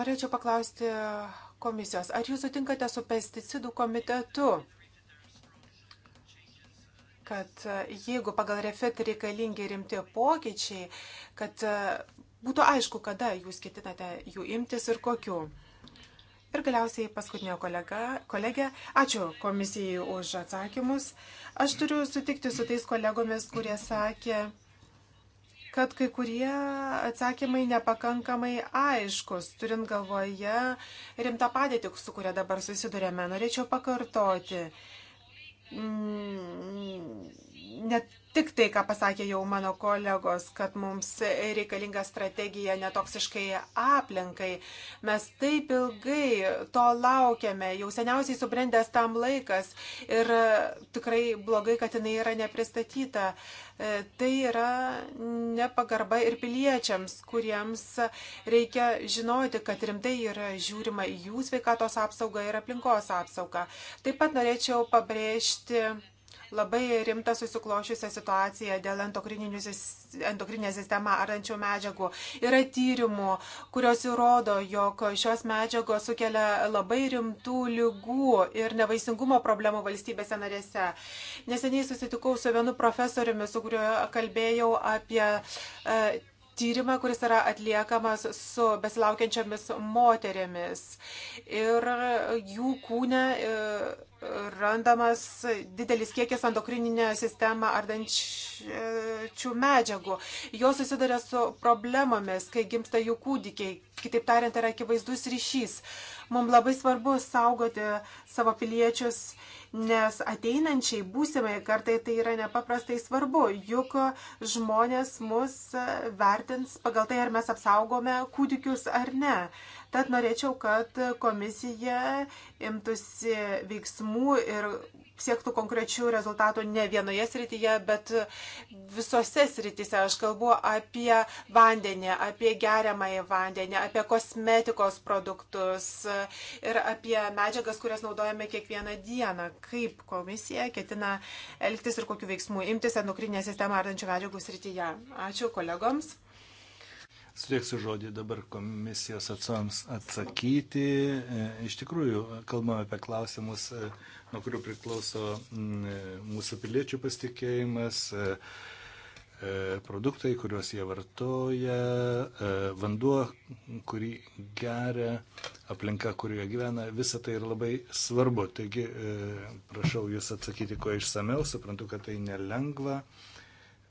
Norėčiau paklausti komisijos, ar jūs sutinkate su pesticidų komitetu, kad jeigu pagal refit reikalingi rimti pokyčiai, kad būtų aišku, kada jūs ketinate jų imtis ir kokiu. Ir galiausiai paskutinė kolega, kolegė, ačiū komisijai už atsakymus. Aš turiu sutikti su tais kolegomis, kurie sakė, kad kai kurie atsakymai nepakankamai aiškus, turint galvoje rimtą padėtį, su kuria dabar susidurėme. Norėčiau pakartoti. Mm ne tik tai, ką pasakė jau mano kolegos, kad mums reikalinga strategija netoksiškai aplinkai. Mes taip ilgai to laukiame, jau seniausiai subrendęs tam laikas ir tikrai blogai, kad jinai yra nepristatyta. E, tai yra nepagarba ir piliečiams, kuriems reikia žinoti, kad rimtai yra žiūrima į jų sveikatos apsaugą ir aplinkos apsaugą. Taip pat norėčiau pabrėžti labai rimtą susiklošiusią situaciją dėl endokrininę sistemą arančių medžiagų. Yra tyrimų, kurios įrodo, jog šios medžiagos sukelia labai rimtų lygų ir nevaisingumo problemų valstybėse narėse. Neseniai susitikau su vienu profesoriumi, su kuriuo kalbėjau apie e, tyrimą, kuris yra atliekamas su besilaukiančiamis moterėmis. Ir jų kūne e, randamas didelis kiekis endokrininę sistemą ardančių medžiagų. Jos susiduria su problemomis, kai gimsta jų kūdikiai. Kitaip tariant, yra akivaizdus ryšys. Uh, Mums labai svarbu saugoti savo piliečius, nes ateinančiai būsimai kartai tai yra nepaprastai svarbu, juk žmonės mus vertins pagal tai, ar mes apsaugome kūdikius ar ne. Tad norėčiau, kad komisija imtųsi veiksmų ir siektų konkrečių rezultatų ne vienoje srityje, bet visose srityse. Aš kalbu apie vandenį, apie geriamąjį vandenį, apie kosmetikos produktus ir apie medžiagas, kurias naudojame kiekvieną dieną. Kaip komisija ketina elgtis ir kokiu veiksmu imtis endokrininę sistemą ardančių medžiagų srityje. Ačiū kolegoms. Suteiksiu žodį dabar komisijos atsovams atsakyti. E, iš tikrųjų, kalbame apie klausimus, e, nuo kurių priklauso e, mūsų piliečių pasitikėjimas, produktai, kuriuos jie vartoja, vanduo, kurį geria, aplinka, kurioje gyvena, visa tai yra labai svarbu. Taigi, prašau Jūs atsakyti kuo išsameu, suprantu, kad tai nelengva.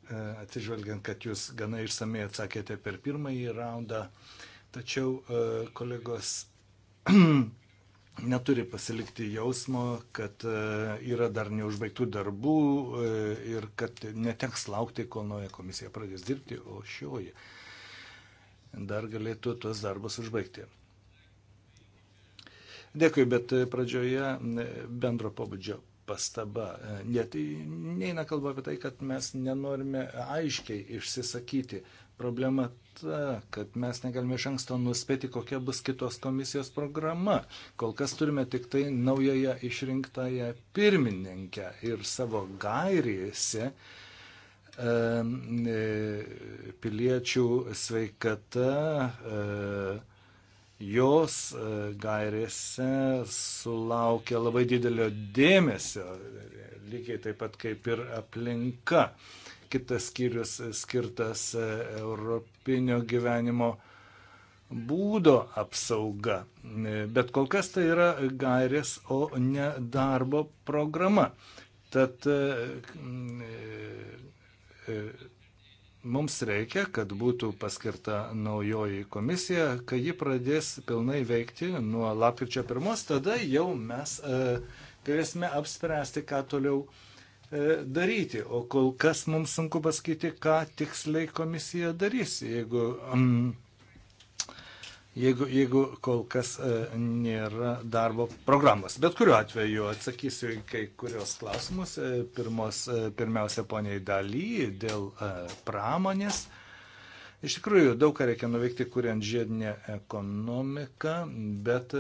E, atsižvelgiant, kad jūs gana išsamei atsakėte per pirmąjį raundą, tačiau e, kolegos neturi pasilikti jausmo, kad e, yra dar neužbaigtų darbų ir kad neteks laukti, kol nauja komisija pradės dirbti, o šioji dar galėtų tuos darbus užbaigti. Dėkui, bet pradžioje bendro pobūdžio pastaba. E, Net tai neina kalba apie tai, kad mes nenorime aiškiai išsisakyti. Problema ta, kad mes negalime iš anksto nuspėti, kokia bus kitos komisijos programa. Kol kas turime tik tai naująją išrinktąją pirmininkę ir savo gairėse e, e, piliečių sveikata jos e, gairėse sulaukia labai didelio dėmesio, lygiai taip pat kaip ir aplinka. Kitas skyrius skirtas e, europinio gyvenimo būdo apsauga. E, bet kol kas tai yra gairės, o ne darbo programa. Tad Mums reikia, kad būtų paskirta naujoji komisija, kai ji pradės pilnai veikti nuo lapkričio pirmos, tada jau mes e, galėsime apspręsti, ką toliau e, daryti. O kol kas mums sunku pasakyti, ką tiksliai komisija darys. Jeigu mm, jeigu, jeigu kol kas e, nėra darbo programos. Bet kuriuo atveju atsakysiu į kai kurios klausimus. E, pirmos, e, pirmiausia, poniai daly dėl pramonės. Iš tikrųjų, daug ką reikia nuveikti, kuriant žiedinę ekonomiką, bet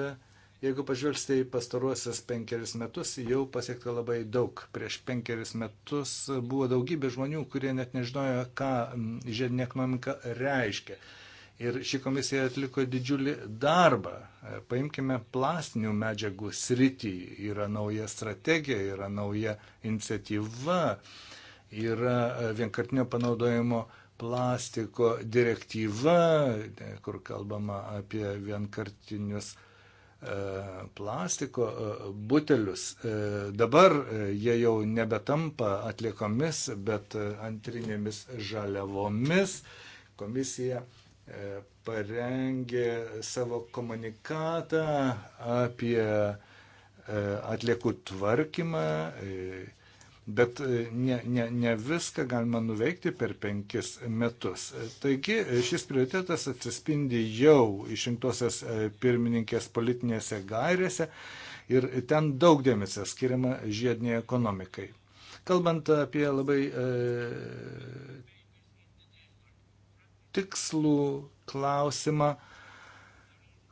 jeigu pažvelgsite į pastaruosius penkeris metus, jau pasiekta labai daug. Prieš penkeris metus buvo daugybė žmonių, kurie net nežinojo, ką žiedinė ekonomika reiškia. Ir ši komisija atliko didžiulį darbą. E, paimkime plastinių medžiagų sritį. Yra nauja strategija, yra nauja iniciatyva, yra e, vienkartinio panaudojimo plastiko direktyva, e, kur kalbama apie vienkartinius plastiko butelius. Dabar jie jau nebetampa atliekomis, bet antrinėmis žaliavomis. Komisija parengė savo komunikatą apie e, atliekų tvarkymą, e, bet e, ne, ne, ne viską galima nuveikti per penkis metus. Taigi šis prioritetas atsispindi jau išrinktosios pirmininkės politinėse gairėse ir ten daug dėmesio skiriama žiedniai ekonomikai. Kalbant apie labai e, tikslų klausimą,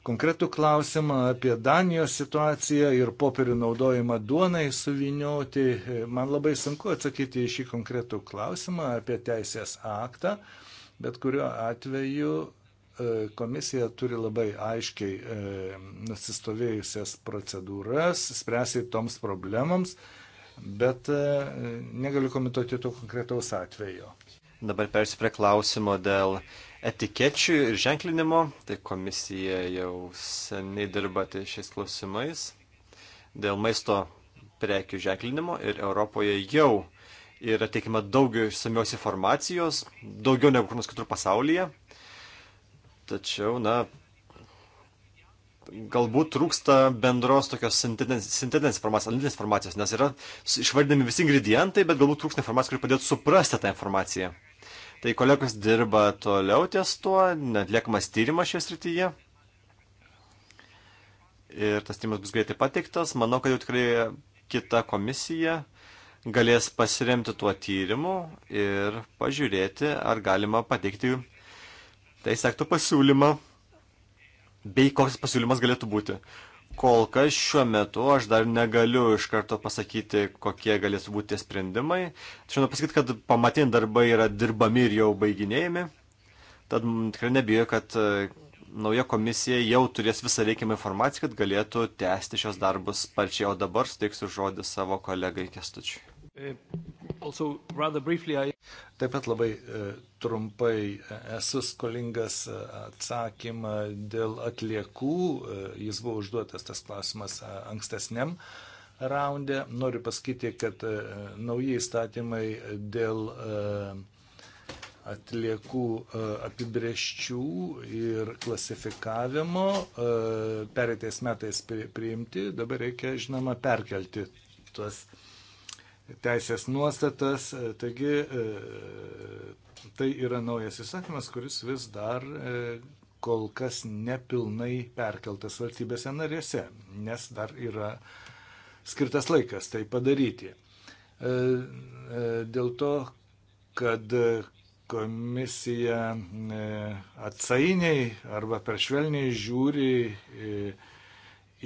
konkretų klausimą apie Danijos situaciją ir popierių naudojimą duonai suvinioti. Man labai sunku atsakyti į šį konkretų klausimą apie teisės aktą, bet kuriuo atveju e, komisija turi labai aiškiai e, nusistovėjusias procedūras, spręsti toms problemams, bet e, negaliu komentuoti to konkretaus atvejo. Dabar persi prie klausimo dėl etikečių ir ženklinimo. Tai komisija jau seniai dirba tai šiais klausimais. Dėl maisto prekių ženklinimo ir Europoje jau yra teikiama daugiau išsamios informacijos, daugiau negu kur nors kitur pasaulyje. Tačiau, na, galbūt trūksta bendros tokios sintetinės informacijos, analitinės informacijos, nes yra išvardinami visi ingredientai, bet galbūt trūksta informacijos, kuri padėtų suprasti tą informaciją. Tai kolegos dirba toliau ties tuo, atliekamas tyrimas šioje srityje. Ir tas tyrimas bus greitai pateiktas. Manau, kad jau tikrai kita komisija galės pasiremti tuo tyrimu ir pažiūrėti, ar galima pateikti teisės aktų pasiūlymą bei koks pasiūlymas galėtų būti. Kol kas šiuo metu aš dar negaliu iš karto pasakyti, kokie galės būti tie sprendimai. Tačiau noriu pasakyti, kad pamatiniai darbai yra dirbami ir jau baiginėjami. Tad tikrai nebijoju, kad e, nauja komisija jau turės visą reikiamą informaciją, kad galėtų tęsti šios darbus sparčiai. O dabar suteiksiu žodį savo kolegai Kestučiui. Uh, Taip pat labai uh, trumpai uh, esu skolingas atsakymą dėl atliekų. Jis buvo užduotas tas klausimas ankstesniam raunde. Noriu pasakyti, kad nauji įstatymai dėl atliekų apibrėžčių ir klasifikavimo pereitais metais priimti, dabar reikia, žinoma, perkelti tuos teisės nuostatas. Taigi e, tai yra naujas įsakymas, kuris vis dar e, kol kas nepilnai perkeltas valstybėse narėse, nes dar yra skirtas laikas tai padaryti. E, dėl to, kad komisija atsainiai arba peršvelniai žiūri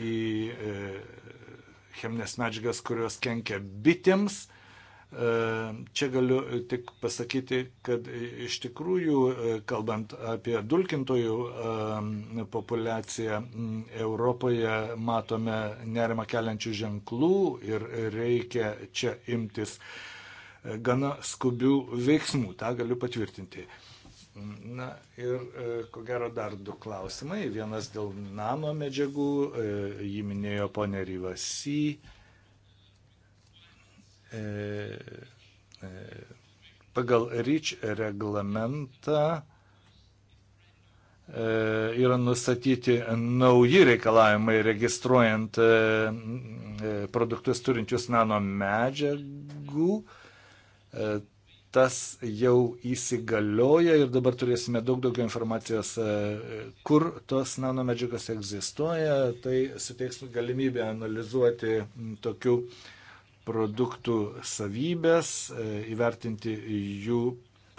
į cheminės medžiagas, kurios kenkia bitėms. E, čia galiu tik pasakyti, kad iš tikrųjų, e, kalbant apie dulkintojų e, populaciją, Europoje matome nerimą keliančių ženklų ir reikia čia imtis gana skubių veiksmų. Ta galiu patvirtinti. Na ir e, ko gero dar du klausimai. Vienas dėl nano medžiagų, e, jį minėjo ponė Ryvasi. E, pagal ryč reglamentą yra nustatyti nauji reikalavimai registruojant produktus turinčius nano medžiagų tas jau įsigalioja ir dabar turėsime daug daugiau informacijos, e, kur tos nanomedžiagos egzistuoja, tai suteiks galimybę analizuoti tokių produktų savybės, e, įvertinti jų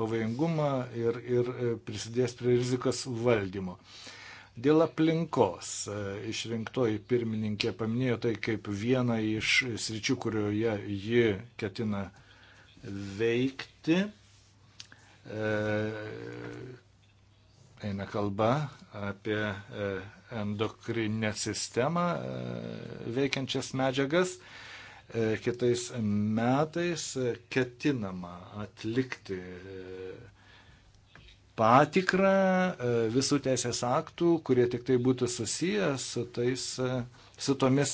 pavojingumą ir, ir e, prisidės prie rizikos valdymo. Dėl aplinkos išrinktoji pirmininkė paminėjo tai kaip vieną iš sričių, kurioje ji ketina veikti. E, eina kalba apie e, endokrininę sistemą e, veikiančias medžiagas. Kitais metais ketinama atlikti patikrą visų teisės aktų, kurie tik tai būtų susijęs su, tais, su tomis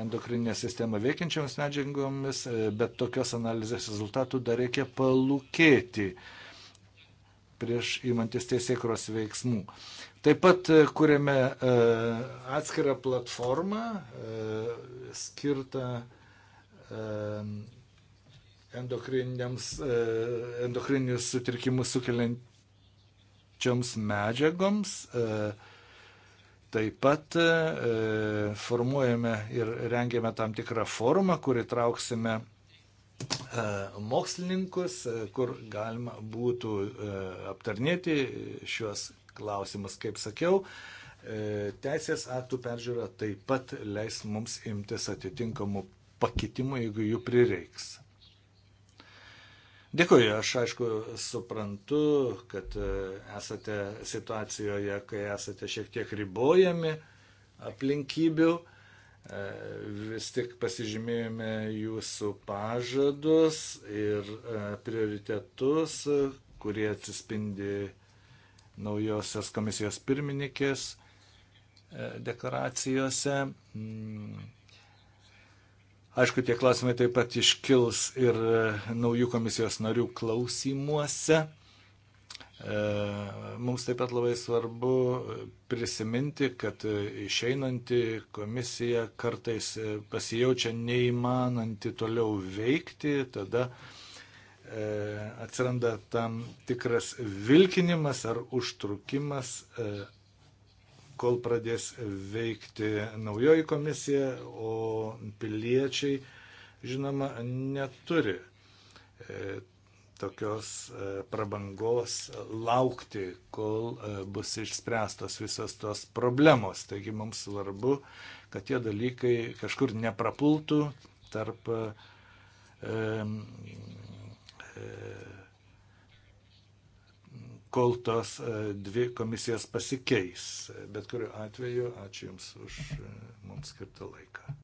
endokrininę sistemą veikiančiomis medžiagomis, e, bet tokios analizės rezultatų dar reikia palūkėti prieš įmantis tiesiekros veiksmų. Taip pat e, kūrėme e, atskirą platformą skirtą endokrininius sutrikimus sukeliančioms medžiagoms. E, Taip pat e, formuojame ir rengiame tam tikrą formą, kur įtrauksime e, mokslininkus, e, kur galima būtų aptarnėti šiuos klausimus, kaip sakiau. Teisės aktų peržiūra taip pat leis mums imtis atitinkamų pakitimų, jeigu jų prireiks. Dėkuoju, aš aišku suprantu, kad e, esate situacijoje, kai esate šiek tiek ribojami aplinkybių, e, vis tik pasižymėjome jūsų pažadus ir e, prioritetus, kurie atsispindi naujosios komisijos pirmininkės deklaracijose. Mm Aišku, tie klausimai taip pat iškils ir e, naujų komisijos narių klausimuose. E, mums taip pat labai svarbu e, prisiminti, kad išeinanti komisija kartais pasijaučia neįmananti toliau veikti, tada atsiranda tam tikras vilkinimas ar užtrukimas kol pradės veikti naujoji komisija, o piliečiai, žinoma, neturi e, tokios e, prabangos laukti, kol e, bus išspręstos visos tos problemos. Taigi mums svarbu, kad tie dalykai kažkur neprapultų tarp e, e, kol tos e, dvi komisijos pasikeis. Bet kuriu atveju, ačiū Jums už e, mums skirtą laiką.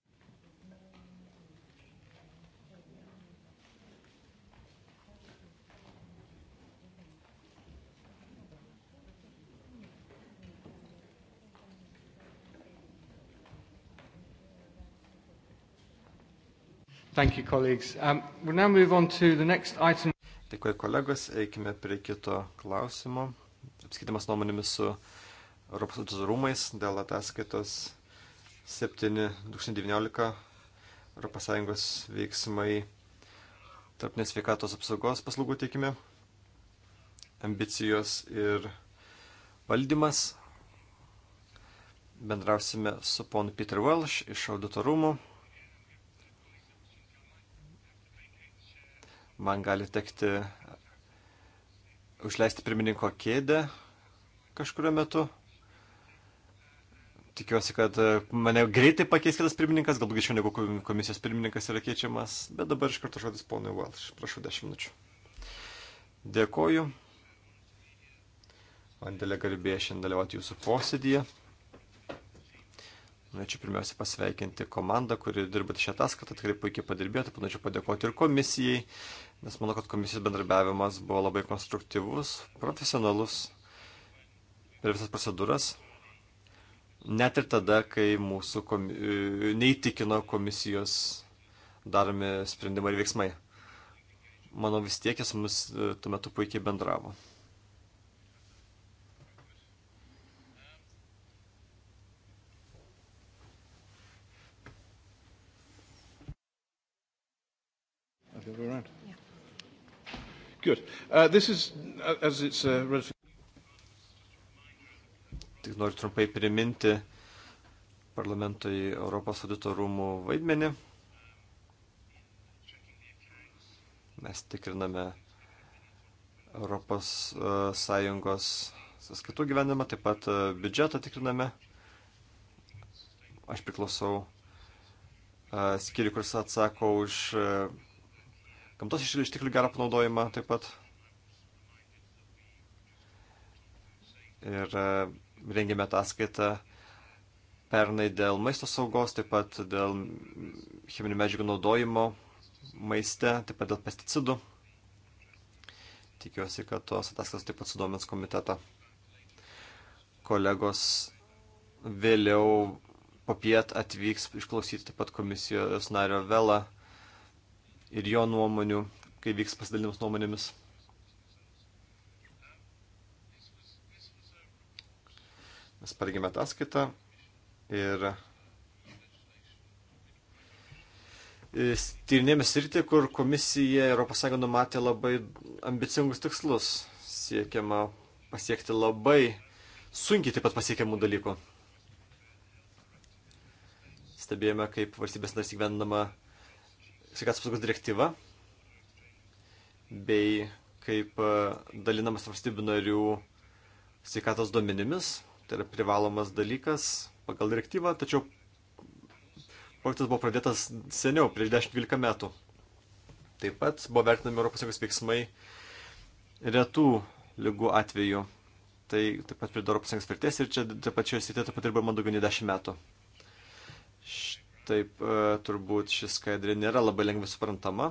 Thank you, colleagues. Um, we'll now move on to the next item. Dėkuoju kolegos, eikime prie kito klausimo. Apskaitimas nuomonėmis su Europos audito rūmais dėl ataskaitos 7.2019 ES veiksmai tarpinės sveikatos apsaugos paslaugų teikime, ambicijos ir valdymas. Bendrausime su ponu Peter Welsh iš audito rūmų. man gali tekti užleisti pirmininko kėdę kažkurio metu. Tikiuosi, kad mane greitai pakeis kitas pirmininkas, galbūt greičiau negu komisijos pirmininkas yra keičiamas, bet dabar iš karto žodis ponui Walsh. Prašau, 10 minučių. Dėkoju. Man dėlė garbė šiandien dalyvauti jūsų posėdėje. Norėčiau pirmiausia pasveikinti komandą, kuri dirba šią ataskaitą, tikrai puikiai padirbėta. Panačiau padėkoti ir komisijai, nes manau, kad komisijos bendradarbiavimas buvo labai konstruktyvus, profesionalus per visas procedūras. Net ir tada, kai mūsų komi neįtikino komisijos daromi sprendimai ir veiksmai. Manau, vis tiek jis mus e, tuo metu puikiai bendravo. I'll go around. Good. Uh, this is, uh, as it's a uh, relatively... Tik noriu trumpai priminti parlamentui Europos audito rūmų vaidmenį. Mes tikriname Europos uh, Sąjungos sąskaitų gyvenimą, taip pat uh, biudžetą tikriname. Aš priklausau skiriu, kuris atsako už gamtos išteklių gerą panaudojimą taip pat. Ir e, rengėme ataskaitą pernai dėl maisto saugos, taip pat dėl cheminių medžiagų naudojimo maiste, taip pat dėl pesticidų. Tikiuosi, kad tos ataskaitos taip pat sudomins komitetą. Kolegos vėliau popiet atvyks išklausyti taip pat komisijos nario Vela ir jo nuomonių, kai vyks pasidalinimas nuomonėmis. Mes pargėme ataskaitą ir e, tyrinėjame sritį, kur komisija ES numatė labai ambicingus tikslus. Siekiama pasiekti labai sunkiai taip pat pasiekiamų dalykų. Stebėjome, kaip valstybės narys įgyvendama sveikatos apsaugos direktyva bei kaip e, dalinamas valstybių narių sveikatos duomenimis. Tai yra privalomas dalykas pagal direktyvą, tačiau projektas buvo pradėtas seniau, prieš 10-12 metų. Taip pat buvo vertinami ES veiksmai retų lygų atveju. Tai taip pat pridaro ES vertės ir čia taip pat šioje srityje taip pat dirbama daugiau nei 10 metų. Taip, e, turbūt šis skaidrė nėra labai lengvai suprantama,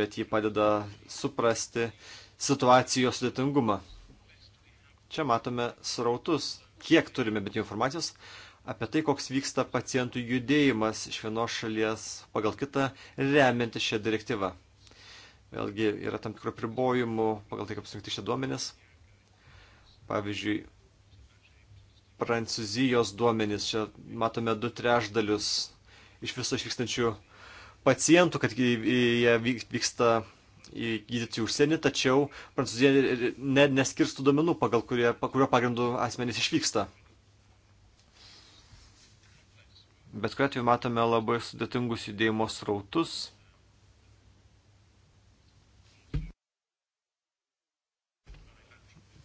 bet ji padeda suprasti situacijos sudėtingumą. Čia matome srautus, kiek turime bent jau informacijos apie tai, koks vyksta pacientų judėjimas iš vienos šalies pagal kitą, remianti šią direktyvą. Vėlgi yra tam tikro pribojimų pagal tai, kaip surinkti šie duomenys. Pavyzdžiui, Prancūzijos duomenys. Čia matome du trešdalius iš viso išvykstančių pacientų, kad jie vyksta gydyti užsienį, tačiau Prancūzija ne, neskirstų duomenų, pagal kurie, kurio pagrindų asmenys išvyksta. Bet kuriuo atveju matome labai sudėtingus judėjimo srautus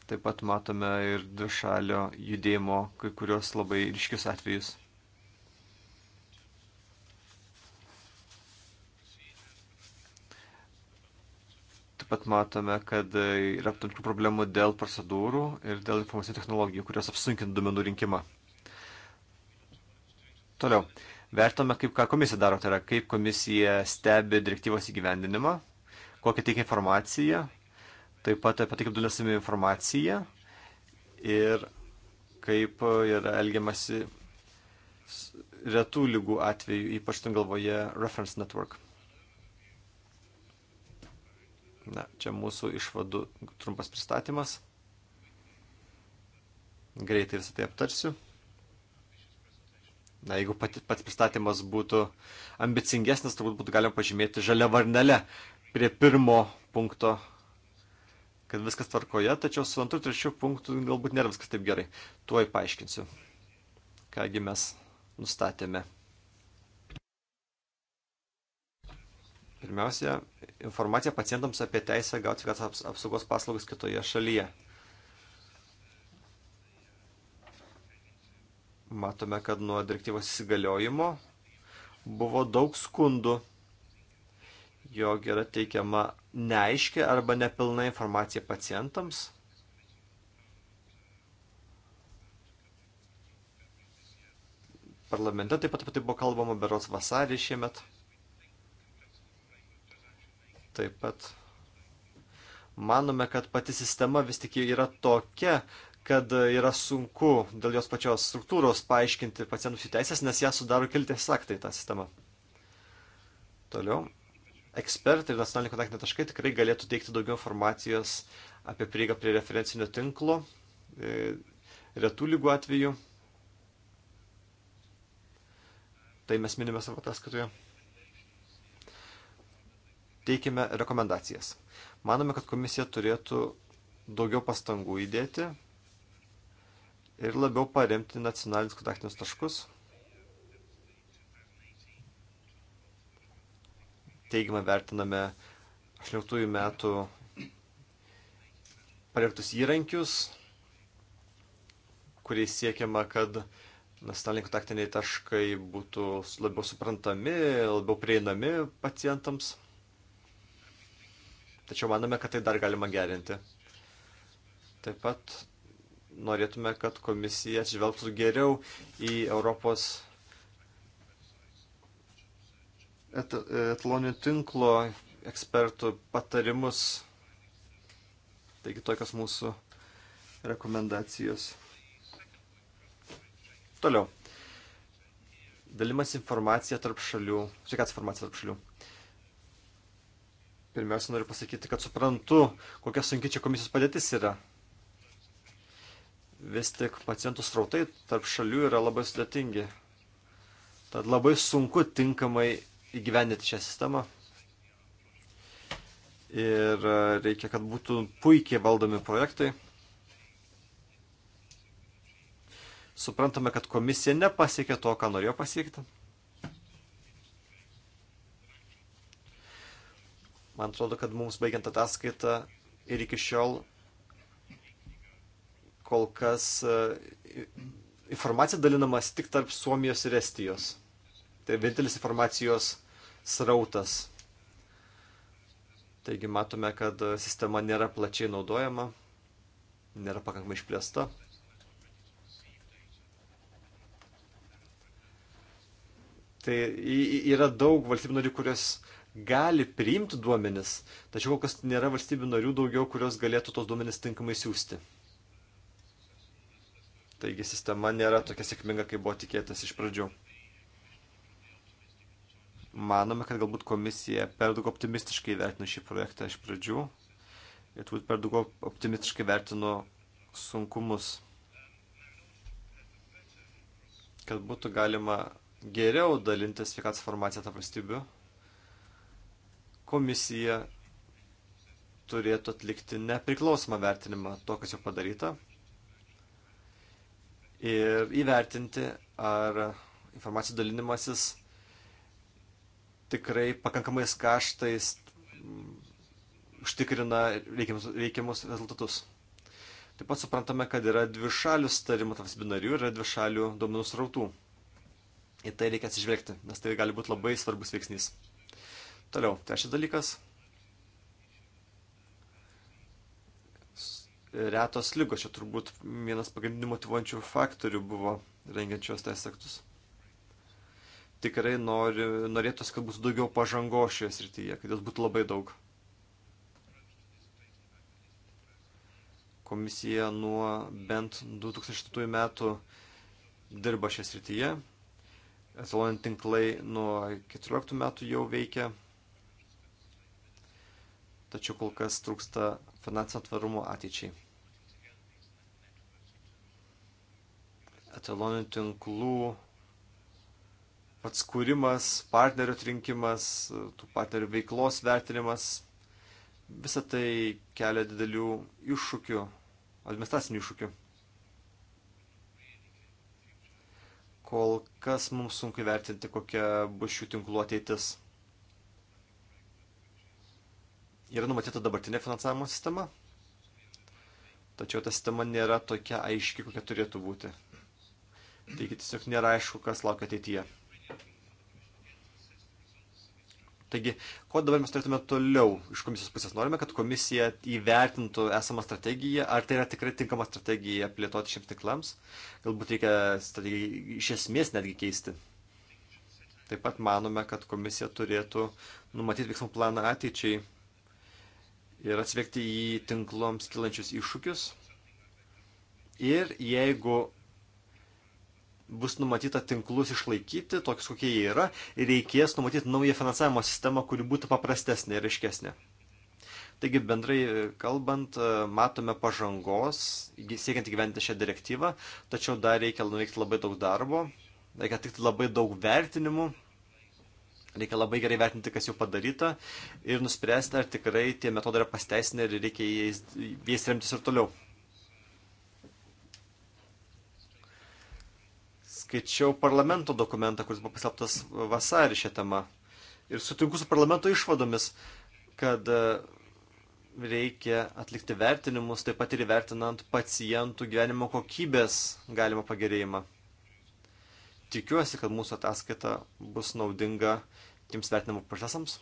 Taip pat matome ir dvišalio judėjimo kai kurios labai ryškius atvejus. Taip pat matome, kad yra tam tikrų problemų dėl procedūrų ir dėl informacinių technologijų, kurios apsunkintų duomenų rinkimą. Toliau. Vertome, kaip ką komisija daro, tai yra kaip komisija stebi direktyvos įgyvendinimą, kokią teikia informaciją, taip pat apie tai, kaip dalinasime informaciją ir kaip yra elgiamasi retų lygų atveju, ypač ten galvoje Reference Network. Na, čia mūsų išvadų trumpas pristatymas. Greitai visą tai aptarsiu. Na, jeigu pati, pats pristatymas būtų ambicingesnis, turbūt būtų galima pažymėti žalia varnelė prie pirmo punkto kad viskas tvarkoje, tačiau su antru trečiu punktu galbūt nėra viskas taip gerai. Tuoj paaiškinsiu, kągi mes nustatėme. Pirmiausia, informacija pacientams apie teisę gauti sveikatos apsaugos paslaugas kitoje šalyje. Matome, kad nuo direktyvos įsigaliojimo buvo daug skundų, jog yra teikiama neaiškia arba nepilna informacija pacientams? Parlamente taip pat apie tai buvo kalbama beros vasarį šiemet. Taip pat manome, kad pati sistema vis tik yra tokia, kad yra sunku dėl jos pačios struktūros paaiškinti pacientų teisės, nes ją sudaro keli teisės aktai tą sistemą. Toliau ekspertai ir nacionaliniai kontaktiniai taškai tikrai galėtų teikti daugiau informacijos apie prieigą prie referencinio tinklo e, retų lygų atveju. Tai mes minime savo ataskaitoje. Teikime rekomendacijas. Manome, kad komisija turėtų daugiau pastangų įdėti ir labiau paremti nacionalinius kontaktinius taškus teigiamai vertiname 18 metų parengtus įrankius, kuriais siekiama, kad nacionaliniai kontaktiniai taškai būtų labiau suprantami, labiau prieinami pacientams. Tačiau manome, kad tai dar galima gerinti. Taip pat norėtume, kad komisija atsižvelgtų geriau į Europos et, etalonių tinklo ekspertų patarimus. Taigi tokios mūsų rekomendacijos. Toliau. Dalimas informacija tarp šalių, sveikatos informacija tarp šalių. Pirmiausia, noriu pasakyti, kad suprantu, kokia sunki čia komisijos padėtis yra. Vis tik pacientų srautai tarp šalių yra labai sudėtingi. Tad labai sunku tinkamai įgyvendinti šią sistemą. Ir e, reikia, kad būtų puikiai valdomi projektai. Suprantame, kad komisija nepasiekė to, ką norėjo pasiekti. Man atrodo, kad mums baigiant ataskaitą ir iki šiol kol kas e, informacija dalinamas tik tarp Suomijos ir Estijos. Tai vienintelis informacijos srautas. Taigi matome, kad sistema nėra plačiai naudojama, nėra pakankamai išplėsta. Tai yra daug valstybių narių, kurios gali priimti duomenis, tačiau kol kas nėra valstybių narių daugiau, kurios galėtų tos duomenis tinkamai siūsti. Taigi sistema nėra tokia sėkminga, kaip buvo tikėtas iš pradžių. Manome, kad galbūt komisija per daug optimistiškai vertino šį projektą iš pradžių ir turbūt per daug optimistiškai vertino sunkumus, kad būtų galima geriau dalinti sveikatos informaciją tarp valstybių. Komisija turėtų atlikti nepriklausomą vertinimą to, kas jau padaryta ir įvertinti, ar informacijų dalinimasis tikrai pakankamais kaštais mm, užtikrina reikiamus, reikiamus rezultatus. Taip pat suprantame, kad yra dvi šalių starimų tarp binarių ir yra dvi šalių duomenų srautų. Į tai reikia atsižvelgti, nes tai gali būti labai svarbus veiksnys. Toliau, trečias dalykas. Retos lygos čia turbūt vienas pagrindinių motivuojančių faktorių buvo rengiančios teisės aktus tikrai nori, norėtųsi, kad būtų daugiau pažangos šioje srityje, kad jos būtų labai daug. Komisija nuo bent 2008 metų dirba šią srityje. Etalon tinklai nuo 14 metų jau veikia, tačiau kol kas trūksta finansinio tvarumo ateičiai. Etaloninių tinklų pats kūrimas, partnerio atrinkimas, tų partnerių veiklos vertinimas, visa tai kelia didelių iššūkių, administracinių iššūkių. Kol kas mums sunku vertinti, kokia bus šių tinklų ateitis. Yra numatyta dabartinė finansavimo sistema, tačiau ta sistema nėra tokia aiški, kokia turėtų būti. Taigi tiesiog nėra aišku, kas laukia ateityje. Taigi, ko dabar mes turėtume toliau iš komisijos pusės? Norime, kad komisija įvertintų esamą strategiją, ar tai yra tikrai tinkama strategija plėtoti šiems tiklams, galbūt reikia strategiją iš esmės netgi keisti. Taip pat manome, kad komisija turėtų numatyti veiksmų planą ateičiai ir atsvegti į tinkloms kilančius iššūkius. Ir jeigu bus numatyta tinklus išlaikyti, tokius kokie jie yra, ir reikės numatyti naują finansavimo sistemą, kuri būtų paprastesnė ir aiškesnė. Taigi bendrai e, kalbant, e, matome pažangos, siekiant įgyventi šią direktyvą, tačiau dar reikia nuveikti labai daug darbo, reikia atlikti labai daug vertinimų, reikia labai gerai vertinti, kas jau padaryta ir nuspręsti, ar tikrai tie metodai yra pasteisinę ir reikia jais, jais remtis ir toliau. skaičiau parlamento dokumentą, kuris buvo paskelbtas vasarį šią temą. Ir sutinku su parlamento išvadomis, kad e, reikia atlikti vertinimus, taip pat ir įvertinant pacientų gyvenimo kokybės galimą pagerėjimą. Tikiuosi, kad mūsų ataskaita bus naudinga tiems vertinimo procesams.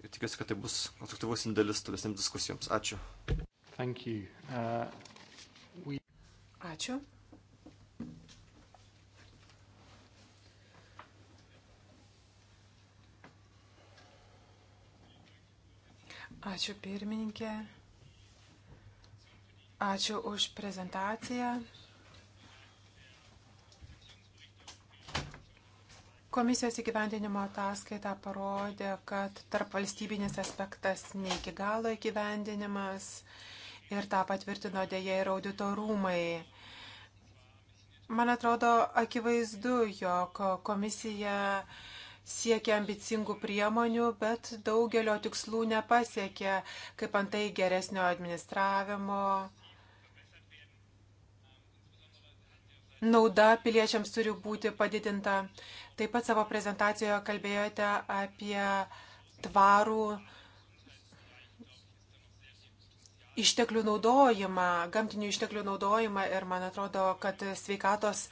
Ir tikiuosi, kad tai bus konstruktyvus indėlis tolesnėms diskusijoms. Ačiū. Uh, we... Ačiū. Ačiū pirmininkė. Ačiū už prezentaciją. Komisijos įgyvendinimo ataskaita parodė, kad tarp valstybinis aspektas ne iki galo įgyvendinimas ir tą patvirtino dėje ir audito rūmai. Man atrodo akivaizdu, jog komisija uh, siekia ambicingų priemonių, bet daugelio tikslų nepasiekia, kaip antai geresnio administravimo. Nauda piliečiams turi būti padidinta. Taip pat savo prezentacijoje kalbėjote apie tvarų išteklių naudojimą, gamtinių išteklių naudojimą ir man atrodo, kad sveikatos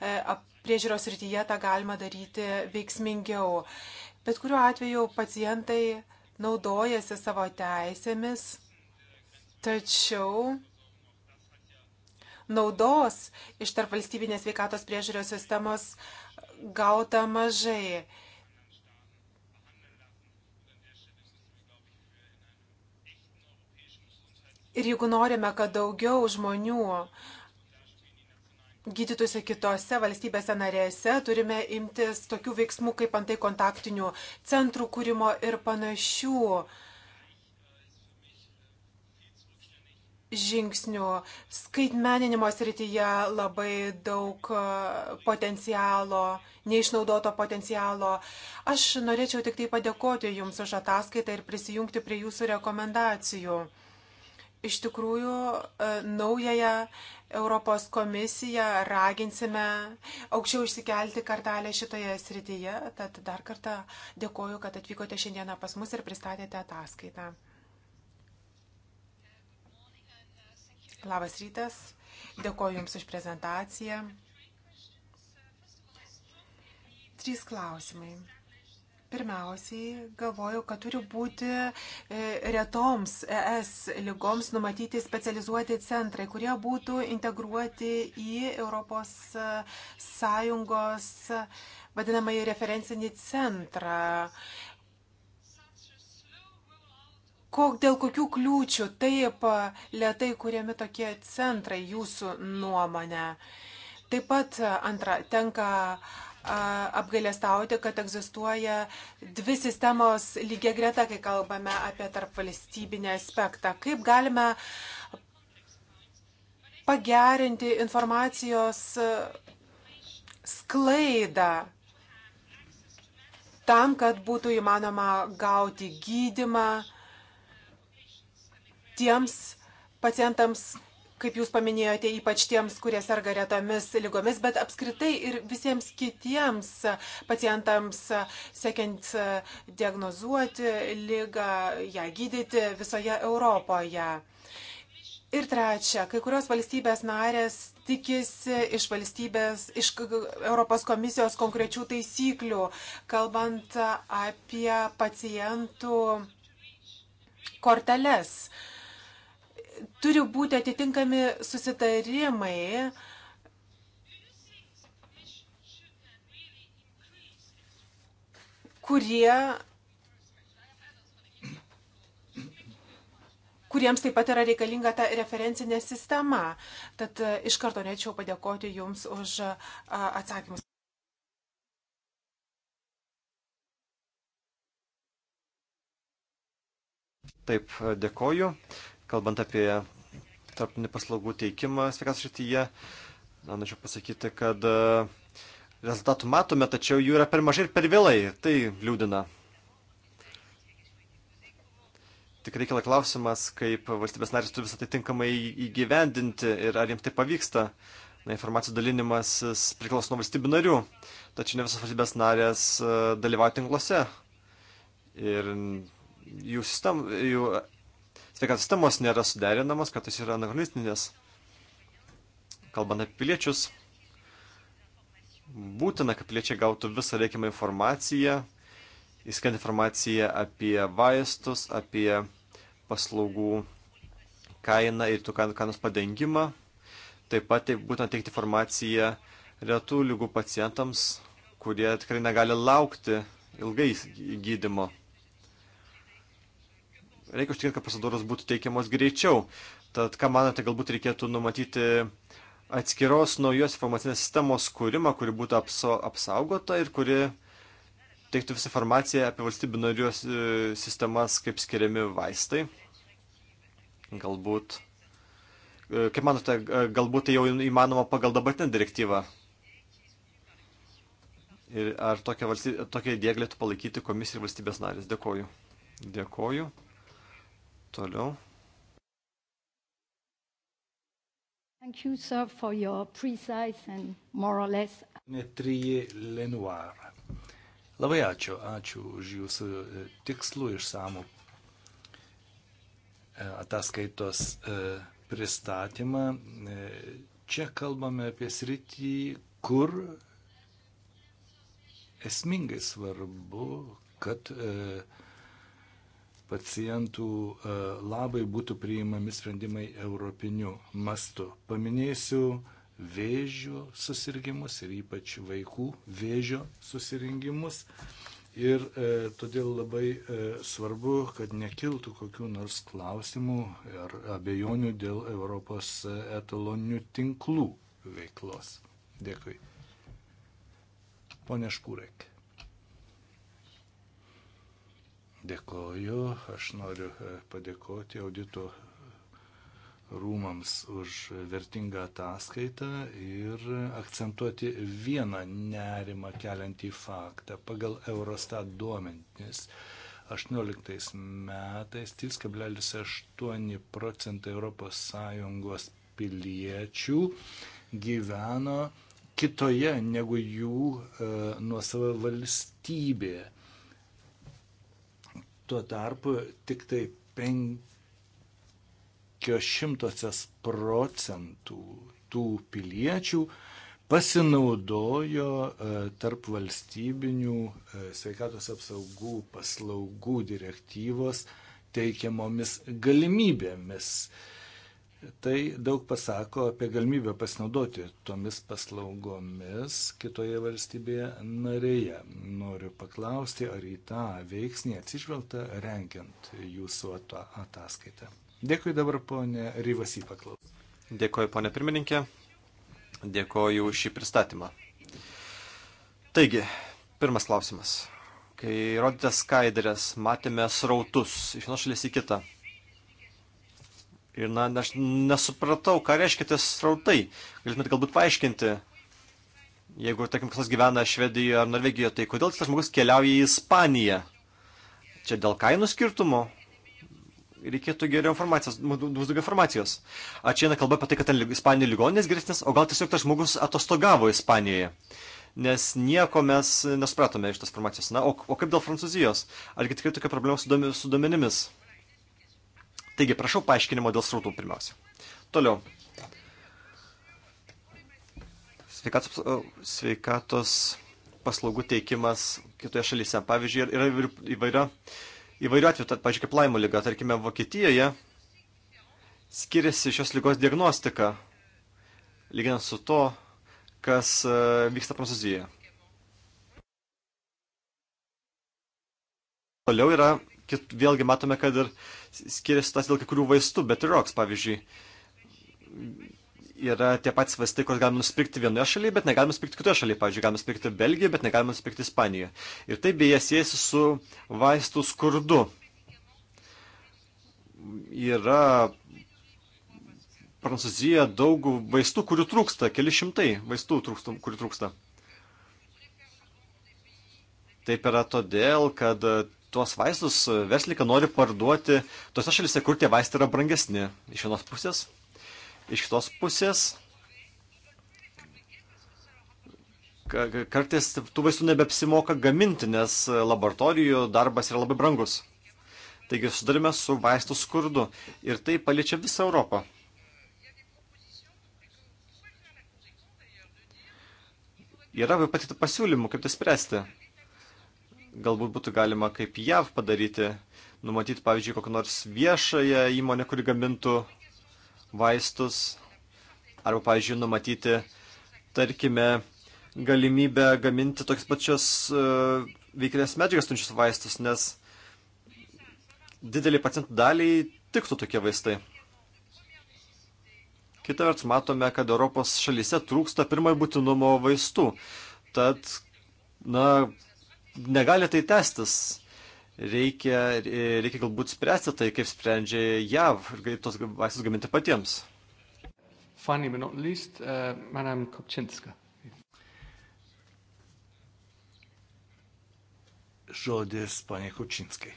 E, priežiūros rytyje tą galima daryti veiksmingiau. Bet kuriuo atveju pacientai naudojasi savo teisėmis, tačiau naudos iš tarp valstybinės veikatos priežiūros sistemos gauta mažai. Ir jeigu norime, kad daugiau žmonių gydytųsi kitose valstybėse narėse, turime imtis tokių veiksmų kaip antai kontaktinių centrų kūrimo ir panašių žingsnių. Skaitmeninimo srityje labai daug e, potencialo, neišnaudoto potencialo. Aš norėčiau tik tai padėkoti Jums už ataskaitą ir prisijungti prie Jūsų rekomendacijų. Iš tikrųjų, e, naująją Europos komisiją raginsime aukščiau išsikelti kartelę šitoje srityje. Tad dar kartą dėkoju, kad atvykote šiandieną pas mus ir pristatėte ataskaitą. Labas rytas, dėkoju Jums už prezentaciją. Trys klausimai. Pirmiausiai galvoju, kad turi būti e, retoms ES lygoms numatyti specializuoti centrai, kurie būtų integruoti į Europos Sąjungos vadinamąjį referencinį centrą. Kok, dėl kokių kliūčių taip lietai kuriami tokie centrai jūsų nuomonė? Taip pat antra, tenka apgailestauti, kad egzistuoja dvi sistemos lygiai greta, kai kalbame apie tarpvalstybinį aspektą. Kaip galime pagerinti informacijos sklaidą tam, kad būtų įmanoma gauti gydimą tiems pacientams, kaip jūs paminėjote, ypač tiems, kurie serga retomis lygomis, bet apskritai ir visiems kitiems pacientams, siekiant e, diagnozuoti lygą, ją gydyti visoje Europoje. Ir trečia, kai kurios valstybės narės tikisi iš valstybės, iš Europos komisijos konkrečių taisyklių, kalbant apie pacientų korteles. Uh, turi būti atitinkami susitarimai. kurie kuriems taip pat yra reikalinga ta referencinė sistema. Tad e, iš karto norėčiau padėkoti Jums už e, atsakymus. Taip, dėkoju. Kalbant apie tarptautinį paslaugų teikimą sveikatos srityje, na, norėčiau pasakyti, kad e, rezultatų matome, tačiau jų yra per mažai ir per vėlai. Tai liūdina. Tik reikia klausimas, kaip valstybės narys turi visą tai tinkamai įgyvendinti ir ar jiems tai pavyksta. Na, informacijų dalinimas priklauso nuo valstybių narių, tačiau ne visos valstybės narės e, dalyvauja tinkluose. Ir jų, sistem, jų sveikatos sistemos nėra suderinamos, kad jis yra anachronistinės. Kalbant apie piliečius, būtina, kad piliečiai gautų visą reikiamą informaciją, įskant informaciją apie vaistus, apie paslaugų kainą ir tų kainos padengimą. Taip pat taip, būtent teikti informaciją retų lygų pacientams, kurie tikrai negali laukti ilgai gydimo. Reikia užtikrinti, kad procedūros būtų teikiamos greičiau. Tad ką manote, galbūt reikėtų numatyti atskiros naujos informacinės sistemos kūrimą, kuri būtų apso, apsaugota ir kuri teiktų visą informaciją apie valstybių narių e, sistemas, kaip skiriami vaistai. Galbūt. E, kaip manote, e, galbūt tai jau įmanoma pagal dabartinę direktyvą? Ir ar tokią, valstybę, tokią idėją galėtų palaikyti komisija ir valstybės narės? Dėkoju. Dėkoju. Toliau. Thank you, sir, for your precise and more or less. Netryji Lenoir. Labai ačiū, ačiū už jūsų e, tikslų išsamų e, ataskaitos e, pristatymą. Čia kalbame apie sritį, kur esmingai svarbu, kad e, pacientų e, labai būtų priimami sprendimai europiniu mastu. Paminėsiu vėžių susirgymus ir ypač vaikų vėžio susirgymus. Ir e, todėl labai e, svarbu, kad nekiltų kokių nors klausimų ar abejonių dėl Europos e, etaloninių tinklų veiklos. Dėkui. Pone Škūrek. Dėkoju, aš noriu e, padėkoti audito rūmams už vertingą ataskaitą ir akcentuoti vieną nerimą keliantį faktą. Pagal Eurostat duomenys 18 metais 3,8 procentai ES piliečių gyveno kitoje negu jų e, nuosava valstybėje Tuo tarpu tik tai 500 procentų tų piliečių pasinaudojo e, tarp valstybinių e, sveikatos apsaugų paslaugų direktyvos teikiamomis galimybėmis. E, Tai daug pasako apie galimybę pasinaudoti tomis paslaugomis kitoje valstybėje narėje. Noriu paklausti, ar į tą veiksnį atsižvelgta renkiant jūsų ataskaitą. Dėkui dabar ponė Ryvasy paklaus. Dėkoju ponė pirmininkė, dėkoju už šį pristatymą. Taigi, pirmas klausimas. Kai rodėte skaidrės, matėme srautus iš vienos šalies į kitą. Ir na, aš nesupratau, ką reiškia tas srautai. Galėtumėte galbūt paaiškinti, jeigu, tarkim, kas gyvena Švedijoje ar Norvegijoje, tai kodėl tas žmogus keliauja į Ispaniją? Čia dėl kainų skirtumo? Reikėtų geriau informacijos, bus daugiau informacijos. Ar čia eina kalba apie tai, kad ten Ispanija ligoninės geresnės, o gal tiesiog tas žmogus atostogavo Ispanijoje? Nes nieko mes nespratome iš tos informacijos. Na, o, o kaip dėl Prancūzijos? Argi tikrai tokia problema su, duomenimis? Domi, Taigi, prašau paaiškinimo dėl srautų pirmiausia. Toliau. Sveikatos, sveikatos paslaugų teikimas kitoje šalyse. Pavyzdžiui, yra įvairia, įvairių atvejų, pavyzdžiui, kaip laimo lyga, tarkime, Vokietijoje skiriasi šios lygos diagnostika, lyginant su to, kas e, vyksta Prancūzijoje. Toliau yra kit, vėlgi matome, kad ir skiriasi situacija dėl kai kurių vaistų, bet ir roks, pavyzdžiui, yra tie patys vaistai, kuriuos galime nusipirkti vienoje šalyje, bet negalime nusipirkti kitoje šalyje. Pavyzdžiui, galime nusipirkti Belgiją, bet negalime nusipirkti Ispaniją. Ir tai beje siejasi su vaistų skurdu. Yra Prancūzijoje daug vaistų, kurių trūksta, keli šimtai vaistų, trūksta, kurių trūksta. Taip yra todėl, kad tuos vaistus e, verslininkai nori parduoti tose šalise, kur tie vaistai yra brangesni. Iš vienos pusės. Iš kitos pusės. Kartais tų vaistų nebepsimoka gaminti, nes e, laboratorijų darbas yra labai brangus. Taigi sudarime su vaistų skurdu ir tai paliečia visą Europą. Yra patikti pasiūlymų, kaip tai spręsti galbūt būtų galima kaip JAV padaryti, numatyti, pavyzdžiui, kokią nors viešąją įmonę, kuri gamintų vaistus, arba, pavyzdžiui, numatyti, tarkime, galimybę gaminti tokias pačias uh, e, veiklės medžiagas tunčius vaistus, nes didelį pacientų dalį tiktų tokie vaistai. Kita vertus, matome, kad Europos šalyse trūksta pirmojo būtinumo vaistų. Tad, na, negali tai testis. Reikia, reikia galbūt spręsti tai, kaip sprendžia JAV ir tos vaistus gaminti patiems. Finally, but not least, uh, Madam Kopczynska. Žodis panie Kopčinskai.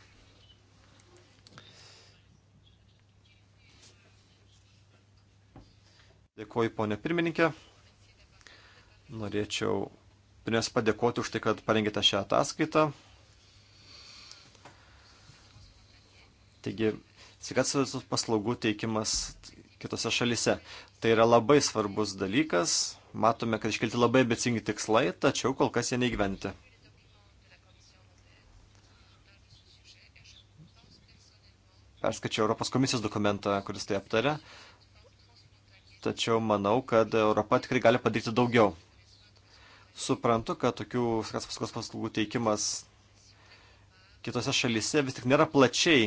Dėkuoju, ponė pirmininkė. Norėčiau Pirmiausia, padėkoti už tai, kad parengėte šią ataskaitą. Taigi, sveikatos paslaugų teikimas kitose šalise. Tai yra labai svarbus dalykas. Matome, kad iškelti labai ambicingi tikslai, tačiau kol kas jie neįgyventi. Perskačiau Europos komisijos dokumentą, kuris tai aptarė. Tačiau manau, kad Europa tikrai gali padaryti daugiau. Suprantu, kad tokių paskos paslaugų teikimas kitose šalyse vis tik nėra plačiai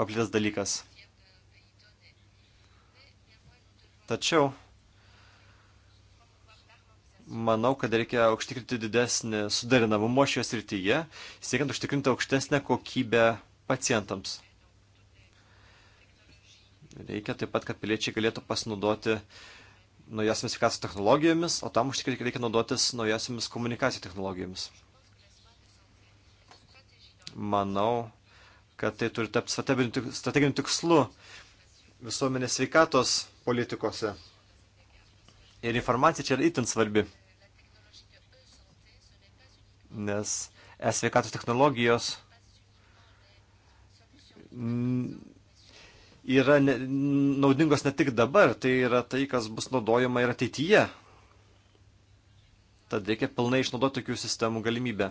paplitęs dalykas. Tačiau manau, kad reikia užtikrinti didesnį sudarinamumą šioje srityje, siekiant užtikrinti aukštesnę kokybę pacientams. Reikia taip pat, kad piliečiai galėtų pasinaudoti naujas sveikatos technologijomis, o tam užtikrinti reikia naudotis naujasiamis komunikacijų technologijomis. Manau, kad tai turi tapti strateginiu tikslu visuomenės sveikatos politikose. Ir informacija čia yra itin svarbi, nes e-sveikatos technologijos yra ne, naudingos ne tik dabar, tai yra tai, kas bus naudojama ir ateityje. Tad reikia pilnai išnaudoti tokių sistemų galimybę.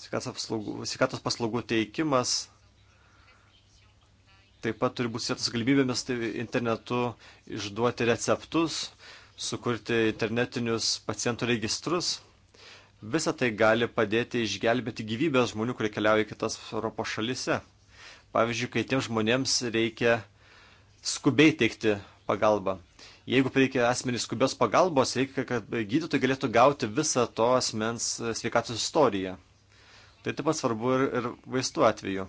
Sveikatos paslaugų, sveikatos paslaugų teikimas taip pat turi būti sėtas galimybėmis tai internetu išduoti receptus, sukurti internetinius pacientų registrus. Visą tai gali padėti išgelbėti gyvybės žmonių, kurie keliauja į kitas Europos šalise. Pavyzdžiui, kai tiems žmonėms reikia skubiai teikti pagalbą. Jeigu reikia asmenį skubios pagalbos, reikia, kad gydytojai galėtų gauti visą to asmens sveikatos istoriją. Tai taip pat svarbu ir, ir vaistų atveju.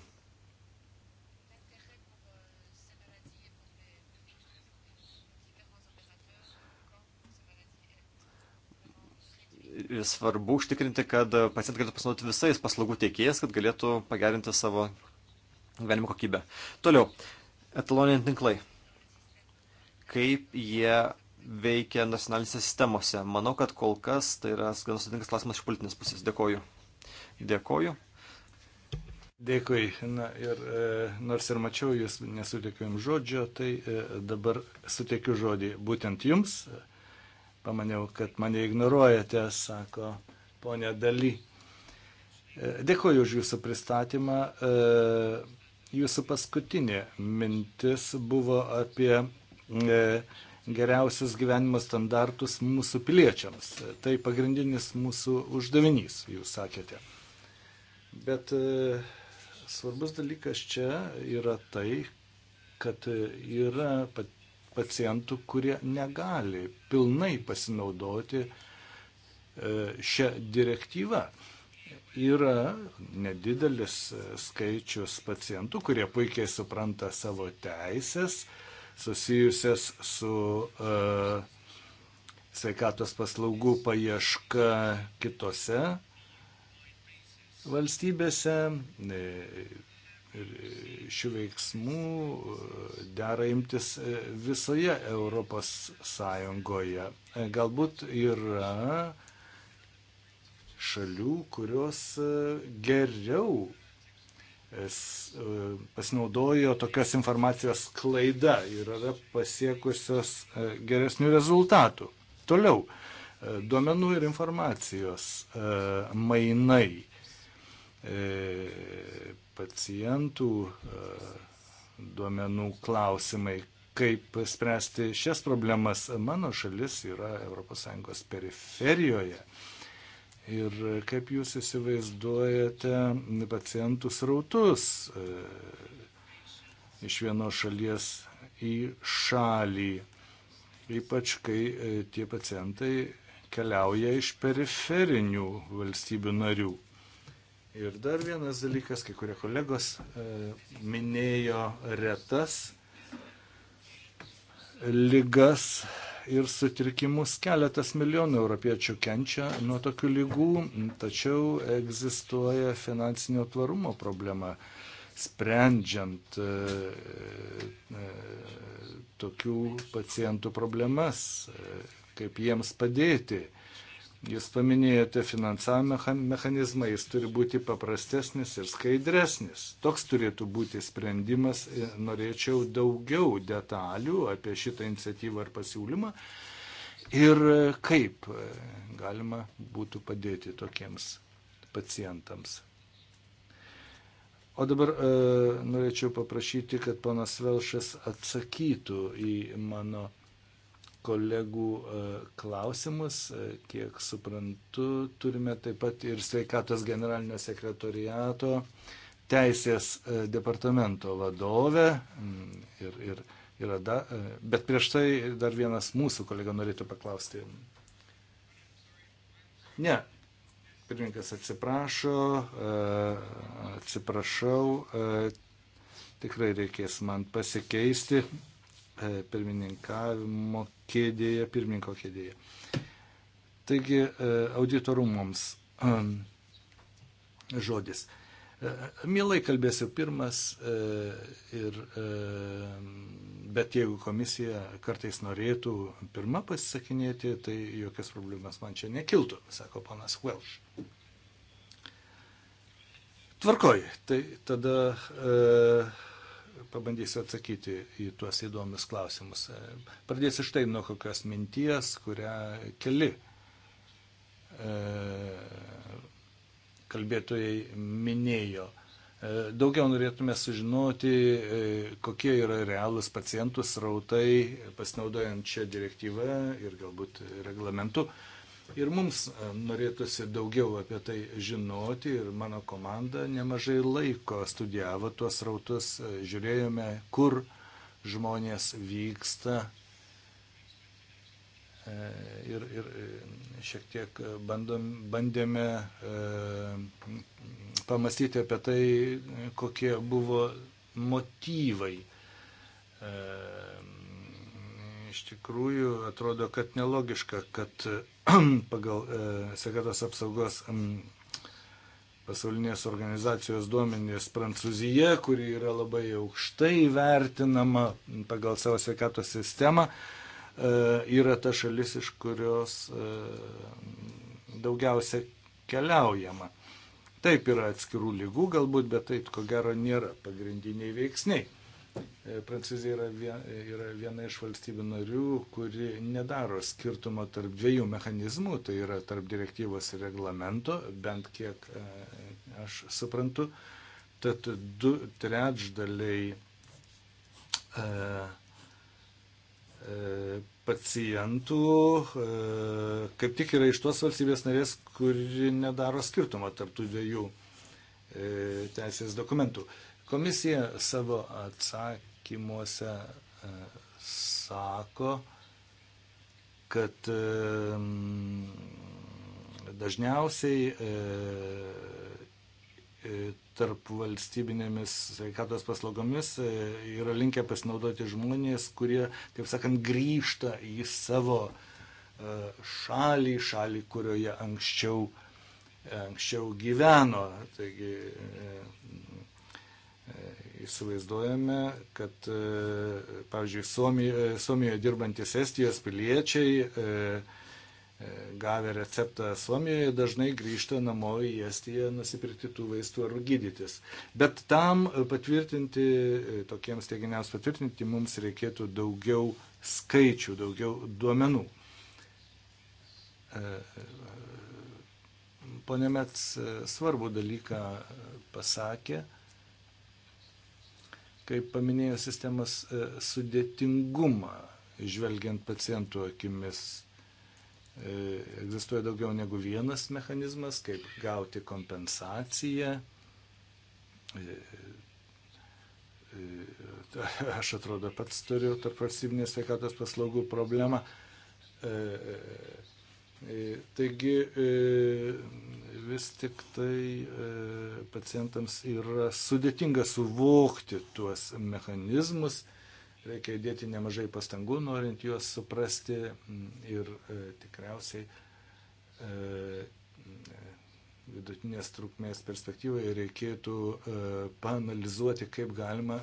ir svarbu užtikrinti, kad pacientai galėtų pasinaudoti visais paslaugų teikėjais, kad galėtų pagerinti savo gyvenimo kokybę. Toliau, etaloniniai tinklai. Kaip jie veikia nacionalinėse sistemose. Manau, kad kol kas tai yra gan sudėtingas klausimas iš politinės pusės. Dėkoju. Dėkoju. Dėkui. Na ir e, nors ir mačiau, jūs nesuteikiu jums žodžio, tai e, dabar suteikiu žodį būtent jums. Pamaniau, kad mane ignoruojate, sako ponia Daly. E, dėkuoju už jūsų pristatymą. E, Jūsų paskutinė mintis buvo apie e, geriausius gyvenimo standartus mūsų piliečiams. Tai pagrindinis mūsų uždavinys, jūs sakėte. Bet e, svarbus dalykas čia yra tai, kad yra pacientų, kurie negali pilnai pasinaudoti e, šią direktyvą yra nedidelis skaičius pacientų, kurie puikiai supranta savo teisės susijusias su uh, sveikatos paslaugų paieška kitose valstybėse. E, šių veiksmų e, dera imtis visoje Europos Sąjungoje. Galbūt yra šalių, kurios e, geriau e, e, pasinaudojo tokios informacijos klaida ir yra pasiekusios geresnių rezultatų. Toliau, duomenų ir informacijos mainai pacientų duomenų klausimai, kaip spręsti šias problemas. Mano šalis yra ES periferijoje. Ir e, kaip jūs įsivaizduojate pacientų srautus e, iš vienos šalies į šalį, ypač kai e, tie pacientai keliauja iš periferinių valstybių narių. Ir dar vienas dalykas, kai kurie kolegos minėjo retas lygas ir sutrikimus. Keletas milijonų europiečių kenčia nuo tokių lygų, tačiau egzistuoja finansinio tvarumo problema. Sprendžiant e, e, tokių pacientų problemas, e, kaip jiems padėti. Jūs paminėjote finansavimo mechanizmą, jis turi būti paprastesnis ir skaidresnis. Toks turėtų būti sprendimas. E, norėčiau daugiau detalių apie šitą iniciatyvą ar pasiūlymą ir e, kaip e, galima būtų padėti tokiems pacientams. O dabar e, norėčiau paprašyti, kad ponas Velšas atsakytų į mano kolegų e, klausimus. E, kiek suprantu, turime taip pat ir sveikatos generalinio sekretoriato teisės e, departamento vadovę. Mm, ir, ir, ir da, bet prieš tai dar vienas mūsų kolega norėtų paklausti. Ne. Pirmininkas atsiprašo, atsiprašau, tikrai reikės man pasikeisti E, pirmininkavimo kėdėje, pirmininko kėdėje. Taigi e, auditorumams žodis. E, mielai kalbėsiu pirmas, ir, bet jeigu komisija kartais norėtų pirmą pasisakinėti, tai jokios problemas man čia nekiltų, sako panas Welsh. Tvarkoj, tai tada uh, pabandysiu atsakyti į tuos įdomius klausimus. Pradėsiu štai nuo kokios minties, kurią keli e, kalbėtojai minėjo. E, daugiau norėtume sužinoti, e, kokie yra realūs pacientų srautai pasinaudojant šią direktyvą ir galbūt reglamentu. Uh, Ir mums e, norėtųsi daugiau apie tai žinoti ir mano komanda nemažai laiko studijavo tuos rautus, e, žiūrėjome, kur žmonės vyksta e, ir, ir šiek tiek bandom, bandėme pamastyti apie tai, kokie buvo motyvai. Iš tikrųjų, atrodo, kad nelogiška, kad pagal e, sveikatos apsaugos pasaulinės organizacijos duomenys Prancūzija, kuri yra labai aukštai vertinama pagal savo sveikatos sistemą, e, yra ta šalis, iš kurios e, daugiausia keliaujama. Taip yra atskirų lygų galbūt, bet tai ko gero nėra pagrindiniai veiksniai. E, Prancūzija yra, vien, e, yra viena iš valstybių narių, kuri nedaro skirtumo tarp dviejų mechanizmų, tai yra tarp direktyvos ir reglamento, bent kiek e, aš suprantu. Tad du trečdaliai e, e, pacientų e, kaip tik yra iš tos valstybės narės, kuri nedaro skirtumo tarp tų dviejų e, teisės dokumentų. E, Komisija savo atsakymuose e, sako, kad e, dažniausiai e, tarp valstybinėmis sveikatos paslaugomis yra linkę pasinaudoti žmonės, kurie, kaip sakant, grįžta į savo šalį, šalį, kurioje anksčiau, anksčiau gyveno. Taigi įsivaizduojame, kad, e, pavyzdžiui, e, Suomijoje, Suomijoje dirbantis Estijos piliečiai e, gavę receptą Suomijoje dažnai grįžta namo į Estiją nusipirkti tų vaistų ar gydytis. Bet tam patvirtinti, tokiems teiginiams patvirtinti, mums reikėtų daugiau skaičių, daugiau duomenų. Pone Mets svarbų dalyką pasakė kaip paminėjo sistemas e, sudėtingumą, žvelgiant pacientų akimis. E, egzistuoja daugiau negu vienas mechanizmas, kaip gauti kompensaciją. E, aš atrodo pats turiu tarp valstybinės sveikatos paslaugų problemą E, taigi e, vis tik tai e, pacientams yra sudėtinga suvokti tuos mechanizmus, reikia įdėti nemažai pastangų, norint juos suprasti ir tikriausiai vidutinės trukmės perspektyvoje reikėtų panalizuoti, kaip galima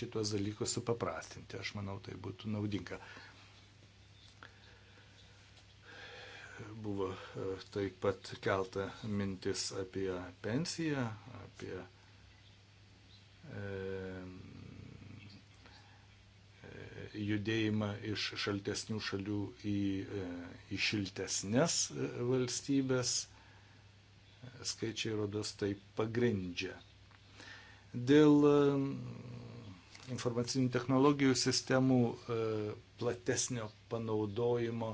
šitos dalykus supaprastinti. Aš manau, tai būtų naudinga. buvo e, taip pat kelta mintis apie pensiją, apie e, judėjimą iš šaltesnių šalių į, e, į šiltesnės valstybės. Skaičiai rodos tai pagrindžia. Dėl informacinių technologijų sistemų platesnio panaudojimo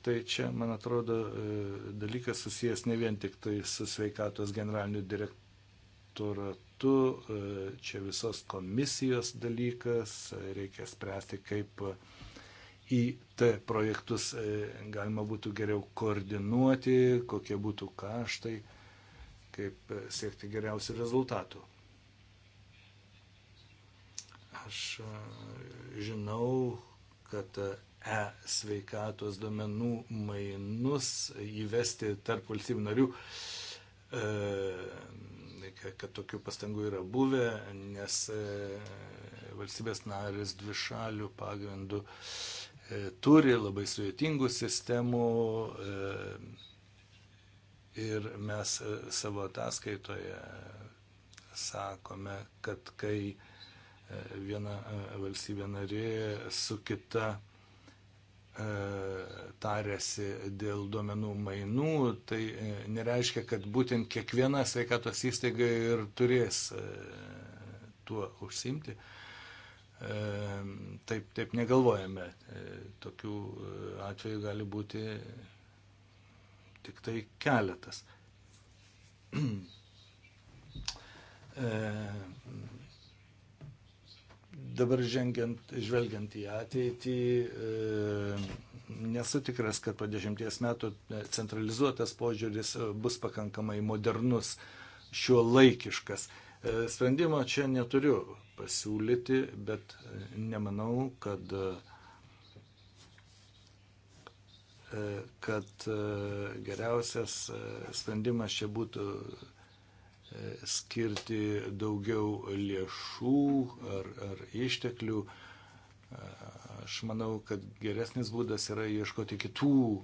Tai čia, man atrodo, e, dalykas susijęs ne vien tik tai su sveikatos generaliniu direktoratu, e, čia visos komisijos dalykas, e, reikia spręsti, kaip IT projektus galima būtų geriau koordinuoti, kokie būtų kaštai, kaip siekti geriausių rezultatų. Aš žinau, kad e-sveikatos duomenų mainus įvesti tarp valstybių narių, e, kad tokių pastangų yra buvę, nes e, valstybės narės dvišalių pagrindų e, turi labai sudėtingų sistemų ir mes savo ataskaitoje sakome, kad kai viena valstybė narė su kita E, tarėsi dėl duomenų mainų, tai e, nereiškia, kad būtent kiekviena sveikatos įstaiga ir turės e, tuo užsimti. Taip, taip negalvojame. Tokių atvejų gali būti tik tai keletas. dabar žengiant, žvelgiant į ateitį, e, nesu tikras, kad po dešimties metų e, centralizuotas požiūris e, bus pakankamai modernus, šiuo laikiškas. Sprendimo čia neturiu pasiūlyti, bet nemanau, kad kad geriausias sprendimas čia būtų skirti daugiau lėšų ar, ar išteklių. Aš manau, kad geresnis būdas yra ieškoti kitų e,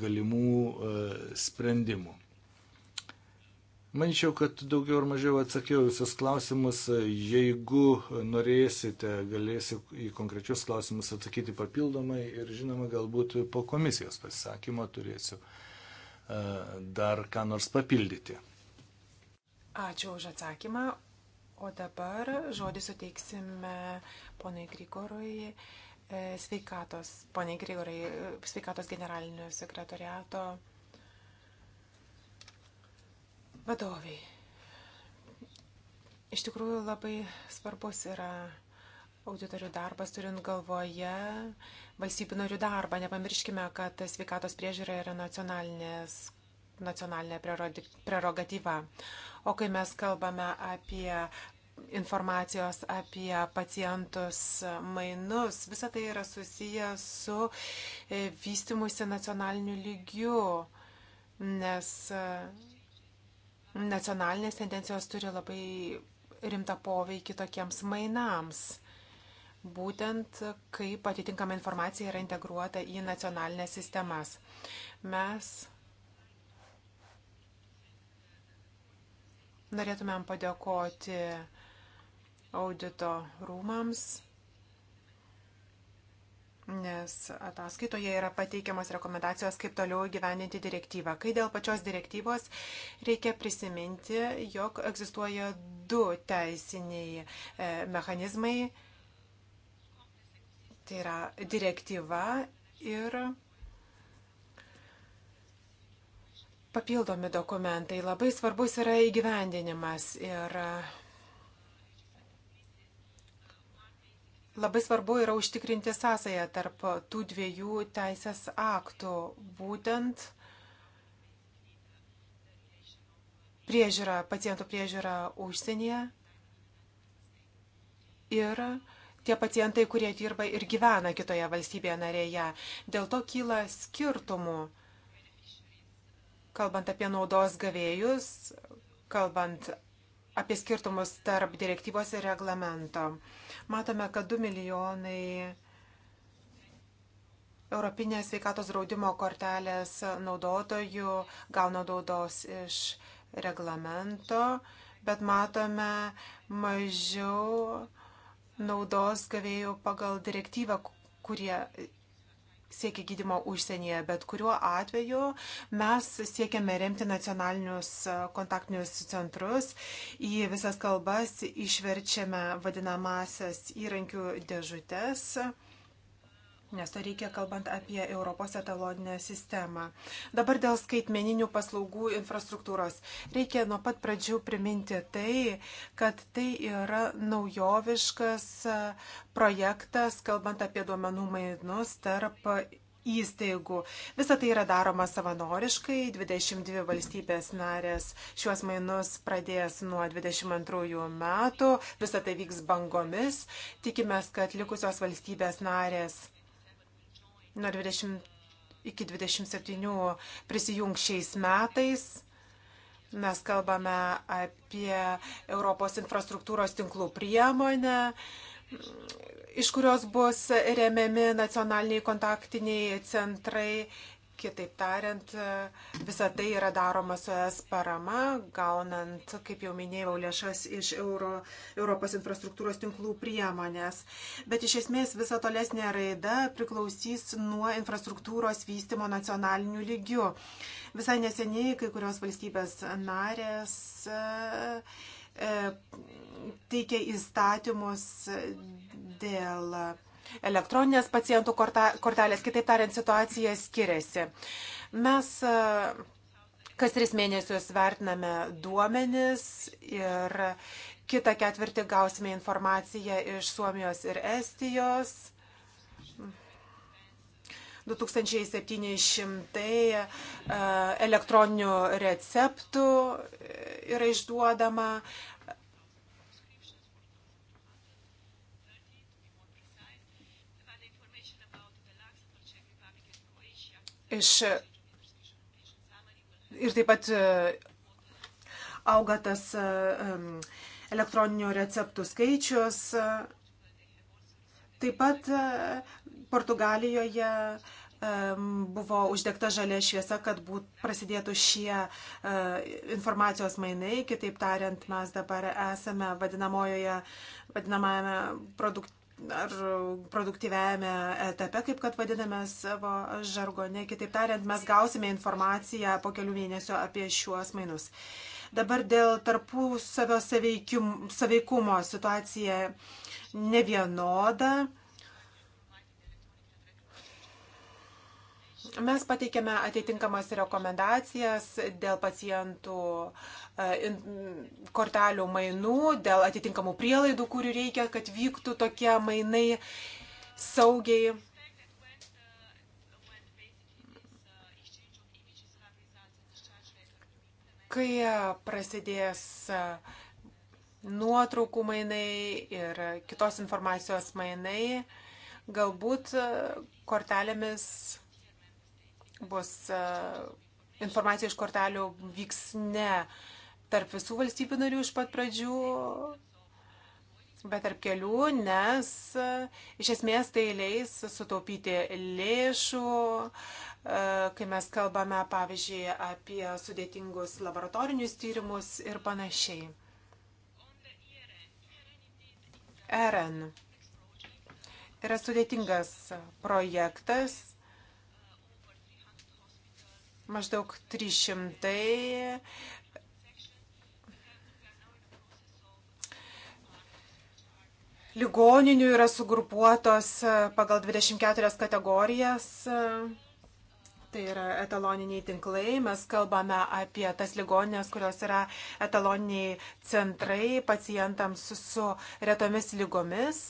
galimų e, sprendimų. Manyčiau, kad daugiau ar mažiau atsakiau visus klausimus. Jeigu norėsite, galėsiu į konkrečius klausimus atsakyti papildomai ir žinoma, galbūt po komisijos pasisakymo turėsiu e, dar ką nors papildyti. Ačiū už atsakymą. O dabar žodį suteiksime ponai Grigorui, e, sveikatos, ponai Grigorai, e, sveikatos generalinio sekretoriato vadoviai. Iš tikrųjų labai svarbus yra auditorių darbas, turint galvoje valstybių narių darbą. Nepamirškime, kad sveikatos priežiūra yra nacionalinės nacionalinė prerogatyva. O kai mes kalbame apie informacijos apie pacientus mainus, visa tai yra susiję su e, vystimusi nacionaliniu lygiu, nes e, nacionalinės tendencijos turi labai rimtą poveikį tokiems mainams. Būtent kaip atitinkama informacija yra integruota į nacionalinės sistemas. Mes Norėtumėm padėkoti audito rūmams, nes ataskaitoje yra pateikiamos rekomendacijos, kaip toliau gyveninti direktyvą. Kai dėl pačios direktyvos reikia prisiminti, jog egzistuoja du teisiniai e, mechanizmai. Tai yra direktyva ir papildomi dokumentai. Labai svarbus yra įgyvendinimas ir labai svarbu yra užtikrinti sąsąją tarp tų dviejų teisės aktų, būtent priežiūra, pacientų priežiūra užsienyje ir tie pacientai, kurie dirba ir gyvena kitoje valstybėje narėje. Dėl to kyla skirtumų kalbant apie naudos gavėjus, kalbant apie skirtumus tarp direktyvos ir reglamento. Matome, kad 2 milijonai Europinės sveikatos draudimo kortelės naudotojų gauna naudos iš reglamento, bet matome mažiau naudos gavėjų pagal direktyvą, kurie siekia gydimo užsienyje, bet kuriuo atveju mes siekiame remti nacionalinius e, kontaktinius centrus, į visas kalbas išverčiame vadinamasias įrankių dėžutės nes to reikia kalbant apie Europos etaloninę sistemą. Dabar dėl skaitmeninių paslaugų infrastruktūros. Reikia nuo pat pradžių priminti tai, kad tai yra naujoviškas e, projektas, kalbant apie duomenų mainus tarp įstaigų. Visą tai yra daroma savanoriškai. 22 valstybės narės šiuos mainus pradės nuo 22 metų. Visą tai vyks bangomis. Tikimės, kad likusios valstybės narės nuo 20 iki 27 prisijung šiais metais. Mes kalbame apie Europos infrastruktūros tinklų priemonę, iš kurios bus remiami nacionaliniai kontaktiniai centrai Kitaip tariant, visa tai yra daroma su ES parama, gaunant, kaip jau minėjau, lėšas iš Euro, Europos infrastruktūros tinklų priemonės. Bet iš esmės visa tolesnė raida priklausys nuo infrastruktūros vystimo nacionaliniu lygiu. Visai neseniai kai kurios valstybės narės. E, e teikia įstatymus dėl elektroninės pacientų kortelės, kitaip tariant, situacija skiriasi. Mes e, kas tris mėnesius vertiname duomenis ir kitą ketvirtį gausime informaciją iš Suomijos ir Estijos. 2700 e, elektroninių receptų yra išduodama, iš, ir taip pat e, auga tas e, elektroninių receptų skaičius. Taip pat e, Portugalijoje buvo uždegta žalia šviesa, kad būt, prasidėtų šie informacijos mainai. Kitaip tariant, mes dabar esame vadinamojoje, vadinamajame produkt, ar produktyvėjame etape, kaip kad vadiname savo žargone. Kitaip tariant, mes gausime informaciją po kelių mėnesių apie šiuos mainus. Dabar dėl tarpusavio saveikumo situacija nevienoda. Mes pateikėme atitinkamas rekomendacijas dėl pacientų e, kortelių mainų, dėl atitinkamų prielaidų, kurių reikia, kad vyktų tokie mainai saugiai. Kai prasidės e, nuotraukų mainai ir kitos informacijos mainai, galbūt e, kortelėmis bus e, informacija iš kortelių vyks ne tarp visų valstybių narių iš pat pradžių, bet tarp kelių, nes e, iš esmės tai leis sutaupyti lėšų, e, kai mes kalbame, pavyzdžiui, apie sudėtingus laboratorinius tyrimus ir panašiai. RN yra sudėtingas projektas maždaug 300 ligoninių yra sugrupuotos e, pagal 24 kategorijas. E, tai yra etaloniniai tinklai. Mes kalbame apie tas ligoninės, kurios yra etaloniniai centrai pacientams su retomis lygomis.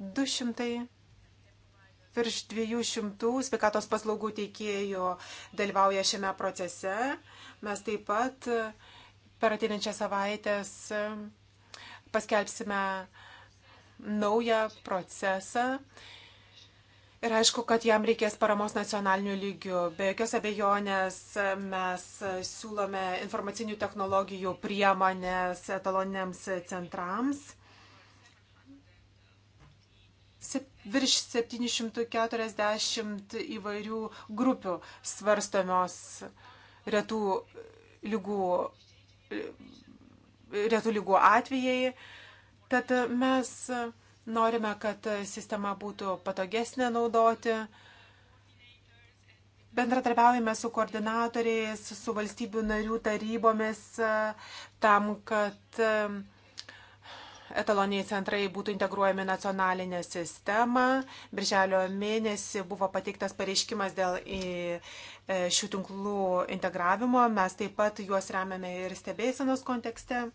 200 virš 200 sveikatos paslaugų teikėjų dalyvauja šiame procese. Mes taip pat e, per ateinančią savaitęs e, paskelbsime naują procesą. Ir aišku, kad jam reikės paramos nacionaliniu lygiu. Be jokios abejonės e, mes siūlome informacinių technologijų priemonės etaloniniams centrams virš 740 įvairių grupių svarstomios retų lygų, retų lygų atvejai. Tad mes norime, kad sistema būtų patogesnė naudoti. Bendratarbiaujame su koordinatoriais, su valstybių narių tarybomis tam, kad etaloniai centrai būtų integruojami nacionalinę sistemą. Birželio mėnesį buvo pateiktas pareiškimas dėl e, šių tinklų integravimo. Mes taip pat juos remiame ir stebėsenos kontekste.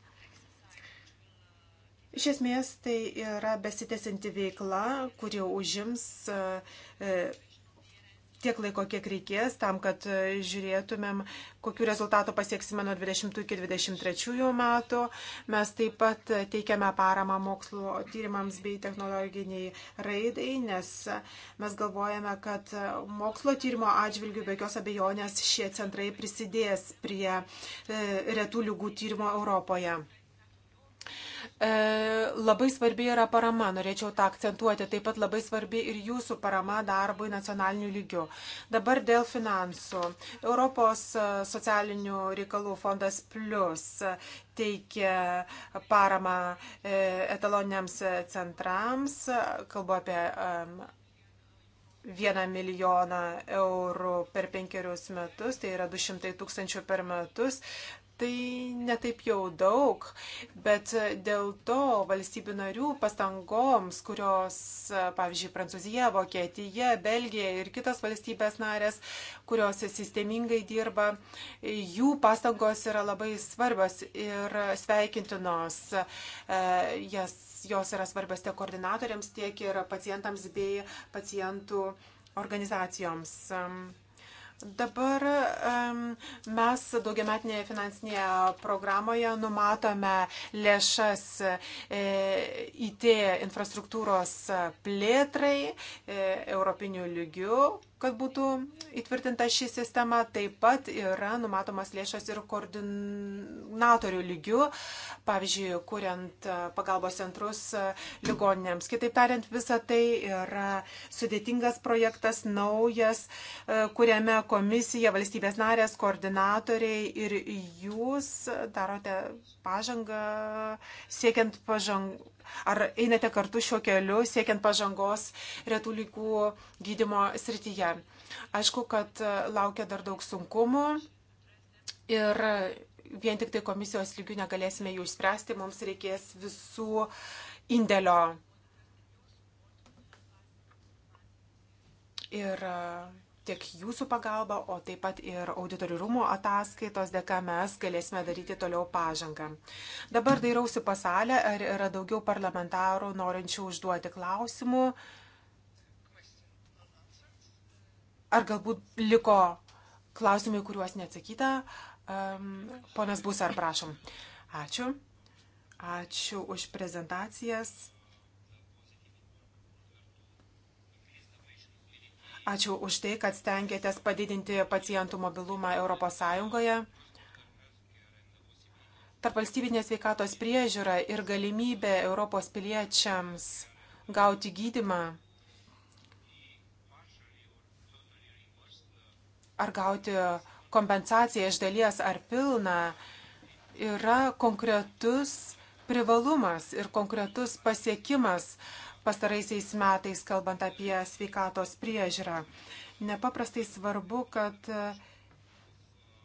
Iš esmės tai yra besitėsinti veikla, kuri užims e, e, tiek laiko, kiek reikės, tam, kad e, žiūrėtumėm, kokiu rezultatu pasieksime nuo 20 iki 23 metų. Mes taip pat e, teikiame paramą mokslo tyrimams bei technologiniai raidai, nes e, mes galvojame, kad mokslo tyrimo atžvilgių be jokios abejonės šie centrai prisidės prie retų lygų tyrimo Europoje. E, labai svarbi yra parama, norėčiau tą akcentuoti, taip pat labai svarbi ir jūsų parama darbui nacionaliniu lygiu. Dabar dėl finansų. Europos e, socialinių reikalų fondas Plus e, teikia paramą etaloniams centrams, kalbu apie vieną milijoną eurų per penkerius metus, tai yra 200 tūkstančių per metus tai netaip jau daug, bet dėl to valstybių narių pastangoms, kurios, pavyzdžiui, Prancūzija, Vokietija, Belgija ir kitos valstybės narės, kurios sistemingai dirba, jų pastangos yra labai svarbios ir sveikintinos. E, jas, jos yra svarbios tiek koordinatoriams, tiek ir pacientams bei pacientų organizacijoms. Dabar mes daugiametinėje finansinėje programoje numatome lėšas e, IT infrastruktūros plėtrai e, europinių lygių kad būtų įtvirtinta ši sistema. Taip pat yra numatomas lėšas ir koordinatorių lygių, pavyzdžiui, kuriant e, pagalbos centrus e, ligoninėms. Kitaip tariant, visa tai yra sudėtingas projektas, naujas, e, kuriame komisija, valstybės narės, koordinatoriai ir jūs darote pažangą siekiant pažangų ar einate kartu šiuo keliu, siekiant pažangos retų lygų gydimo srityje. Aišku, kad e, laukia dar daug sunkumų ir vien tik tai komisijos lygių negalėsime jų išspręsti, mums reikės visų indėlio. Ir uh tiek jūsų pagalba, o taip pat ir auditorių rūmų ataskaitos dėka mes galėsime daryti toliau pažangą. Dabar dairausi pasalę, ar yra daugiau parlamentarų norinčių užduoti klausimų. Ar galbūt liko klausimai, kuriuos neatsakyta? Um, ponas Bus, ar prašom. Ačiū. Ačiū už prezentacijas. Ačiū už tai, kad stengiatės padidinti pacientų mobilumą ES. Tarp valstybinė sveikatos priežiūra ir galimybė Europos piliečiams gauti gydimą ar gauti kompensaciją iš dalies ar pilną yra konkretus privalumas ir konkretus pasiekimas pastaraisiais metais, kalbant apie sveikatos priežiūrą. Nepaprastai svarbu, kad e,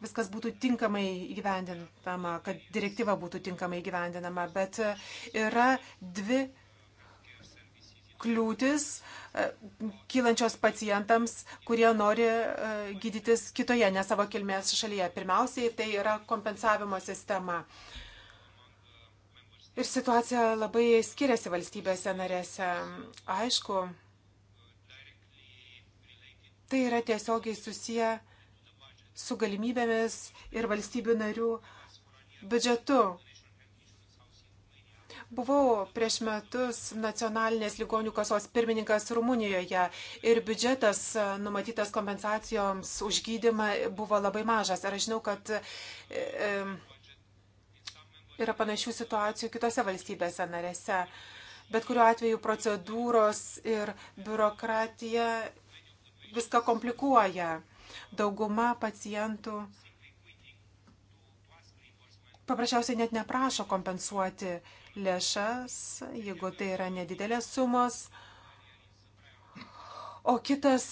viskas būtų tinkamai įgyvendinama, kad direktyva būtų tinkamai įgyvendinama, bet e, yra dvi kliūtis e, kylančios pacientams, kurie nori gydytis kitoje, ne savo kilmės šalyje. Pirmiausiai tai yra kompensavimo sistema. Ir situacija labai skiriasi valstybėse narėse. Aišku, tai yra tiesiogiai susiję su galimybėmis ir valstybių narių biudžetu. Buvau prieš metus nacionalinės ligonių kasos pirmininkas Rumunijoje ir biudžetas numatytas kompensacijoms už gydimą buvo labai mažas. Ir aš žinau, kad e, e, yra panašių situacijų kitose valstybėse narėse. Bet kuriuo atveju procedūros ir biurokratija viską komplikuoja. Dauguma pacientų paprasčiausiai net neprašo kompensuoti lėšas, jeigu tai yra nedidelės sumos. O kitas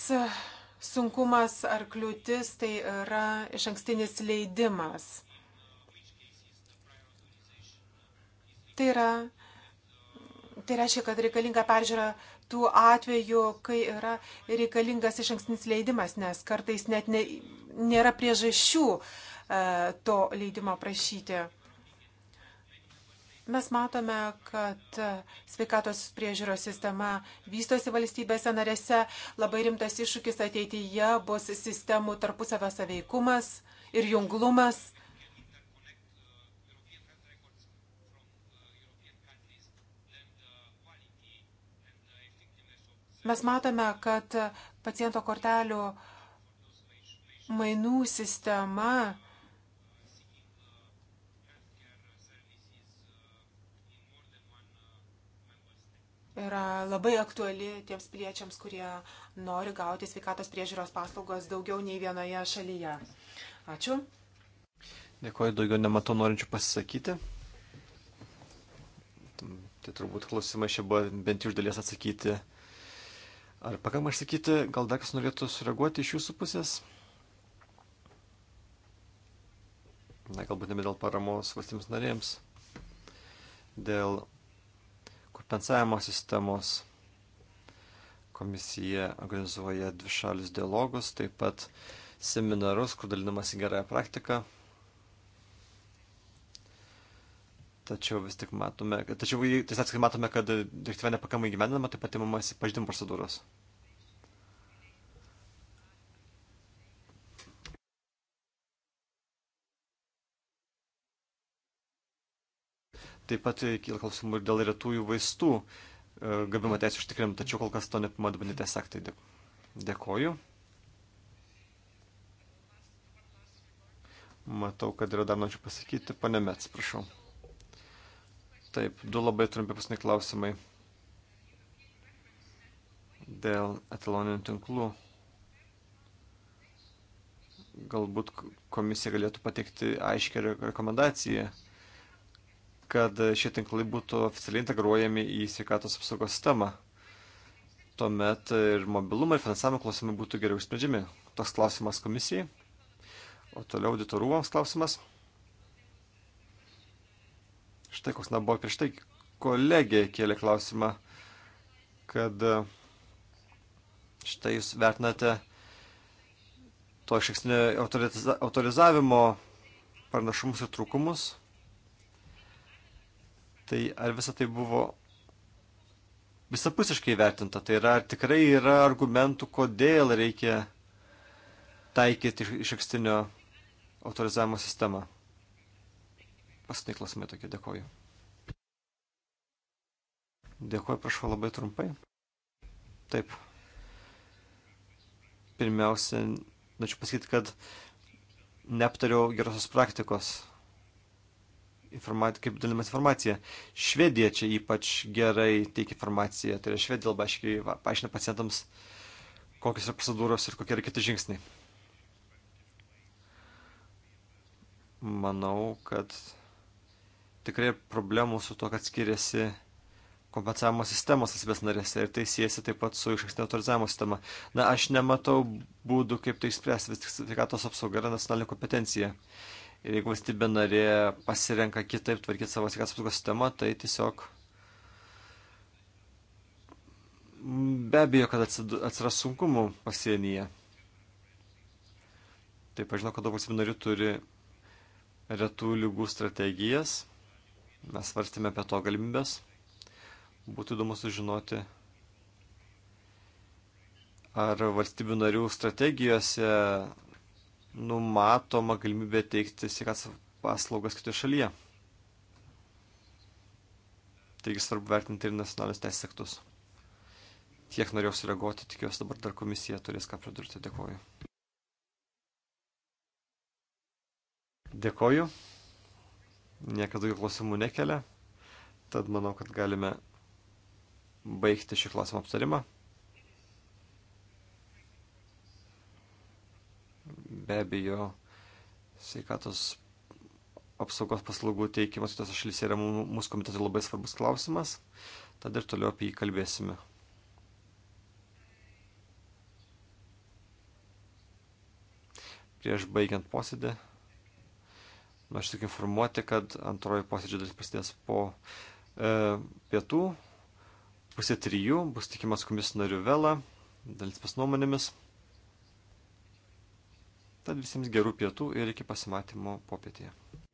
sunkumas ar kliūtis tai yra iš ankstinis leidimas. Tai, yra, tai reiškia, kad reikalinga peržiūra tų atvejų, kai yra reikalingas iš ankstinis leidimas, nes kartais net ne, nėra priežasčių e, to leidimo prašyti. Mes matome, kad sveikatos priežiūros sistema vystosi valstybėse narėse. Labai rimtas iššūkis ateityje bus sistemų tarpusavio saveikumas ir junglumas. Mes matome, kad paciento kortelių mainų sistema yra labai aktuali tiems piliečiams, kurie nori gauti sveikatos priežiūros paslaugos daugiau nei vienoje šalyje. Ačiū. Dėkuoju, daugiau nematau norinčių pasisakyti. Tai turbūt klausimai čia buvo bent iš dalies atsakyti Ar pakankamai išsakyti, gal dar kas norėtų sureaguoti iš jūsų pusės? Na, galbūt nebe dėl paramos valstybėms narėms, dėl kompensavimo sistemos. Komisija organizuoja dvišalius dialogus, taip pat seminarus, kur dalinamasi gerąją praktiką. Tačiau vis tik matome, tačiau tais atvejais matome, kad direktyva nepakamai gyvenama, taip pat įmamasi pažydimų procedūros. Taip pat kyla klausimų ir dėl retųjų vaistų e, gavimo teisų užtikrinimų, tačiau kol kas to nepama dabar neteis aktai. Dėkoju. Matau, kad yra dar nočiau pasakyti. Pane Mets, prašau. Taip, du labai trumpi pasniai klausimai dėl etaloninių tinklų. Galbūt komisija galėtų pateikti aiškę rekomendaciją, kad šie tinklai būtų oficialiai integruojami į sveikatos apsaugos sistemą. Tuomet ir mobilumo ir finansavimo klausimai būtų geriau išsprendžiami. Toks klausimas komisijai. O toliau auditorų klausimas. Štai koks na buvo prieš tai kolegė kėlė klausimą, kad e, štai jūs vertinate to išankstinio autoriza autorizavimo pranašumus ir trūkumus. Tai ar visa tai buvo visapusiškai vertinta? Tai yra, ar tikrai yra argumentų, kodėl reikia taikyti išankstinio autorizavimo sistemą? paskutiniai klausimai tokie. Dėkoju. Dėkoju, prašau labai trumpai. Taip. Pirmiausia, norėčiau pasakyti, kad neaptariau gerosios praktikos, Informat, kaip dalimas informacija. Švedija čia ypač gerai teikia informaciją, tai yra Švedija labai aiškiai paaiškina pacientams, kokios yra procedūros ir kokie yra kiti žingsniai. Manau, kad tikrai problemų su to, kad skiriasi kompensavimo sistemos asmės narėse ir tai siejasi taip pat su išankstinio autorizavimo sistema. Na, aš nematau būdų, kaip tai išspręsti, vis tik sveikatos apsauga yra nacionalinė kompetencija. Ir jeigu valstybė narė pasirenka kitaip tvarkyti savo sveikatos apsaugos sistemą, tai tiesiog be abejo, kad atsiras sunkumų pasienyje. Taip, aš žinau, kad daug valstybių narių turi retų lygų strategijas Mes svarstėme apie to galimybės. Būtų įdomu sužinoti, ar valstybių narių strategijose numatoma galimybė teikti sveikatos paslaugas kitoje šalyje. Taigi svarbu vertinti ir nacionalinius teisės aktus. Tiek norėjau sureaguoti, tikiuosi dabar dar komisija turės ką pridurti. Dėkoju. Dėkoju niekas daugiau klausimų nekelia, tad manau, kad galime baigti šį klausimą aptarimą. Be abejo, sveikatos apsaugos paslaugų teikimas kitose šalyse yra mūsų komitetui labai svarbus klausimas, tad ir toliau apie jį kalbėsime. Prieš baigiant posėdį Aš tik informuoti, kad antroji posėdžio dalis prasidės po e, pietų, pusė trijų, bus tikimas komisijų narių vėlą, dalis pas nuomonėmis. Tad visiems gerų pietų ir iki pasimatymo popietėje.